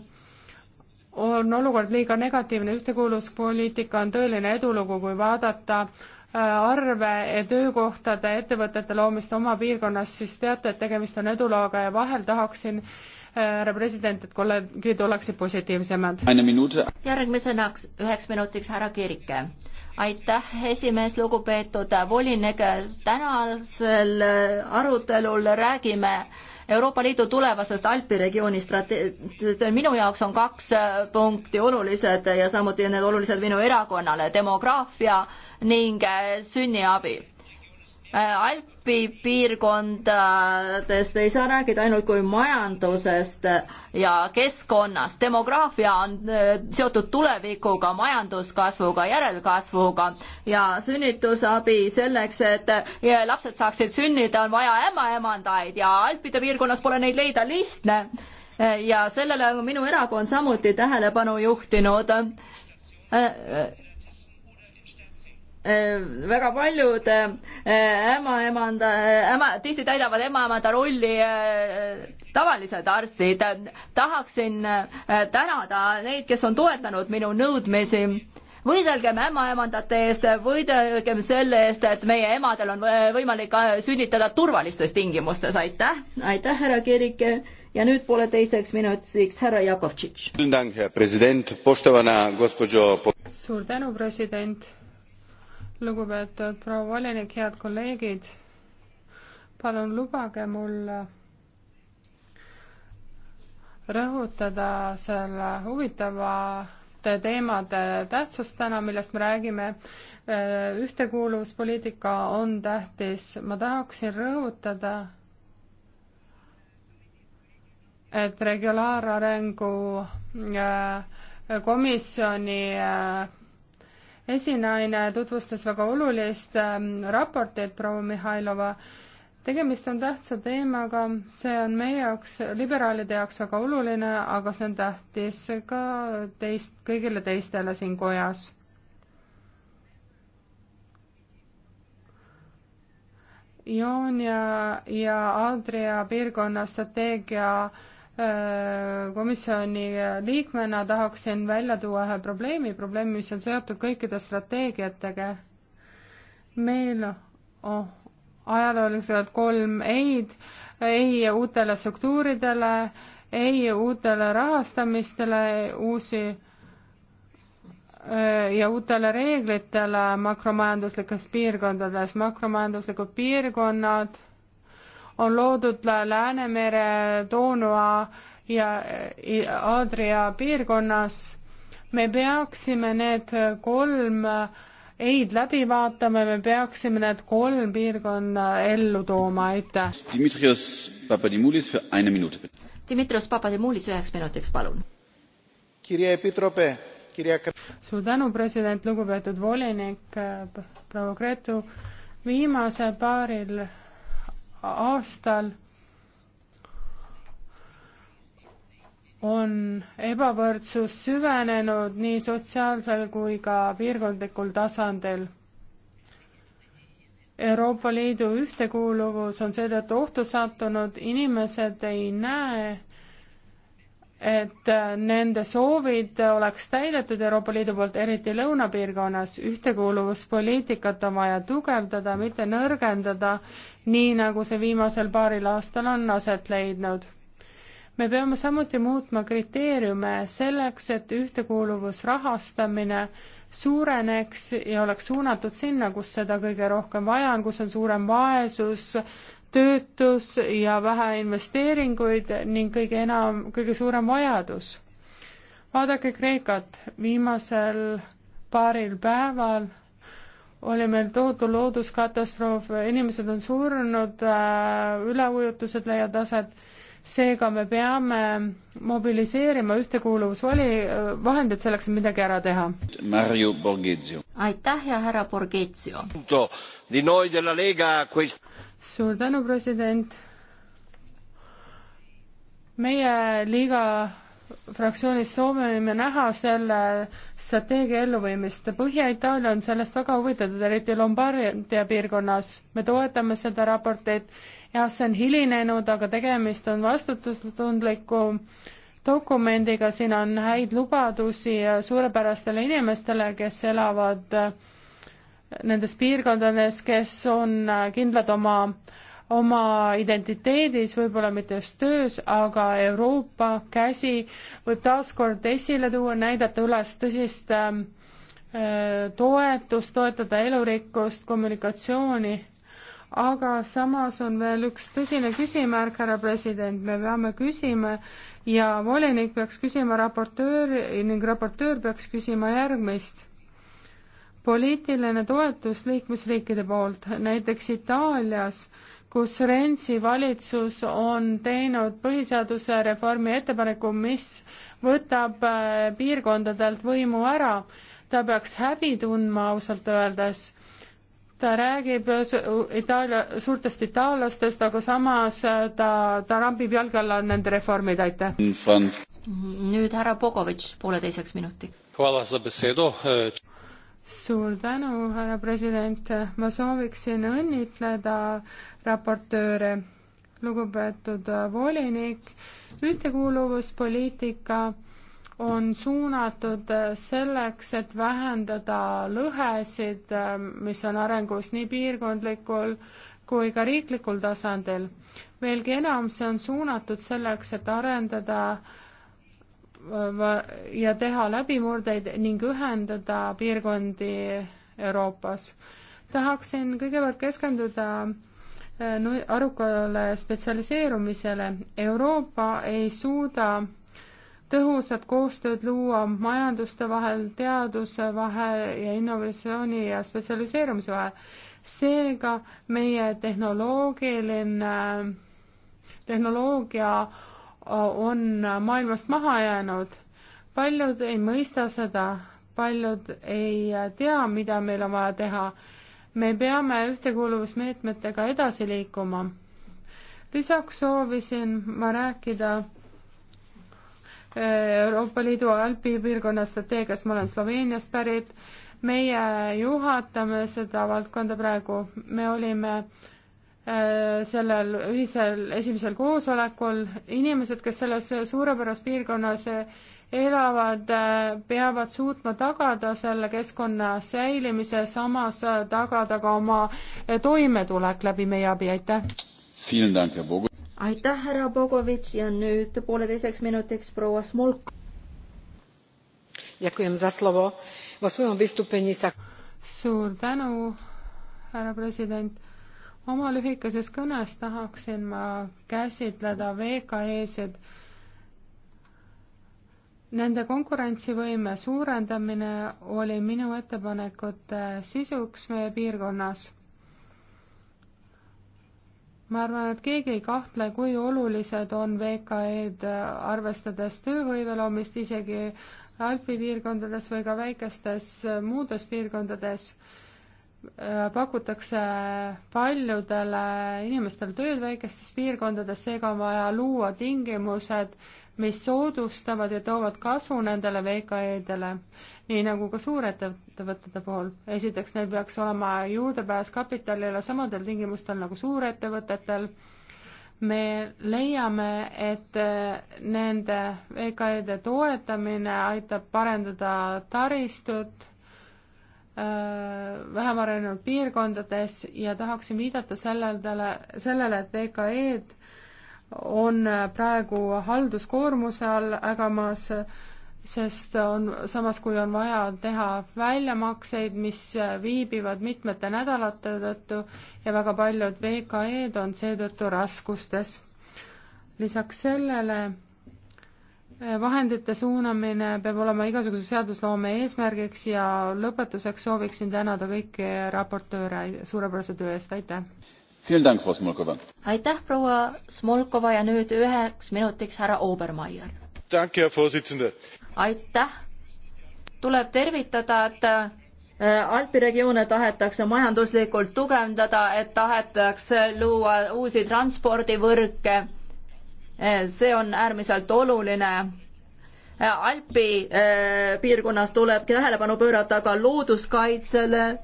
on olukord liiga negatiivne, ühtekuuluvuspoliitika on tõeline edulugu, kui vaadata äh, arve töökohtade, ettevõtete loomist oma piirkonnas, siis teate, et tegemist on edulooga ja vahel tahaksin härra president, et kolleegid oleksid positiivsemad. järgmiseks üheks minutiks härra Kirike aitäh, esimees, lugupeetud volinik, tänasel arutelul räägime Euroopa Liidu tulevasest Alpi regiooni strate-, minu jaoks on kaks punkti olulised ja samuti need olulised minu erakonnale, demograafia ning sünniabi Äh, Alpi piirkondadest ei saa rääkida ainult kui majandusest ja keskkonnast. demograafia on äh, seotud tulevikuga, majanduskasvuga, järelkasvuga ja sünnitusabi selleks, et äh, lapsed saaksid sünnida, on vaja ämmaemandaid ja Alpide piirkonnas pole neid leida lihtne. ja sellele on minu erakond samuti tähelepanu juhtinud Äh, väga paljud äh, ämmaemanda, äma, äh, tihti täidavad ämmaemanda rolli tavalised arstid. tahaksin tänada neid, kes on toetanud minu nõudmisi võidelgem ämmaemandate eest, võidelgem selle eest, et meie emadel on võimalik sünnitada turvalistes tingimustes, aitäh, aitäh, härra Kirik ja nüüd pooleteiseks minutiks härra Jakovtšitš. suur tänu, president lugupeetud proua volinik, head kolleegid, palun lubage mul rõhutada selle huvitavate teemade tähtsust täna, millest me räägime. ühtekuuluvuspoliitika on tähtis, ma tahaksin rõhutada, et regulaararengu äh, komisjoni äh, esinaine tutvustas väga olulist ähm, raportit, proua Mihhailova. tegemist on tähtsa teemaga, see on meie jaoks, liberaalide jaoks väga oluline, aga see on tähtis ka teist, kõigile teistele siin kojas. Joonia ja Adria piirkonna strateegia komisjoni liikmena tahaksin välja tuua ühe probleemi, probleemi, mis on seotud kõikide strateegiatega. meil oh, ajalooliselt kolm ei-d, ei uutele struktuuridele, ei uutele rahastamistele, uusi ja uutele reeglitele makromajanduslikes piirkondades, makromajanduslikud piirkonnad on loodud Läänemere, Donua ja Aadria piirkonnas. me peaksime need kolm ei-d läbi vaatama, me peaksime need kolm piirkonna ellu tooma, aitäh. Dimitrios Papadimoulis, ühe minuti. Dimitrios Papadimoulis üheks minutiks, palun. kirja Epitrope, kirja. suur tänu, president, lugupeetud volinik, proua Gretu. viimase paaril aastal on ebavõrdsus süvenenud nii sotsiaalsel kui ka piirkondlikul tasandil. Euroopa Liidu ühtekuuluvus on seetõttu ohtu sattunud, inimesed ei näe et äh, nende soovid oleks täidetud Euroopa Liidu poolt, eriti lõunapiirkonnas. ühtekuuluvuspoliitikat on vaja tugevdada, mitte nõrgendada, nii nagu see viimasel paaril aastal on aset leidnud. me peame samuti muutma kriteeriume selleks, et ühtekuuluvusrahastamine suureneks ja oleks suunatud sinna, kus seda kõige rohkem vaja on, kus on suurem vaesus, töötus ja vähe investeeringuid ning kõige enam, kõige suurem vajadus. vaadake Kreekat, viimasel paaril päeval oli meil tohutu looduskatastroof, inimesed on surnud, äh, üleujutused leiavad aset, seega me peame mobiliseerima ühtekuuluvusvali äh, vahendeid selleks, et midagi ära teha. aitäh ja härra Borghezio! suur tänu, president. meie liiga fraktsioonis soovime näha selle strateegia elluviimist. Põhja-Itaalia on sellest väga huvitatud, eriti Lombardia piirkonnas. me toetame seda raportit. jah, see on hilinenud, aga tegemist on vastutustundliku dokumendiga, siin on häid lubadusi suurepärastele inimestele, kes elavad äh, nendes piirkondades, kes on äh, kindlad oma, oma identiteedis, võib-olla mitte just töös, aga Euroopa käsi võib taaskord esile tuua, näidata üles tõsist ähm, äh, toetust, toetada elurikkust, kommunikatsiooni, aga samas on veel üks tõsine küsimärk, härra president, me peame küsima ja volinik peaks küsima raportööri ning raportöör peaks küsima järgmist poliitiline toetus liikmesriikide poolt, näiteks Itaalias, kus Renzi valitsus on teinud põhiseaduse reformi ettepaneku, mis võtab äh, piirkondadelt võimu ära. ta peaks häbi tundma ausalt öeldes. ta räägib Itaalia, suurtest itaallastest, aga samas äh, ta, ta rambib jalge alla nende reformid, aitäh. nüüd härra Bogovitš pooleteiseks minutiks suur tänu, härra president, ma sooviksin õnnitleda raportööre, lugupeetud volinik, ühtekuuluvuspoliitika on suunatud selleks, et vähendada lõhesid, mis on arengus nii piirkondlikul kui ka riiklikul tasandil. veelgi enam, see on suunatud selleks, et arendada ja teha läbimurdeid ning ühendada piirkondi Euroopas. tahaksin kõigepealt keskenduda äh, arukale spetsialiseerumisele. Euroopa ei suuda tõhusat koostööd luua majanduste vahel, teaduse vahel ja innovatsiooni ja spetsialiseerumise vahel. seega meie tehnoloogiline, tehnoloogia on maailmast maha jäänud. paljud ei mõista seda, paljud ei tea, mida meil on vaja teha. me peame ühtekuuluvusmeetmetega edasi liikuma. lisaks soovisin ma rääkida eh, Euroopa Liidu alpipiirkonna strateegias, ma olen Sloveeniast pärit, meie juhatame seda valdkonda praegu, me olime äh, Äh, sellel ühisel esimesel koosolekul, inimesed, kes selles suurepäras piirkonnas elavad, äh, peavad suutma tagada selle keskkonna säilimise, samas äh, tagada ka oma toimetulek läbi meie abi, aitäh! aitäh, härra Bogovitš ja nüüd pooleteiseks minutiks proua Smolk. suur tänu, härra president oma lühikeses kõnes tahaksin ma käsitleda VKE-sid. Nende konkurentsivõime suurendamine oli minu ettepanekute sisuks meie piirkonnas ma arvan, et keegi ei kahtle, kui olulised on VKE-d, arvestades töövõime loomist isegi alpipiirkondades või ka väikestes muudes piirkondades. Äh, pakutakse paljudele inimestele tööd väikestes piirkondades, seega on vaja luua tingimused, mis soodustavad ja toovad kasu nendele VKE-dele, nii nagu ka suurettevõtete puhul. esiteks, neil peaks olema juurdepääs kapitalile samadel tingimustel nagu suurettevõtetel. me leiame, et äh, nende VKE-de toetamine aitab parendada taristut Äh, vähem arenenud piirkondades ja tahaksin viidata sellele, sellele, et VKE-d on äh, praegu halduskoormuse all ägamas, sest on, samas kui on vaja teha väljamakseid, mis äh, viibivad mitmete nädalate tõttu ja väga paljud VKE-d on seetõttu raskustes. lisaks sellele vahendite suunamine peab olema igasuguse seadusloome eesmärgiks ja lõpetuseks sooviksin tänada kõiki raportööre suurepärase töö eest, aitäh! aitäh, proua Smolkova ja nüüd üheks minutiks härra Obermeier. aitäh! tuleb tervitada, et äh, Alpi regioone tahetakse majanduslikult tugevdada, et tahetakse luua uusi transpordivõrke see on äärmiselt oluline. Alpi eh, piirkonnas tuleb tähelepanu pöörata ka looduskaitsele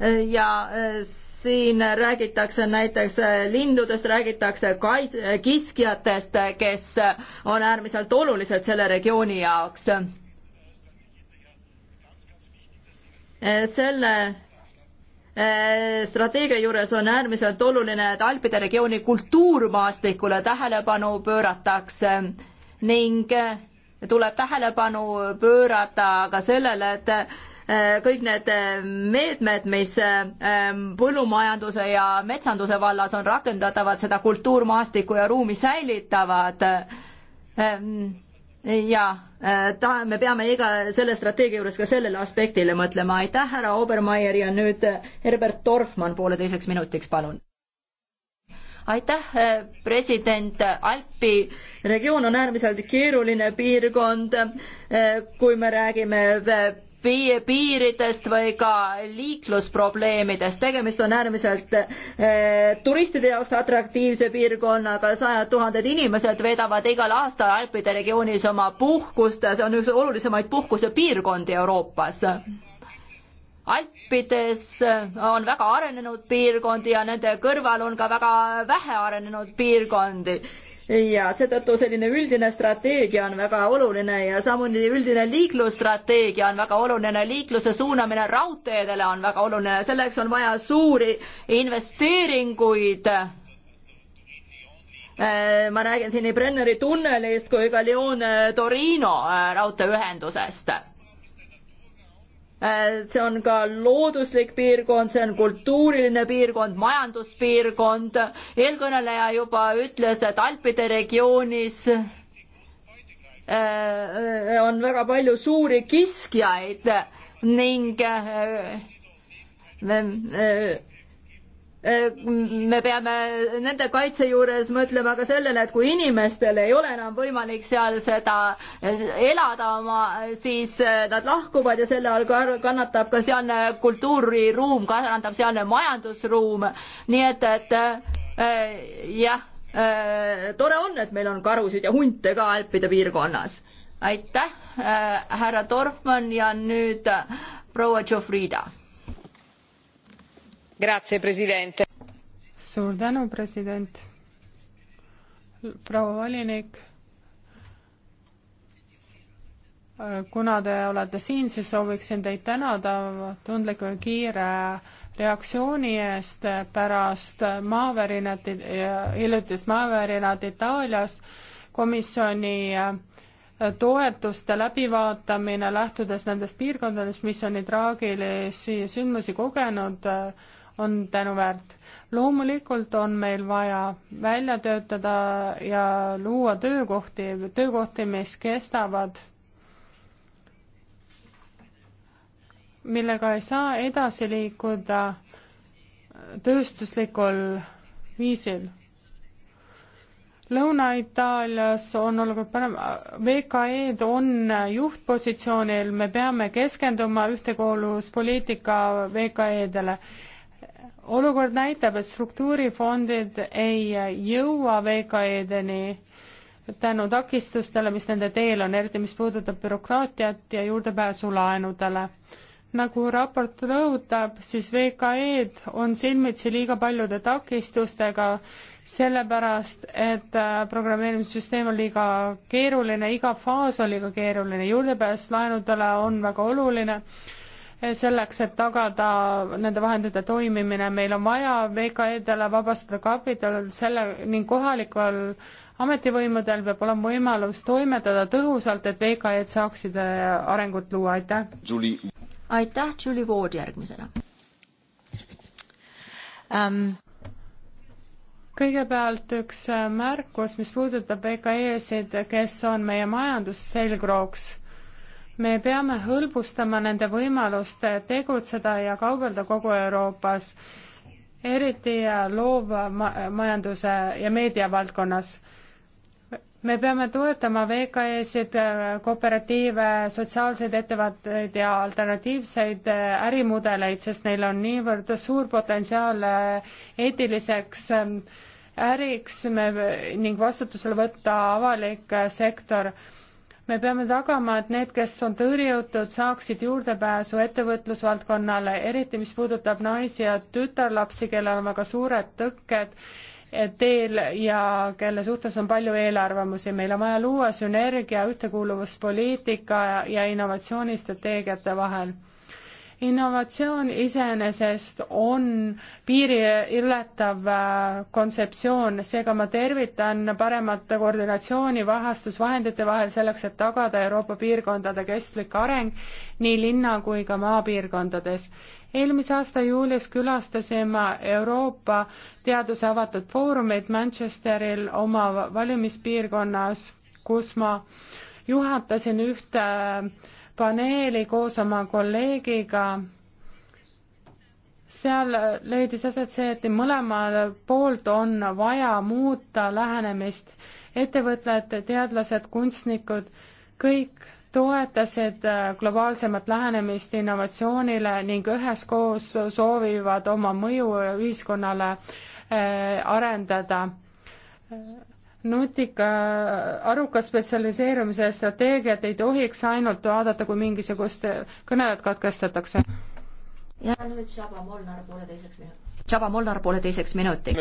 eh, ja eh, siin räägitakse näiteks lindudest, räägitakse kait-, kiskjatest, kes on äärmiselt olulised selle regiooni jaoks. selle Äh, strateegia juures on äärmiselt oluline, et Alpide regiooni kultuurmaastikule tähelepanu pööratakse ning äh, tuleb tähelepanu pöörata ka sellele, et äh, kõik need meetmed, mis põllumajanduse ja metsanduse vallas on rakendatavad, seda kultuurmaastikku ja ruumi säilitavad ja äh, ta, me peame iga selle strateegia juures ka sellele aspektile mõtlema. aitäh, härra Obermeier ja nüüd äh, Herbert Dorfmann pooleteiseks minutiks, palun. aitäh, äh, president Alpi regioon on äärmiselt keeruline piirkond, kui me räägime piiridest või ka liiklusprobleemidest. tegemist on äärmiselt eh, turistide jaoks atraktiivse piirkonnaga, sajad tuhanded inimesed veedavad igal aastal Alpide regioonis oma puhkust, see on üks olulisemaid puhkusepiirkondi Euroopas. Alpides on väga arenenud piirkondi ja nende kõrval on ka väga vähe arenenud piirkondi ja seetõttu selline üldine strateegia on väga oluline ja samuti üldine liiklusstrateegia on väga oluline, liikluse suunamine raudteedele on väga oluline, selleks on vaja suuri investeeringuid. Äh, ma räägin siin nii Brenneri tunnelist kui ka Lyon-Torino äh, raudteeühendusest Äh, see on ka looduslik piirkond, see on kultuuriline piirkond, majanduspiirkond. eelkõneleja juba ütles, et Alpide regioonis äh, on väga palju suuri kiskjaid ning äh, Äh, me peame nende kaitse juures mõtlema ka sellele, et kui inimestel ei ole enam võimalik seal seda äh, elada oma, siis äh, nad lahkuvad ja selle all kannatab ka sealne kultuuriruum, kannatab sealne majandusruum, nii et, et äh, jah äh,, tore on, et meil on karusid ja hunte ka Alpide piirkonnas. aitäh äh,, härra Dorfmann ja nüüd proua Tšofrida suur tänu, president. proua volinik, kuna te olete siin, siis sooviksin teid tänada tundliku ja kiire reaktsiooni eest pärast maavärinat, hiljutist maavärinat Itaalias komisjoni toetuste läbivaatamine, lähtudes nendest piirkondadest, mis on nii traagilisi sündmusi kogenud, on tänuväärt. loomulikult on meil vaja välja töötada ja luua töökohti, töökohti, mis kestavad, millega ei saa edasi liikuda tööstuslikul viisil. Lõuna-Itaalias on olukord parem, VKE-d on juhtpositsioonil, me peame keskenduma ühtekuuluvuspoliitika VKE-dele olukord näitab, et struktuurifondid ei jõua VKE-deni tänu takistustele, mis nende teel on, eriti mis puudutab bürokraatiat ja juurdepääsu laenudele. nagu raport rõhutab, siis VKE-d on silmitsi liiga paljude takistustega, sellepärast et äh, programmeerimissüsteem on liiga keeruline, iga faas on liiga keeruline, juurdepääs laenudele on väga oluline selleks, et tagada nende vahendite toimimine, meil on vaja VKE-dele vabastada kapital selle ning kohalikul ametivõimudel peab olema võimalus toimetada tõhusalt, et VKE-d saaksid äh, arengut luua, aitäh. aitäh, Julie Wood järgmisena um.. kõigepealt üks äh, märkus, mis puudutab VKE-sid, kes on meie majandusselgrooks me peame hõlbustama nende võimalust tegutseda ja kaubelda kogu Euroopas, eriti loovmajanduse ja meediavaldkonnas. me peame toetama VKE-sid, kooperatiive, sotsiaalseid ettevõtteid ja alternatiivseid äh, ärimudeleid, sest neil on niivõrd suur potentsiaal äh, eetiliseks ähm, äriks ning vastutusele võtta avalik äh, sektor me peame tagama, et need, kes on tõrjutud, saaksid juurdepääsu ettevõtlusvaldkonnale, eriti mis puudutab naisi ja tütarlapsi, kellel on väga suured tõkked teel ja kelle suhtes on palju eelarvamusi. meil on vaja luua sünergia ühtekuuluvuspoliitika ja innovatsioonistrateegiate vahel innovatsioon iseenesest on piiri ületav äh, kontseptsioon, seega ma tervitan paremat koordinatsiooni vahastusvahendite vahel selleks, et tagada Euroopa piirkondade kestlik areng nii linna kui ka maapiirkondades. eelmise aasta juulis külastasin ma Euroopa Teaduse Avatud Foorumit Manchesteril oma valimispiirkonnas, kus ma juhatasin ühte äh, paneeli koos oma kolleegiga. seal leidis aset see, et mõlemalt poolt on vaja muuta lähenemist. ettevõtted, teadlased, kunstnikud, kõik toetasid globaalsemat lähenemist innovatsioonile ning üheskoos soovivad oma mõju ühiskonnale eh, arendada nutika aruka spetsialiseerumise strateegiat ei tohiks ainult vaadata, kui mingisugust kõnelet katkestatakse. ja nüüd Tšaba Molnar pooleteiseks minutiks. Tšaba Molnar pooleteiseks minutiks.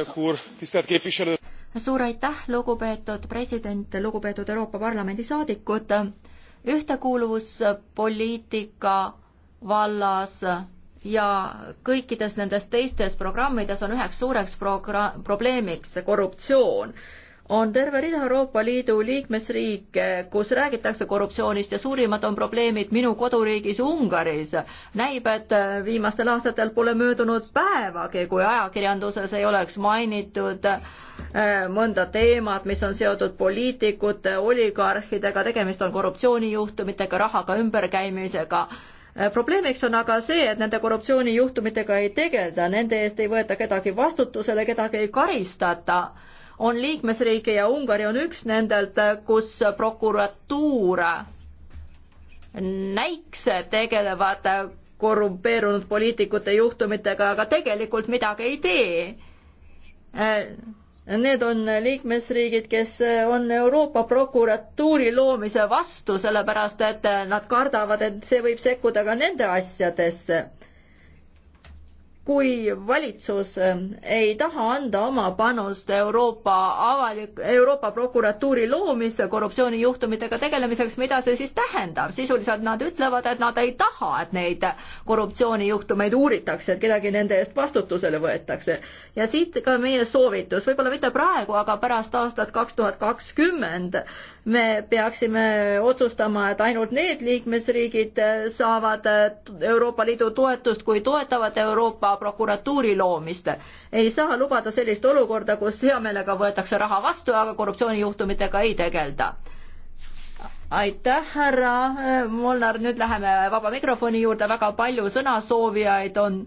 suur aitäh, lugupeetud president, lugupeetud Euroopa Parlamendi saadikud. ühtekuuluvuspoliitika vallas ja kõikides nendes teistes programmides on üheks suureks progra-, probleemiks korruptsioon on terve rida Euroopa Liidu liikmesriike, kus räägitakse korruptsioonist ja suurimad on probleemid minu koduriigis Ungaris. näib, et äh, viimastel aastatel pole möödunud päevagi, kui ajakirjanduses ei oleks mainitud äh, mõnda teemat, mis on seotud poliitikute, oligarhidega, tegemist on korruptsioonijuhtumitega, rahaga ümberkäimisega äh, probleemiks on aga see, et nende korruptsioonijuhtumitega ei tegelda, nende eest ei võeta kedagi vastutusele, kedagi ei karistata on liikmesriike ja Ungari on üks nendelt, kus prokuratuur näiks tegelevad korrumpeerunud poliitikute juhtumitega, aga tegelikult midagi ei tee. Need on liikmesriigid, kes on Euroopa prokuratuuri loomise vastu, sellepärast et nad kardavad, et see võib sekkuda ka nende asjadesse kui valitsus ähm, ei taha anda oma panust Euroopa avalik, Euroopa prokuratuuri loomisse korruptsioonijuhtumitega tegelemiseks, mida see siis tähendab? sisuliselt nad ütlevad, et nad ei taha, et neid korruptsioonijuhtumeid uuritakse, et kedagi nende eest vastutusele võetakse. ja siit ka meie soovitus, võib-olla mitte praegu, aga pärast aastat kaks tuhat kakskümmend me peaksime otsustama, et ainult need liikmesriigid saavad Euroopa Liidu toetust, kui toetavad Euroopa prokuratuuri loomist. ei saa lubada sellist olukorda, kus hea meelega võetakse raha vastu, aga korruptsioonijuhtumitega ei tegelda. aitäh, härra Molnar, nüüd läheme vaba mikrofoni juurde, väga palju sõnasoovijaid on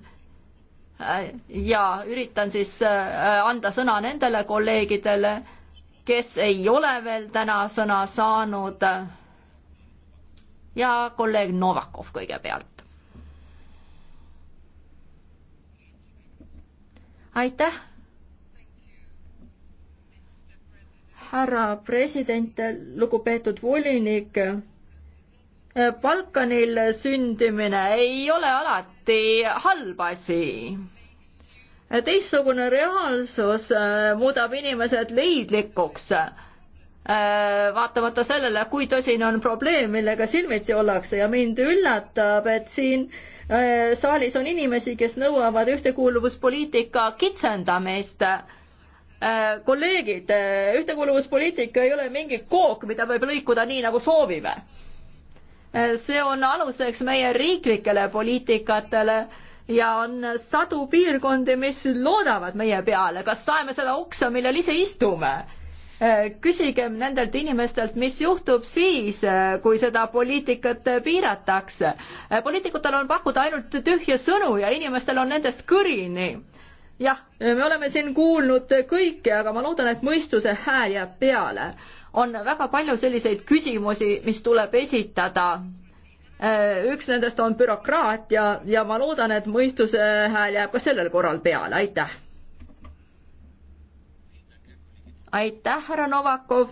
ja üritan siis äh, anda sõna nendele kolleegidele kes ei ole veel täna sõna saanud. ja kolleeg Novakov kõigepealt. aitäh. härra president, lugupeetud volinik Balkanil sündimine ei ole alati halb asi teistsugune reaalsus äh, muudab inimesed leidlikuks, äh, vaatamata sellele, kui tõsine on probleem, millega silmitsi ollakse ja mind üllatab, et siin äh, saalis on inimesi, kes nõuavad ühtekuuluvuspoliitika kitsendamist. kolleegid, ühtekuuluvuspoliitika ei ole mingi kook, mida võib lõikuda nii, nagu soovime. see on aluseks meie riiklikele poliitikatele ja on sadu piirkondi, mis loodavad meie peale, kas saeme seda oksa, millel ise istume. Äh, küsigem nendelt inimestelt, mis juhtub siis, äh, kui seda poliitikat piiratakse. Äh, poliitikutel on pakkuda ainult tühje sõnu ja inimestel on nendest kõrini. jah, me oleme siin kuulnud kõike, aga ma loodan, et mõistuse hääl jääb peale. on väga palju selliseid küsimusi, mis tuleb esitada Äh, üks nendest on bürokraatia ja ma loodan, et mõistuse hääl jääb ka sellel korral peale, aitäh. aitäh, härra Novakov.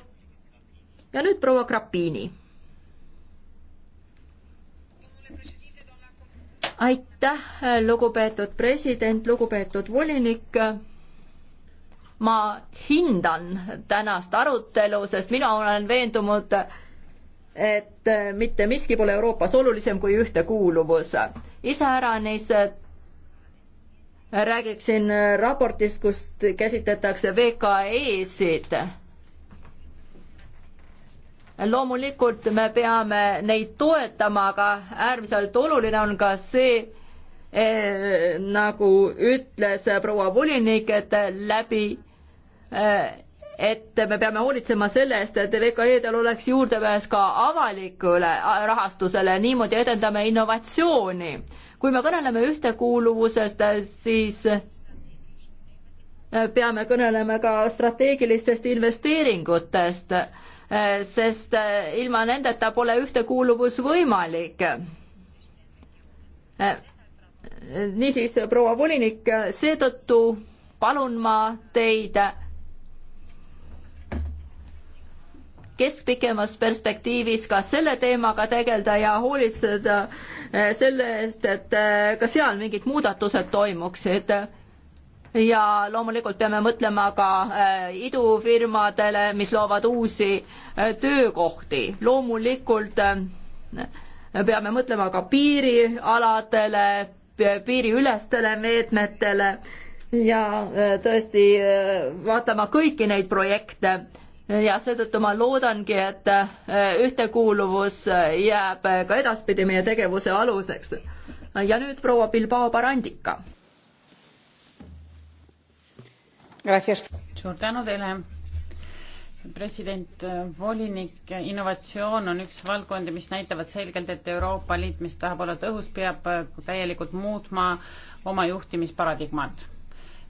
ja nüüd proua Krapini. aitäh, lugupeetud president, lugupeetud volinik ma hindan tänast arutelu, sest mina olen veendunud, et äh, mitte miski pole Euroopas olulisem kui ühtekuuluvus. iseäranis äh, räägiksin äh, raportist, kus käsitletakse VKE-sid. loomulikult me peame neid toetama, aga äärmiselt oluline on ka see, nagu ütles proua volinik, et läbi et me peame hoolitsema selle eest, et VKE-del oleks juurdepääs ka avalikule rahastusele, niimoodi edendame innovatsiooni. kui me kõneleme ühtekuuluvusest, siis peame kõnelema ka strateegilistest investeeringutest, sest ilma nendeta pole ühtekuuluvus võimalik. niisiis, proua volinik, seetõttu palun ma teid keskpikemas perspektiivis ka selle teemaga tegeleda ja hoolitseda eh, selle eest, et eh, ka seal mingid muudatused toimuksid. ja loomulikult peame mõtlema ka eh, idufirmadele, mis loovad uusi töökohti. loomulikult peame mõtlema ka piirialadele, piiriülestele meetmetele ja tõesti vaatama kõiki neid projekte ja seetõttu ma loodangi, et äh, ühtekuuluvus äh, jääb äh, ka edaspidi meie tegevuse aluseks. ja nüüd proua Bilbao Barandika. suur tänu teile president, volinik, innovatsioon on üks valdkondi, mis näitavad selgelt, et Euroopa Liit, mis tahab olla tõhus, peab täielikult muutma oma juhtimisparadigmat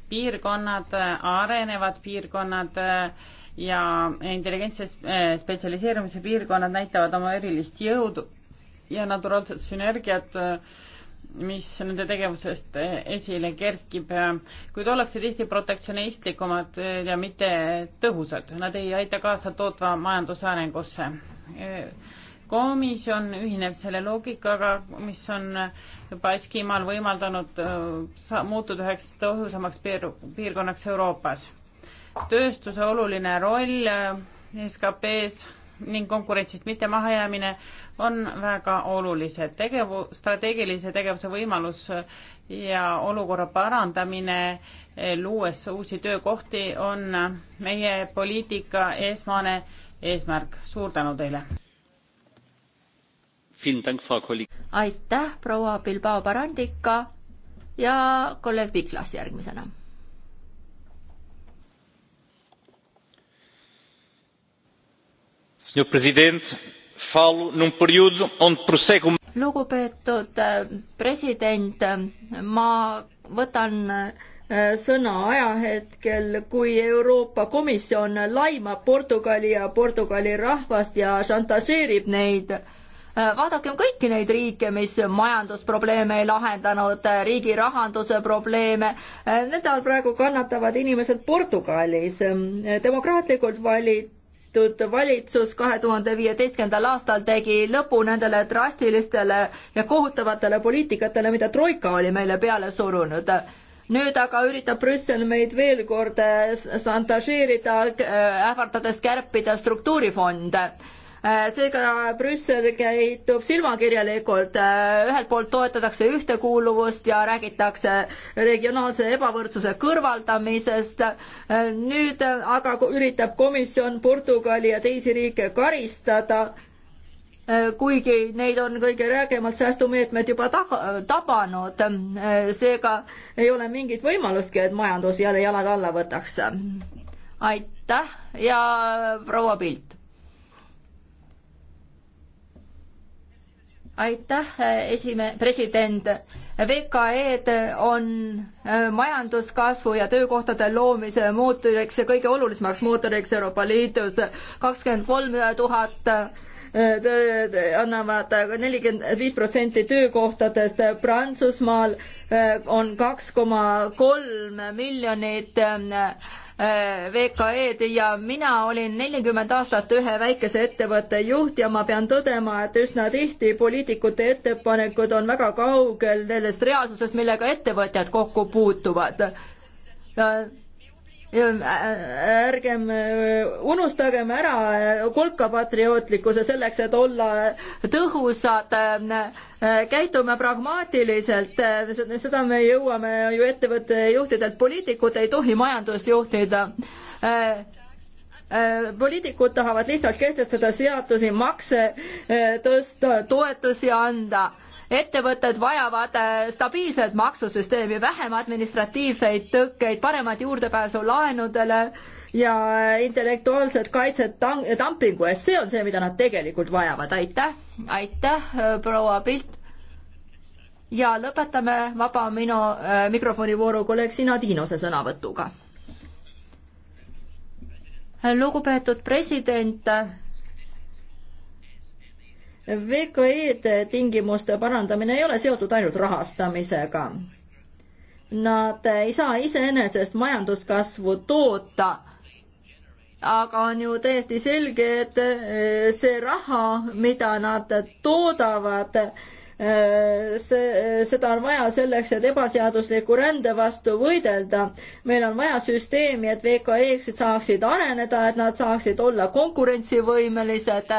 piirkonnad, arenevad piirkonnad äh, ja intelligentse äh, spetsialiseerumise piirkonnad näitavad oma erilist jõudu ja naturaalset sünergiat, äh, mis nende tegevusest esile kerkib, kuid ollakse tihti protektsionistlikumad ja mitte tõhusad, nad ei aita kaasa tootva majanduse arengusse komisjon ühineb selle loogikaga, mis on juba Eskimaal võimaldanud äh, muutuda üheks tõhusamaks piir, piirkonnaks Euroopas. tööstuse oluline roll äh, SKP-s ning konkurentsist mitte mahajäämine on väga olulised. tegevu-, strateegilise tegevuse võimalus äh, ja olukorra parandamine, luues uusi töökohti, on meie poliitika esmane eesmärk. suur tänu teile! aitäh, proua Bilbao Barandika ja kolleeg Piklas järgmisena. lugupeetud äh, president, äh, ma võtan äh, sõna ajahetkel, kui Euroopa Komisjon laimab Portugali ja Portugali rahvast ja šantažeerib neid Äh, vaadakem kõiki neid riike, mis majandusprobleeme ei lahendanud, äh, riigi rahanduse probleeme, äh, nende all praegu kannatavad inimesed Portugalis. demokraatlikult valitud valitsus kahe tuhande viieteistkümnendal aastal tegi lõpu nendele drastilistele ja kohutavatele poliitikatele, mida Troika oli meile peale surunud nüüd aga üritab Brüssel meid veel kord šantažeerida, ähvardades kärpida struktuurifonde Äh, seega Brüssel käitub silmakirjalikult, äh, ühelt poolt toetatakse ühtekuuluvust ja räägitakse regionaalse ebavõrdsuse kõrvaldamisest, äh, nüüd aga üritab komisjon Portugali ja teisi riike karistada, kuigi neid on kõige räägemalt säästumeetmed juba taga, tabanud, seega ei ole mingit võimalustki, et majandus jälle jalad alla võtaks. aitäh ja proua Pilt aitäh, esime-, president. VKE-d on äh, majanduskasvu ja töökohtade loomise mootoriks ja kõige olulisemaks mootoriks Euroopa Liidus. kakskümmend kolm tuhat annavad nelikümmend viis protsenti töökohtadest. Prantsusmaal eh, on kaks koma kolm miljonit eh, VKE-d ja mina olin nelikümmend aastat ühe väikese ettevõtte juht ja ma pean tõdema, et üsna tihti poliitikute ettepanekud on väga kaugel sellest reaalsusest, millega ettevõtjad kokku puutuvad ärgem unustagem ära kolkapatriootlikkuse selleks, et olla tõhusad, käitume pragmaatiliselt, seda me jõuame ju ettevõtte juhtidelt, poliitikud ei tohi majandust juhtida poliitikud tahavad lihtsalt kehtestada seadusi, makse tõsta, toetusi anda ettevõtted vajavad äh, stabiilset maksusüsteemi, vähem administratiivseid tõkkeid, paremat juurdepääsu laenudele ja äh, intellektuaalset kaitset dumpingu eest, see on see, mida nad tegelikult vajavad, aitäh, aitäh, äh, proua Pilt. ja lõpetame vaba minu äh, mikrofoni vooru kolleeg Sina Tiinose sõnavõtuga. lugupeetud president VKE-de tingimuste parandamine ei ole seotud ainult rahastamisega. Nad ei saa iseenesest majanduskasvu toota, aga on ju täiesti selge, et eh, see raha, mida nad toodavad, eh, see, seda on vaja selleks, et ebaseadusliku rände vastu võidelda. meil on vaja süsteemi, et VKE-ksid saaksid areneda, et nad saaksid olla konkurentsivõimelised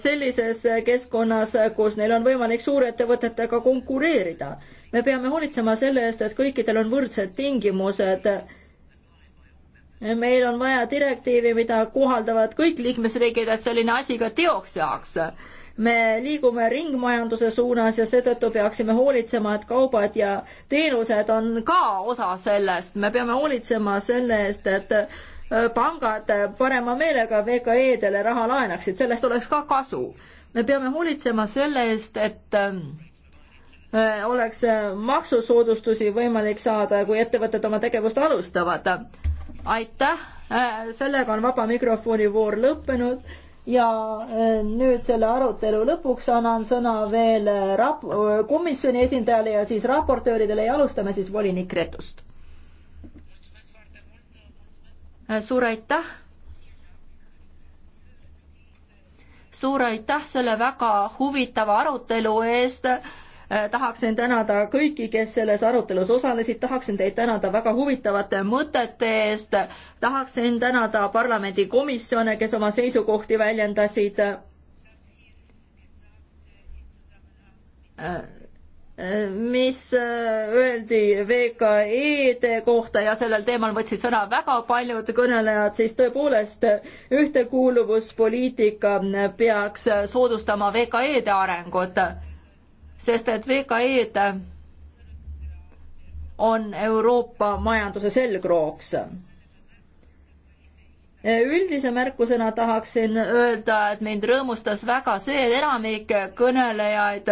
sellises keskkonnas, kus neil on võimalik suurettevõtetega konkureerida. me peame hoolitsema selle eest, et kõikidel on võrdsed tingimused. meil on vaja direktiivi, mida kohaldavad kõik liikmesriigid, et selline asi ka teoks saaks me liigume ringmajanduse suunas ja seetõttu peaksime hoolitsema, et kaubad ja teenused on ka osa sellest. me peame hoolitsema selle eest, et Äh, pangad äh, parema meelega VKE-dele raha laenaksid, sellest oleks ka kasu. me peame hoolitsema selle eest, et ähm, äh, oleks maksusoodustusi võimalik saada, kui ettevõtted oma tegevust alustavad. aitäh, sellega on vaba mikrofoni voor lõppenud ja nüüd selle arutelu lõpuks annan sõna veel rap-, komisjoni esindajale ja siis raportööridele ja alustame siis volinik Retust suur aitäh. suur aitäh selle väga huvitava arutelu eest. tahaksin tänada kõiki, kes selles arutelus osalesid, tahaksin teid tänada väga huvitavate mõtete eest. tahaksin tänada parlamendikomisjone, kes oma seisukohti väljendasid mis äh, öeldi VKE-de kohta ja sellel teemal võtsid sõna väga paljud kõnelejad, siis tõepoolest ühtekuuluvuspoliitika peaks soodustama VKE-de arengut, sest et VKE-d on Euroopa majanduse selgrooks. üldise märkusena tahaksin öelda, et mind rõõmustas väga see, et enamik kõnelejaid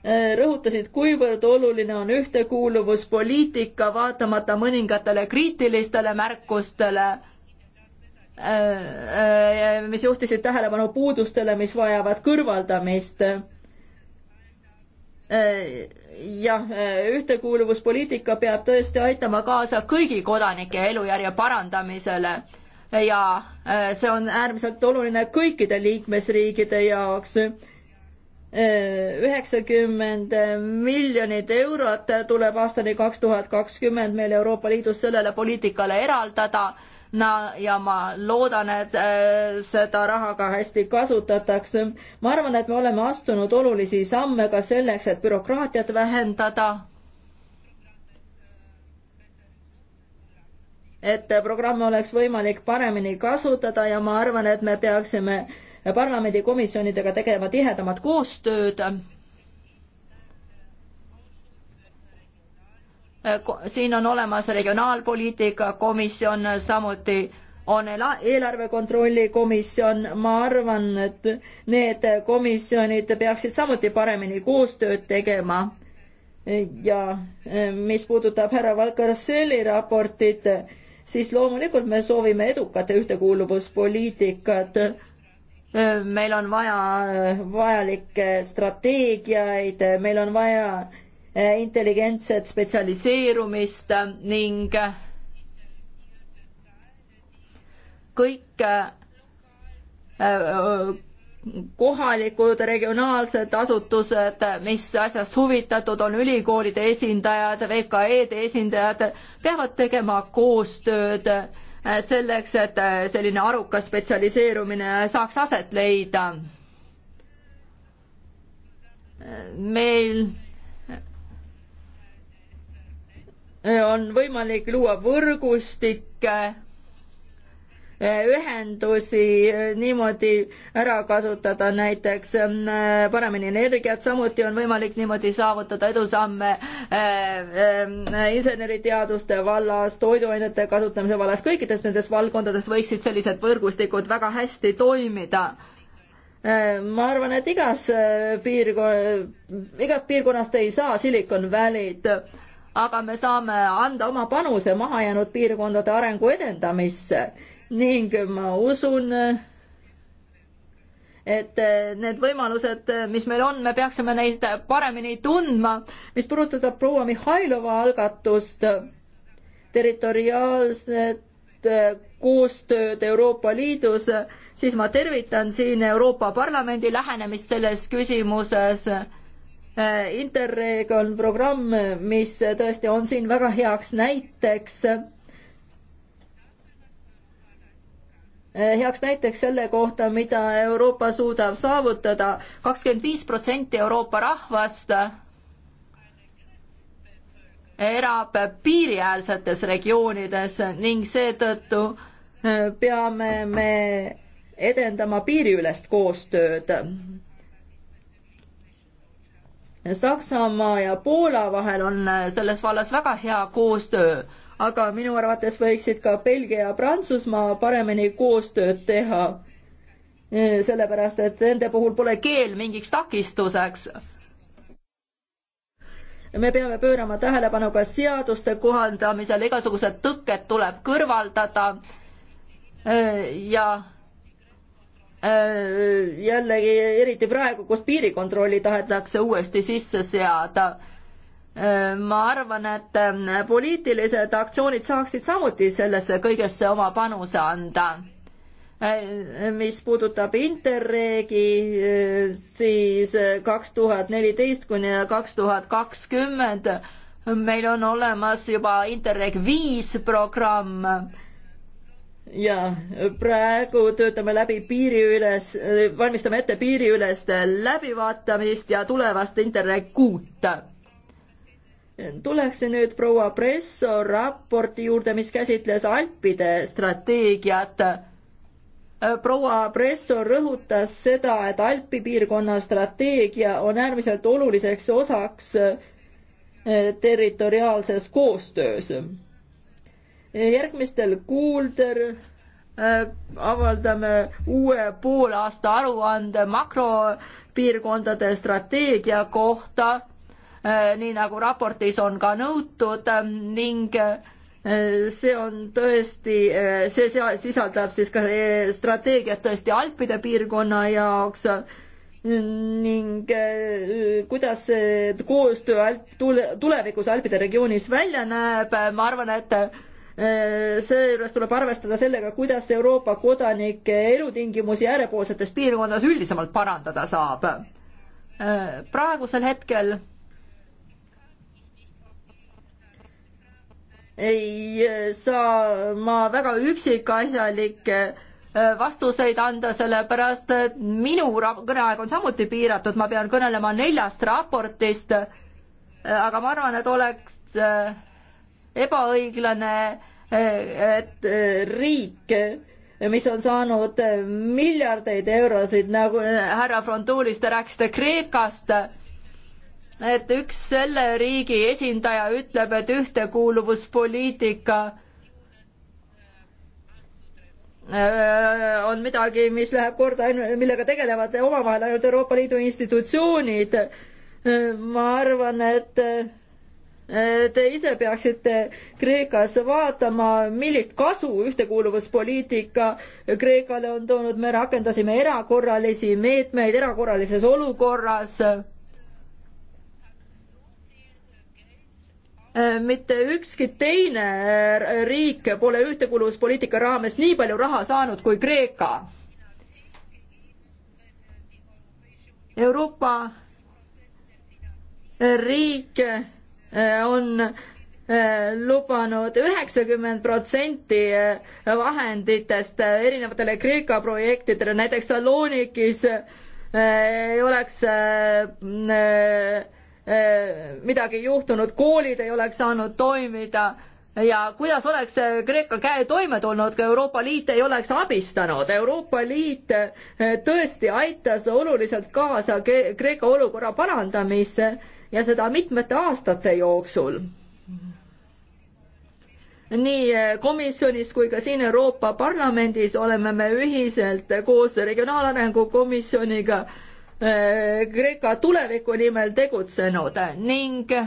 Äh, rõhutasid, kuivõrd oluline on ühtekuuluvuspoliitika, vaatamata mõningatele kriitilistele märkustele, äh, äh, mis juhtisid tähelepanu puudustele, mis vajavad kõrvaldamist. jah, ühtekuuluvuspoliitika peab tõesti aitama kaasa kõigi kodanike elujärje parandamisele ja see on äärmiselt oluline kõikide liikmesriikide jaoks Äh, üheksakümmend miljonit eurot tuleb aastani kaks tuhat kakskümmend meil Euroopa Liidus sellele poliitikale eraldada na- ja ma loodan, et äh, seda raha ka hästi kasutatakse. ma arvan, et me oleme astunud olulisi samme ka selleks, et bürokraatiat vähendada. et programme oleks võimalik paremini kasutada ja ma arvan, et me peaksime äh, parlamendikomisjonidega tegema tihedamat koostööd. siin on olemas regionaalpoliitika komisjon, samuti on eelarve kontrolli komisjon, ma arvan, et need komisjonid peaksid samuti paremini koostööd tegema. ja eh, mis puudutab härra Valkarselli raportit, siis loomulikult me soovime edukat ühtekuuluvuspoliitikat meil on vaja eh, vajalikke strateegiaid, meil on vaja eh, intelligentset spetsialiseerumist ning eh, kõik kohalikud regionaalsed asutused, mis asjast huvitatud on, ülikoolide esindajad, VKE-de esindajad, peavad tegema koostööd Äh, selleks, et äh, selline arukas spetsialiseerumine saaks aset leida. meil äh, on võimalik luua võrgustikke ühendusi eh, niimoodi ära kasutada, näiteks eh, paremini energiat, samuti on võimalik niimoodi saavutada edusamme eh, inseneriteaduste vallas, toiduainete kasutamise vallas, kõikides nendes valdkondades võiksid sellised võrgustikud väga hästi toimida ma arvan, et igas piirkon-, igast piirkonnast ei saa Silicon Valley'd, aga me saame anda oma panuse mahajäänud piirkondade arengu edendamisse ning ma usun, et eh, need võimalused, eh, mis meil on, me peaksime neid paremini tundma. mis puudutab proua Mihhailova algatust, territoriaalset eh, koostööd Euroopa Liidus, siis ma tervitan siin Euroopa Parlamendi lähenemist selles küsimuses. Interreg on programm, mis tõesti on siin väga heaks näiteks Eh, heaks näiteks selle kohta, mida Euroopa suudab saavutada. kakskümmend viis protsenti Euroopa rahvast elab piiriäärsetes regioonides ning seetõttu eh, peame me edendama piiriülest koostööd. Saksamaa ja Poola vahel on eh, selles vallas väga hea koostöö aga minu arvates võiksid ka Belgia ja Prantsusmaa paremini koostööd teha. sellepärast, et nende puhul pole keel mingiks takistuseks me peame pöörama tähelepanu ka seaduste kohandamisel, igasugused tõkked tuleb kõrvaldada ja äh, jällegi eriti praegu, kus piirikontrolli tahetakse uuesti sisse seada ma arvan, et äh, poliitilised aktsioonid saaksid samuti sellesse kõigesse oma panuse anda. Äh, mis puudutab Interregi, äh, siis kaks tuhat neliteist kuni kaks tuhat kakskümmend meil on olemas juba Interreg viis programm ja praegu töötame läbi piiriüles, valmistame ette piiriüleste läbivaatamist ja tulevast Interreg kuut tuleksin nüüd proua Presso raporti juurde, mis käsitles Alpide strateegiat. proua Presso rõhutas seda, et Alpi piirkonna strateegia on äärmiselt oluliseks osaks eh, territoriaalses koostöös. järgmistel kuuldel eh, avaldame uue poolaasta aruande makropiirkondade strateegia kohta Äh, nii nagu raportis on ka nõutud ähm, ning äh, see on tõesti, äh, see sisaldab siis ka strateegiat tõesti Alpide piirkonna jaoks ning kuidas see koostöö Alp, tulevikus Alpide regioonis välja näeb, ma arvan, et seejuures tuleb arvestada sellega, kuidas Euroopa kodanike elutingimusi äärepoolsetes piirkondades üldisemalt parandada saab. praegusel hetkel ei eh, saa ma väga üksikasjalikke eh, vastuseid anda, sellepärast minu kõneaeg on samuti piiratud, ma pean kõnelema neljast raportist, eh, aga ma arvan, et oleks ebaõiglane, et riik, mis on saanud miljardeid eurosid, nagu härra Frontuulis, te rääkisite Kreekast, et üks selle riigi esindaja ütleb, et ühtekuuluvuspoliitika äh, on midagi, mis läheb korda, millega tegelevad omavahel ainult Euroopa Liidu institutsioonid. ma arvan, et äh, te ise peaksite Kreekas vaatama, millist kasu ühtekuuluvuspoliitika Kreekale on toonud, me rakendasime erakorralisi meetmeid erakorralises olukorras Äh, mitte ükski teine äh, riik pole ühtekuuluvuspoliitika raames nii palju raha saanud kui Kreeka. Euroopa äh, riik on lubanud üheksakümmend protsenti vahenditest erinevatele Kreeka projektidele, näiteks Salonikis oleks Äh, midagi juhtunud, koolid ei oleks saanud toimida ja kuidas oleks Kreeka käe toime tulnud, kui Euroopa Liit ei oleks abistanud. Euroopa Liit äh, tõesti aitas oluliselt kaasa Kreeka olukorra parandamisse ja seda mitmete aastate jooksul. nii äh, komisjonis kui ka siin Euroopa Parlamendis oleme me ühiselt koos Regionaalarengu Komisjoniga äh, Äh, Kreeka tuleviku nimel tegutsenud ning äh,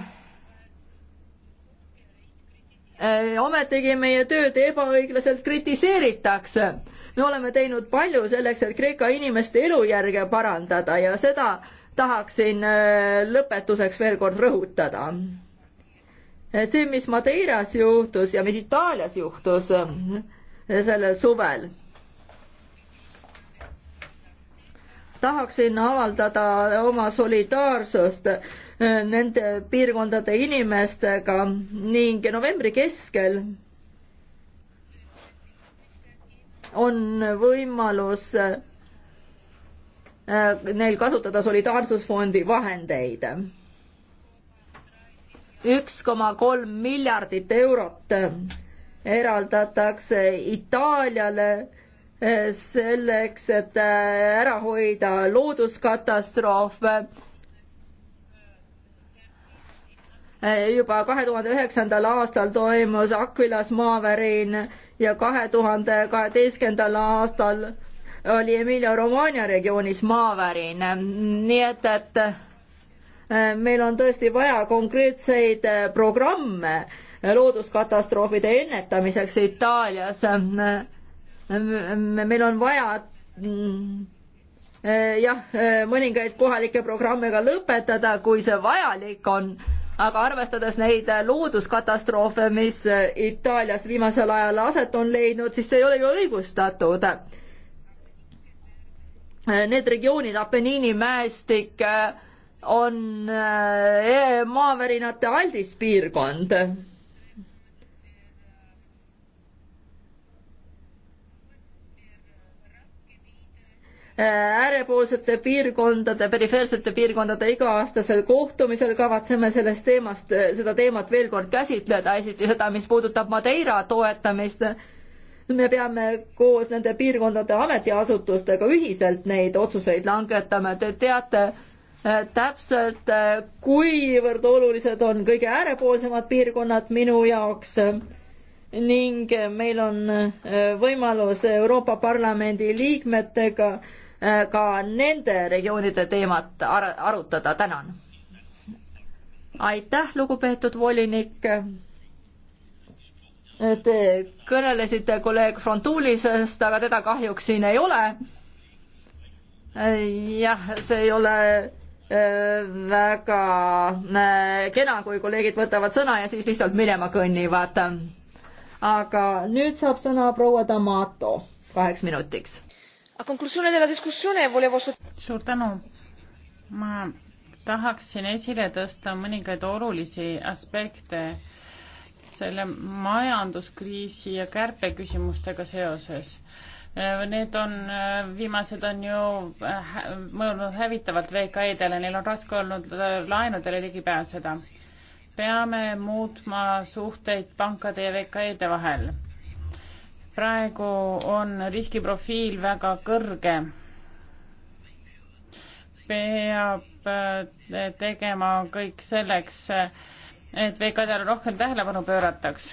ometigi meie tööd ebaõiglaselt kritiseeritakse. me oleme teinud palju selleks, et Kreeka inimeste elujärge parandada ja seda tahaksin äh, lõpetuseks veel kord rõhutada. see, mis Madeiras juhtus ja mis Itaalias juhtus sellel suvel tahaksin avaldada oma solidaarsust äh, nende piirkondade inimestega ning novembri keskel on võimalus äh, neil kasutada solidaarsusfondi vahendeid. üks koma kolm miljardit eurot eraldatakse Itaaliale selleks, et äh, ära hoida looduskatastroofe äh, juba kahe tuhande üheksandal aastal toimus Aquilas maavärin ja kahe tuhande kaheteistkümnendal aastal oli Emilia-Romagna regioonis maavärin, nii et, et äh, meil on tõesti vaja konkreetseid programme looduskatastroofide ennetamiseks Itaalias meil on vaja mm, jah, mõningaid kohalikke programme ka lõpetada, kui see vajalik on, aga arvestades neid looduskatastroofe, mis Itaalias viimasel ajal aset on leidnud, siis see ei ole ju õigustatud. Need regioonid, Apeniini mäestik, on eh, maavärinate aldis piirkond äärepoolsete piirkondade, perifeersete piirkondade iga-aastasel kohtumisel kavatseme sellest teemast, seda teemat veel kord käsitleda, esiti seda, mis puudutab Madeira toetamist. me peame koos nende piirkondade ametiasutustega ühiselt neid otsuseid langetama, te teate äh, täpselt, äh, kuivõrd olulised on kõige äärepoolsemad piirkonnad minu jaoks ning meil on äh, võimalus Euroopa Parlamendi liikmetega äh, ka nende regioonide teemat ar arutada, tänan. aitäh, lugupeetud volinik. Te kõnelesite kolleeg Frontulisest, aga teda kahjuks siin ei ole. jah, see ei ole äh, väga äh, kena, kui kolleegid võtavad sõna ja siis lihtsalt minema kõnnivad. aga nüüd saab sõna proua Damato kaheks minutiks suur tänu. ma tahaksin esile tõsta mõningaid olulisi aspekte selle majanduskriisi ja kärpeküsimustega seoses. Äh, need on, äh, viimased on ju äh, mõjunud hävitavalt VKI-dele, neil on raske olnud laenudele ligi pääseda. peame muutma suhteid pankade ja VKI-de vahel praegu on riskiprofiil väga kõrge. peab eh, tegema kõik selleks, et VKD-le rohkem tähelepanu pöörataks.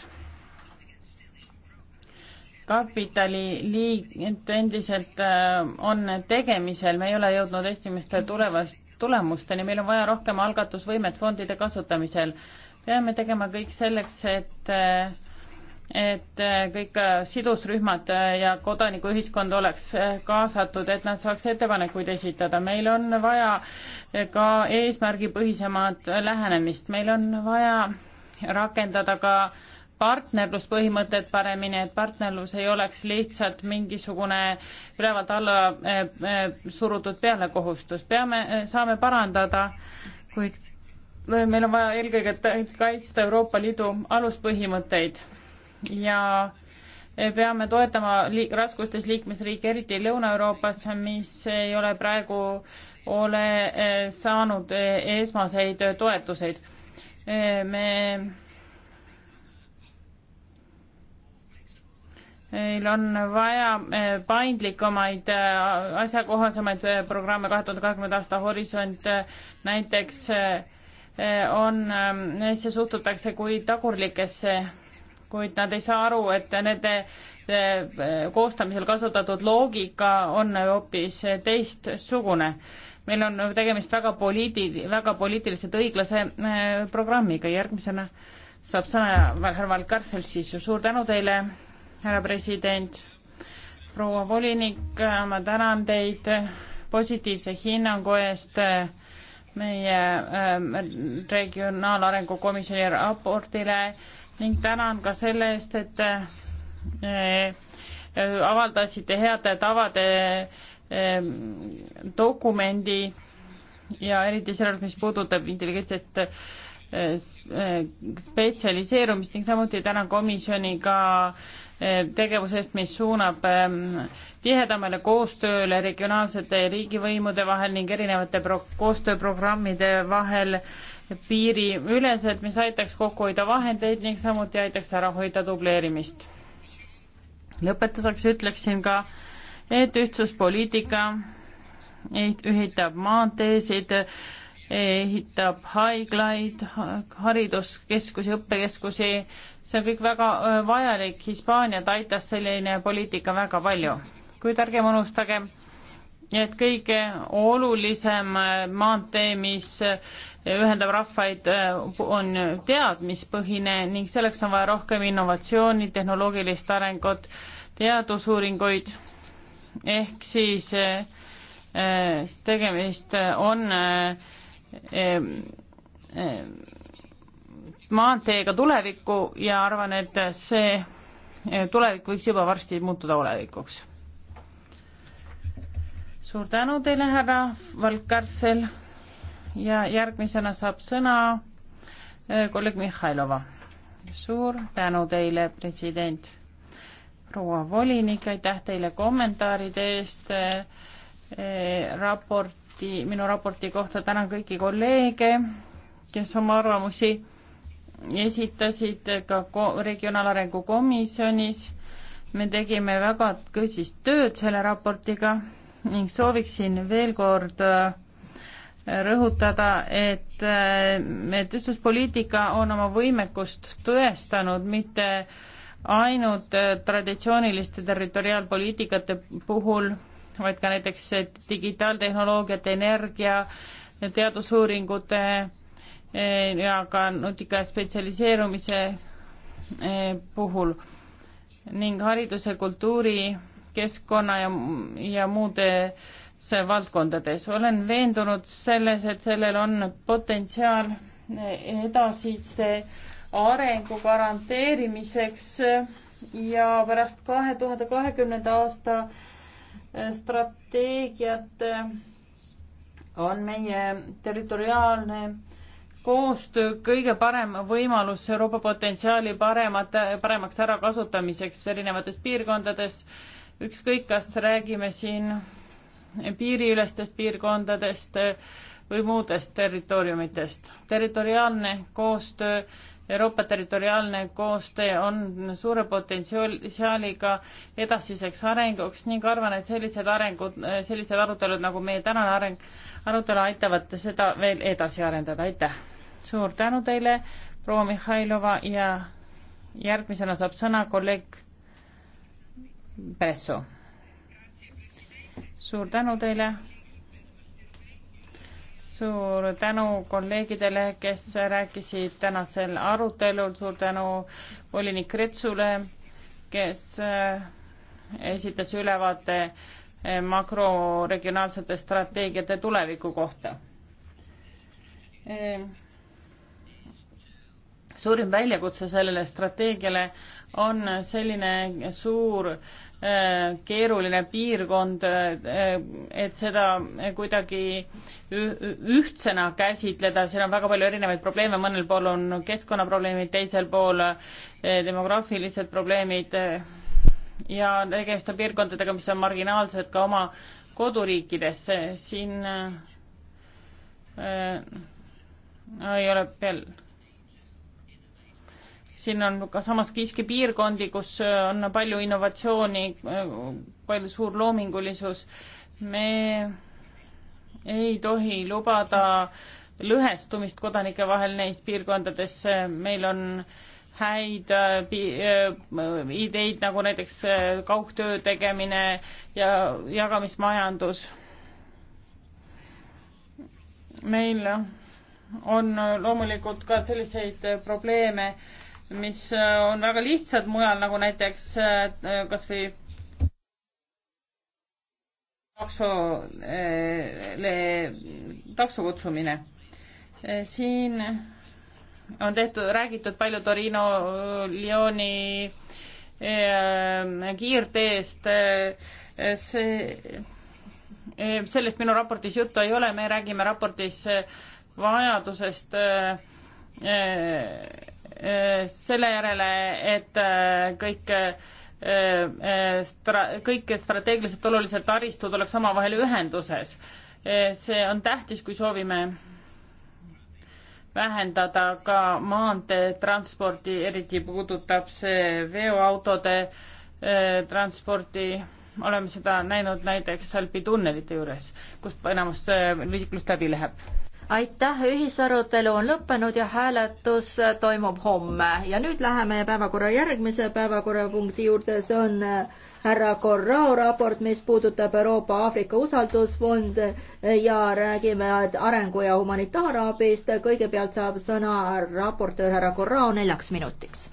kapitaliliit endiselt eh, on tegemisel, me ei ole jõudnud esimeste tulevast, tulemusteni, meil on vaja rohkem algatusvõimet fondide kasutamisel. peame tegema kõik selleks, et äh, et eh, kõik eh, sidusrühmad eh, ja kodanikuühiskond oleks kaasatud, et nad saaks ettepanekuid esitada. meil on vaja ka eesmärgipõhisemat lähenemist, meil on vaja rakendada ka partnerluspõhimõtet paremini, et partnerlus ei oleks lihtsalt mingisugune ülevalt alla surutud pealekohustus. peame, saame parandada, kuid meil on vaja eelkõige kaitsta Euroopa Liidu aluspõhimõtteid ja peame toetama liik-, raskustes liikmesriike, eriti Lõuna-Euroopas, mis ei ole praegu, ole eh, saanud eh, esmaseid eh, toetuseid. me meil on vaja paindlikumaid, asjakohasemaid programme, kahe tuhande kahekümnenda aasta horisont näiteks on, neisse suhtutakse kui tagurlikesse kuid nad ei saa aru, et nende eh, koostamisel kasutatud loogika on hoopis teistsugune. meil on tegemist väga poliiti-, väga poliitiliselt õiglase eh, programmiga, järgmisena saab sõna härra Valkartsel siis ju, suur tänu teile, härra president, proua volinik, ma tänan teid positiivse hinnangu eest eh, meie äh, regionaalarengu komisjoni raportile äh, ning tänan ka selle eest, et eh, eh, avaldasite heade tavade eh, dokumendi ja eriti sellelt, mis puudutab intelligentset spetsialiseerumist ning samuti tänan komisjoni ka tegevuse eest, mis suunab tihedamale koostööle regionaalsete riigivõimude vahel ning erinevate pro koostööprogrammide vahel äh, piiriüleselt, mis aitaks kokku hoida vahendeid ning samuti aitaks ära hoida dubleerimist. lõpetuseks ütleksin ka, et ühtsuspoliitika ehitab maanteesid, ehitab haiglaid, hariduskeskusi, õppekeskusi, see on kõik väga vajalik, Hispaaniat aitas selline poliitika väga palju. kuid ärgem unustagem, et kõige olulisem äh, maantee, mis ühendav rahvaid äh, on teadmispõhine ning selleks on vaja rohkem innovatsiooni, tehnoloogilist arengut, teadusuuringuid, ehk siis äh, äh, tegemist on maanteega tulevikku ja arvan, et see tulevik võiks juba varsti muutuda olevikuks. suur tänu teile, härra Valk Kärtsel ja järgmisena saab sõna äh, kolleeg Mihhailova. suur tänu teile, president, proua volinik, aitäh teile kommentaaride eest eh, raporti, minu raporti kohta tänan kõiki kolleege, kes oma arvamusi esitasid ka ko Regionaalarengu Komisjonis. me tegime väga tõsist tööd selle raportiga ning sooviksin veel kord äh, rõhutada, et äh, tööstuspoliitika on oma võimekust tõestanud, mitte ainult äh, traditsiooniliste territoriaalpoliitikate puhul, vaid ka näiteks digitaaltehnoloogiate, energia, teadusuuringute äh, ja ka nutika spetsialiseerumise puhul ning hariduse, kultuuri, keskkonna ja, ja muude valdkondades. olen veendunud selles, et sellel on potentsiaal edasise arengu garanteerimiseks ja pärast kahe tuhande kahekümnenda aasta strateegiat on meie territoriaalne koostöö kõige parem võimalus Euroopa potentsiaali paremat, paremaks ärakasutamiseks erinevates piirkondades, ükskõik, kas räägime siin piiriülestest piirkondadest või muudest territooriumitest. territoriaalne koostöö, Euroopa territoriaalne koostöö on suure potentsiaaliga edasiseks arenguks ning arvan, et sellised arengud, sellised arutelud nagu meie tänane areng, arutelu aitavad seda veel edasi arendada, aitäh! suur tänu teile, proua Mihhailova ja järgmisena saab sõna kolleeg Presso suur tänu teile. suur tänu kolleegidele, kes rääkisid tänasel arutelul, suur tänu volinik Kretsule, kes äh, esitas ülevaate äh, makroregionaalsete strateegiate tuleviku kohta. Äh, suurim väljakutse sellele strateegiale on selline suur äh, Äh, keeruline piirkond, äh, et seda kuidagi ühtsena käsitleda, siin on väga palju erinevaid probleeme, mõnel pool on keskkonnaprobleemid, teisel pool äh, demograafilised probleemid ja tegemist on piirkondadega, mis on marginaalsed ka oma koduriikidesse, siin äh, ei ole veel siin on ka samas siiski piirkondi, kus äh, on palju innovatsiooni, äh, palju suur loomingulisus. me ei tohi lubada lõhestumist kodanike vahel neis piirkondades, meil on häid äh, ideid nagu näiteks kaugtöö tegemine ja jagamismajandus. meil on loomulikult ka selliseid probleeme mis äh, on väga lihtsad mujal, nagu näiteks äh, kas või taksole, äh, takso kutsumine. siin on tehtud, räägitud palju Torino, Lyoni kiirteest, see, sellest minu raportis juttu ei ole, me räägime raportis vajadusest Äh, selle järele, et äh, kõik äh, stra-, kõik strateegiliselt olulised taristud oleks omavahel ühenduses. see on tähtis, kui soovime vähendada ka maanteetransporti, eriti puudutab see veoautode transporti, oleme seda näinud näiteks Alpi tunnelite juures, kust enamus liiklust läbi läheb aitäh, ühisarutelu on lõppenud ja hääletus toimub homme ja nüüd läheme päevakorra järgmise päevakorrapunkti juurde, see on äh, härra Corrao raport, mis puudutab Euroopa-Aafrika usaldusfond ja räägime arengu- ja humanitaarabist. kõigepealt saab sõna raportöör härra Corrao neljaks minutiks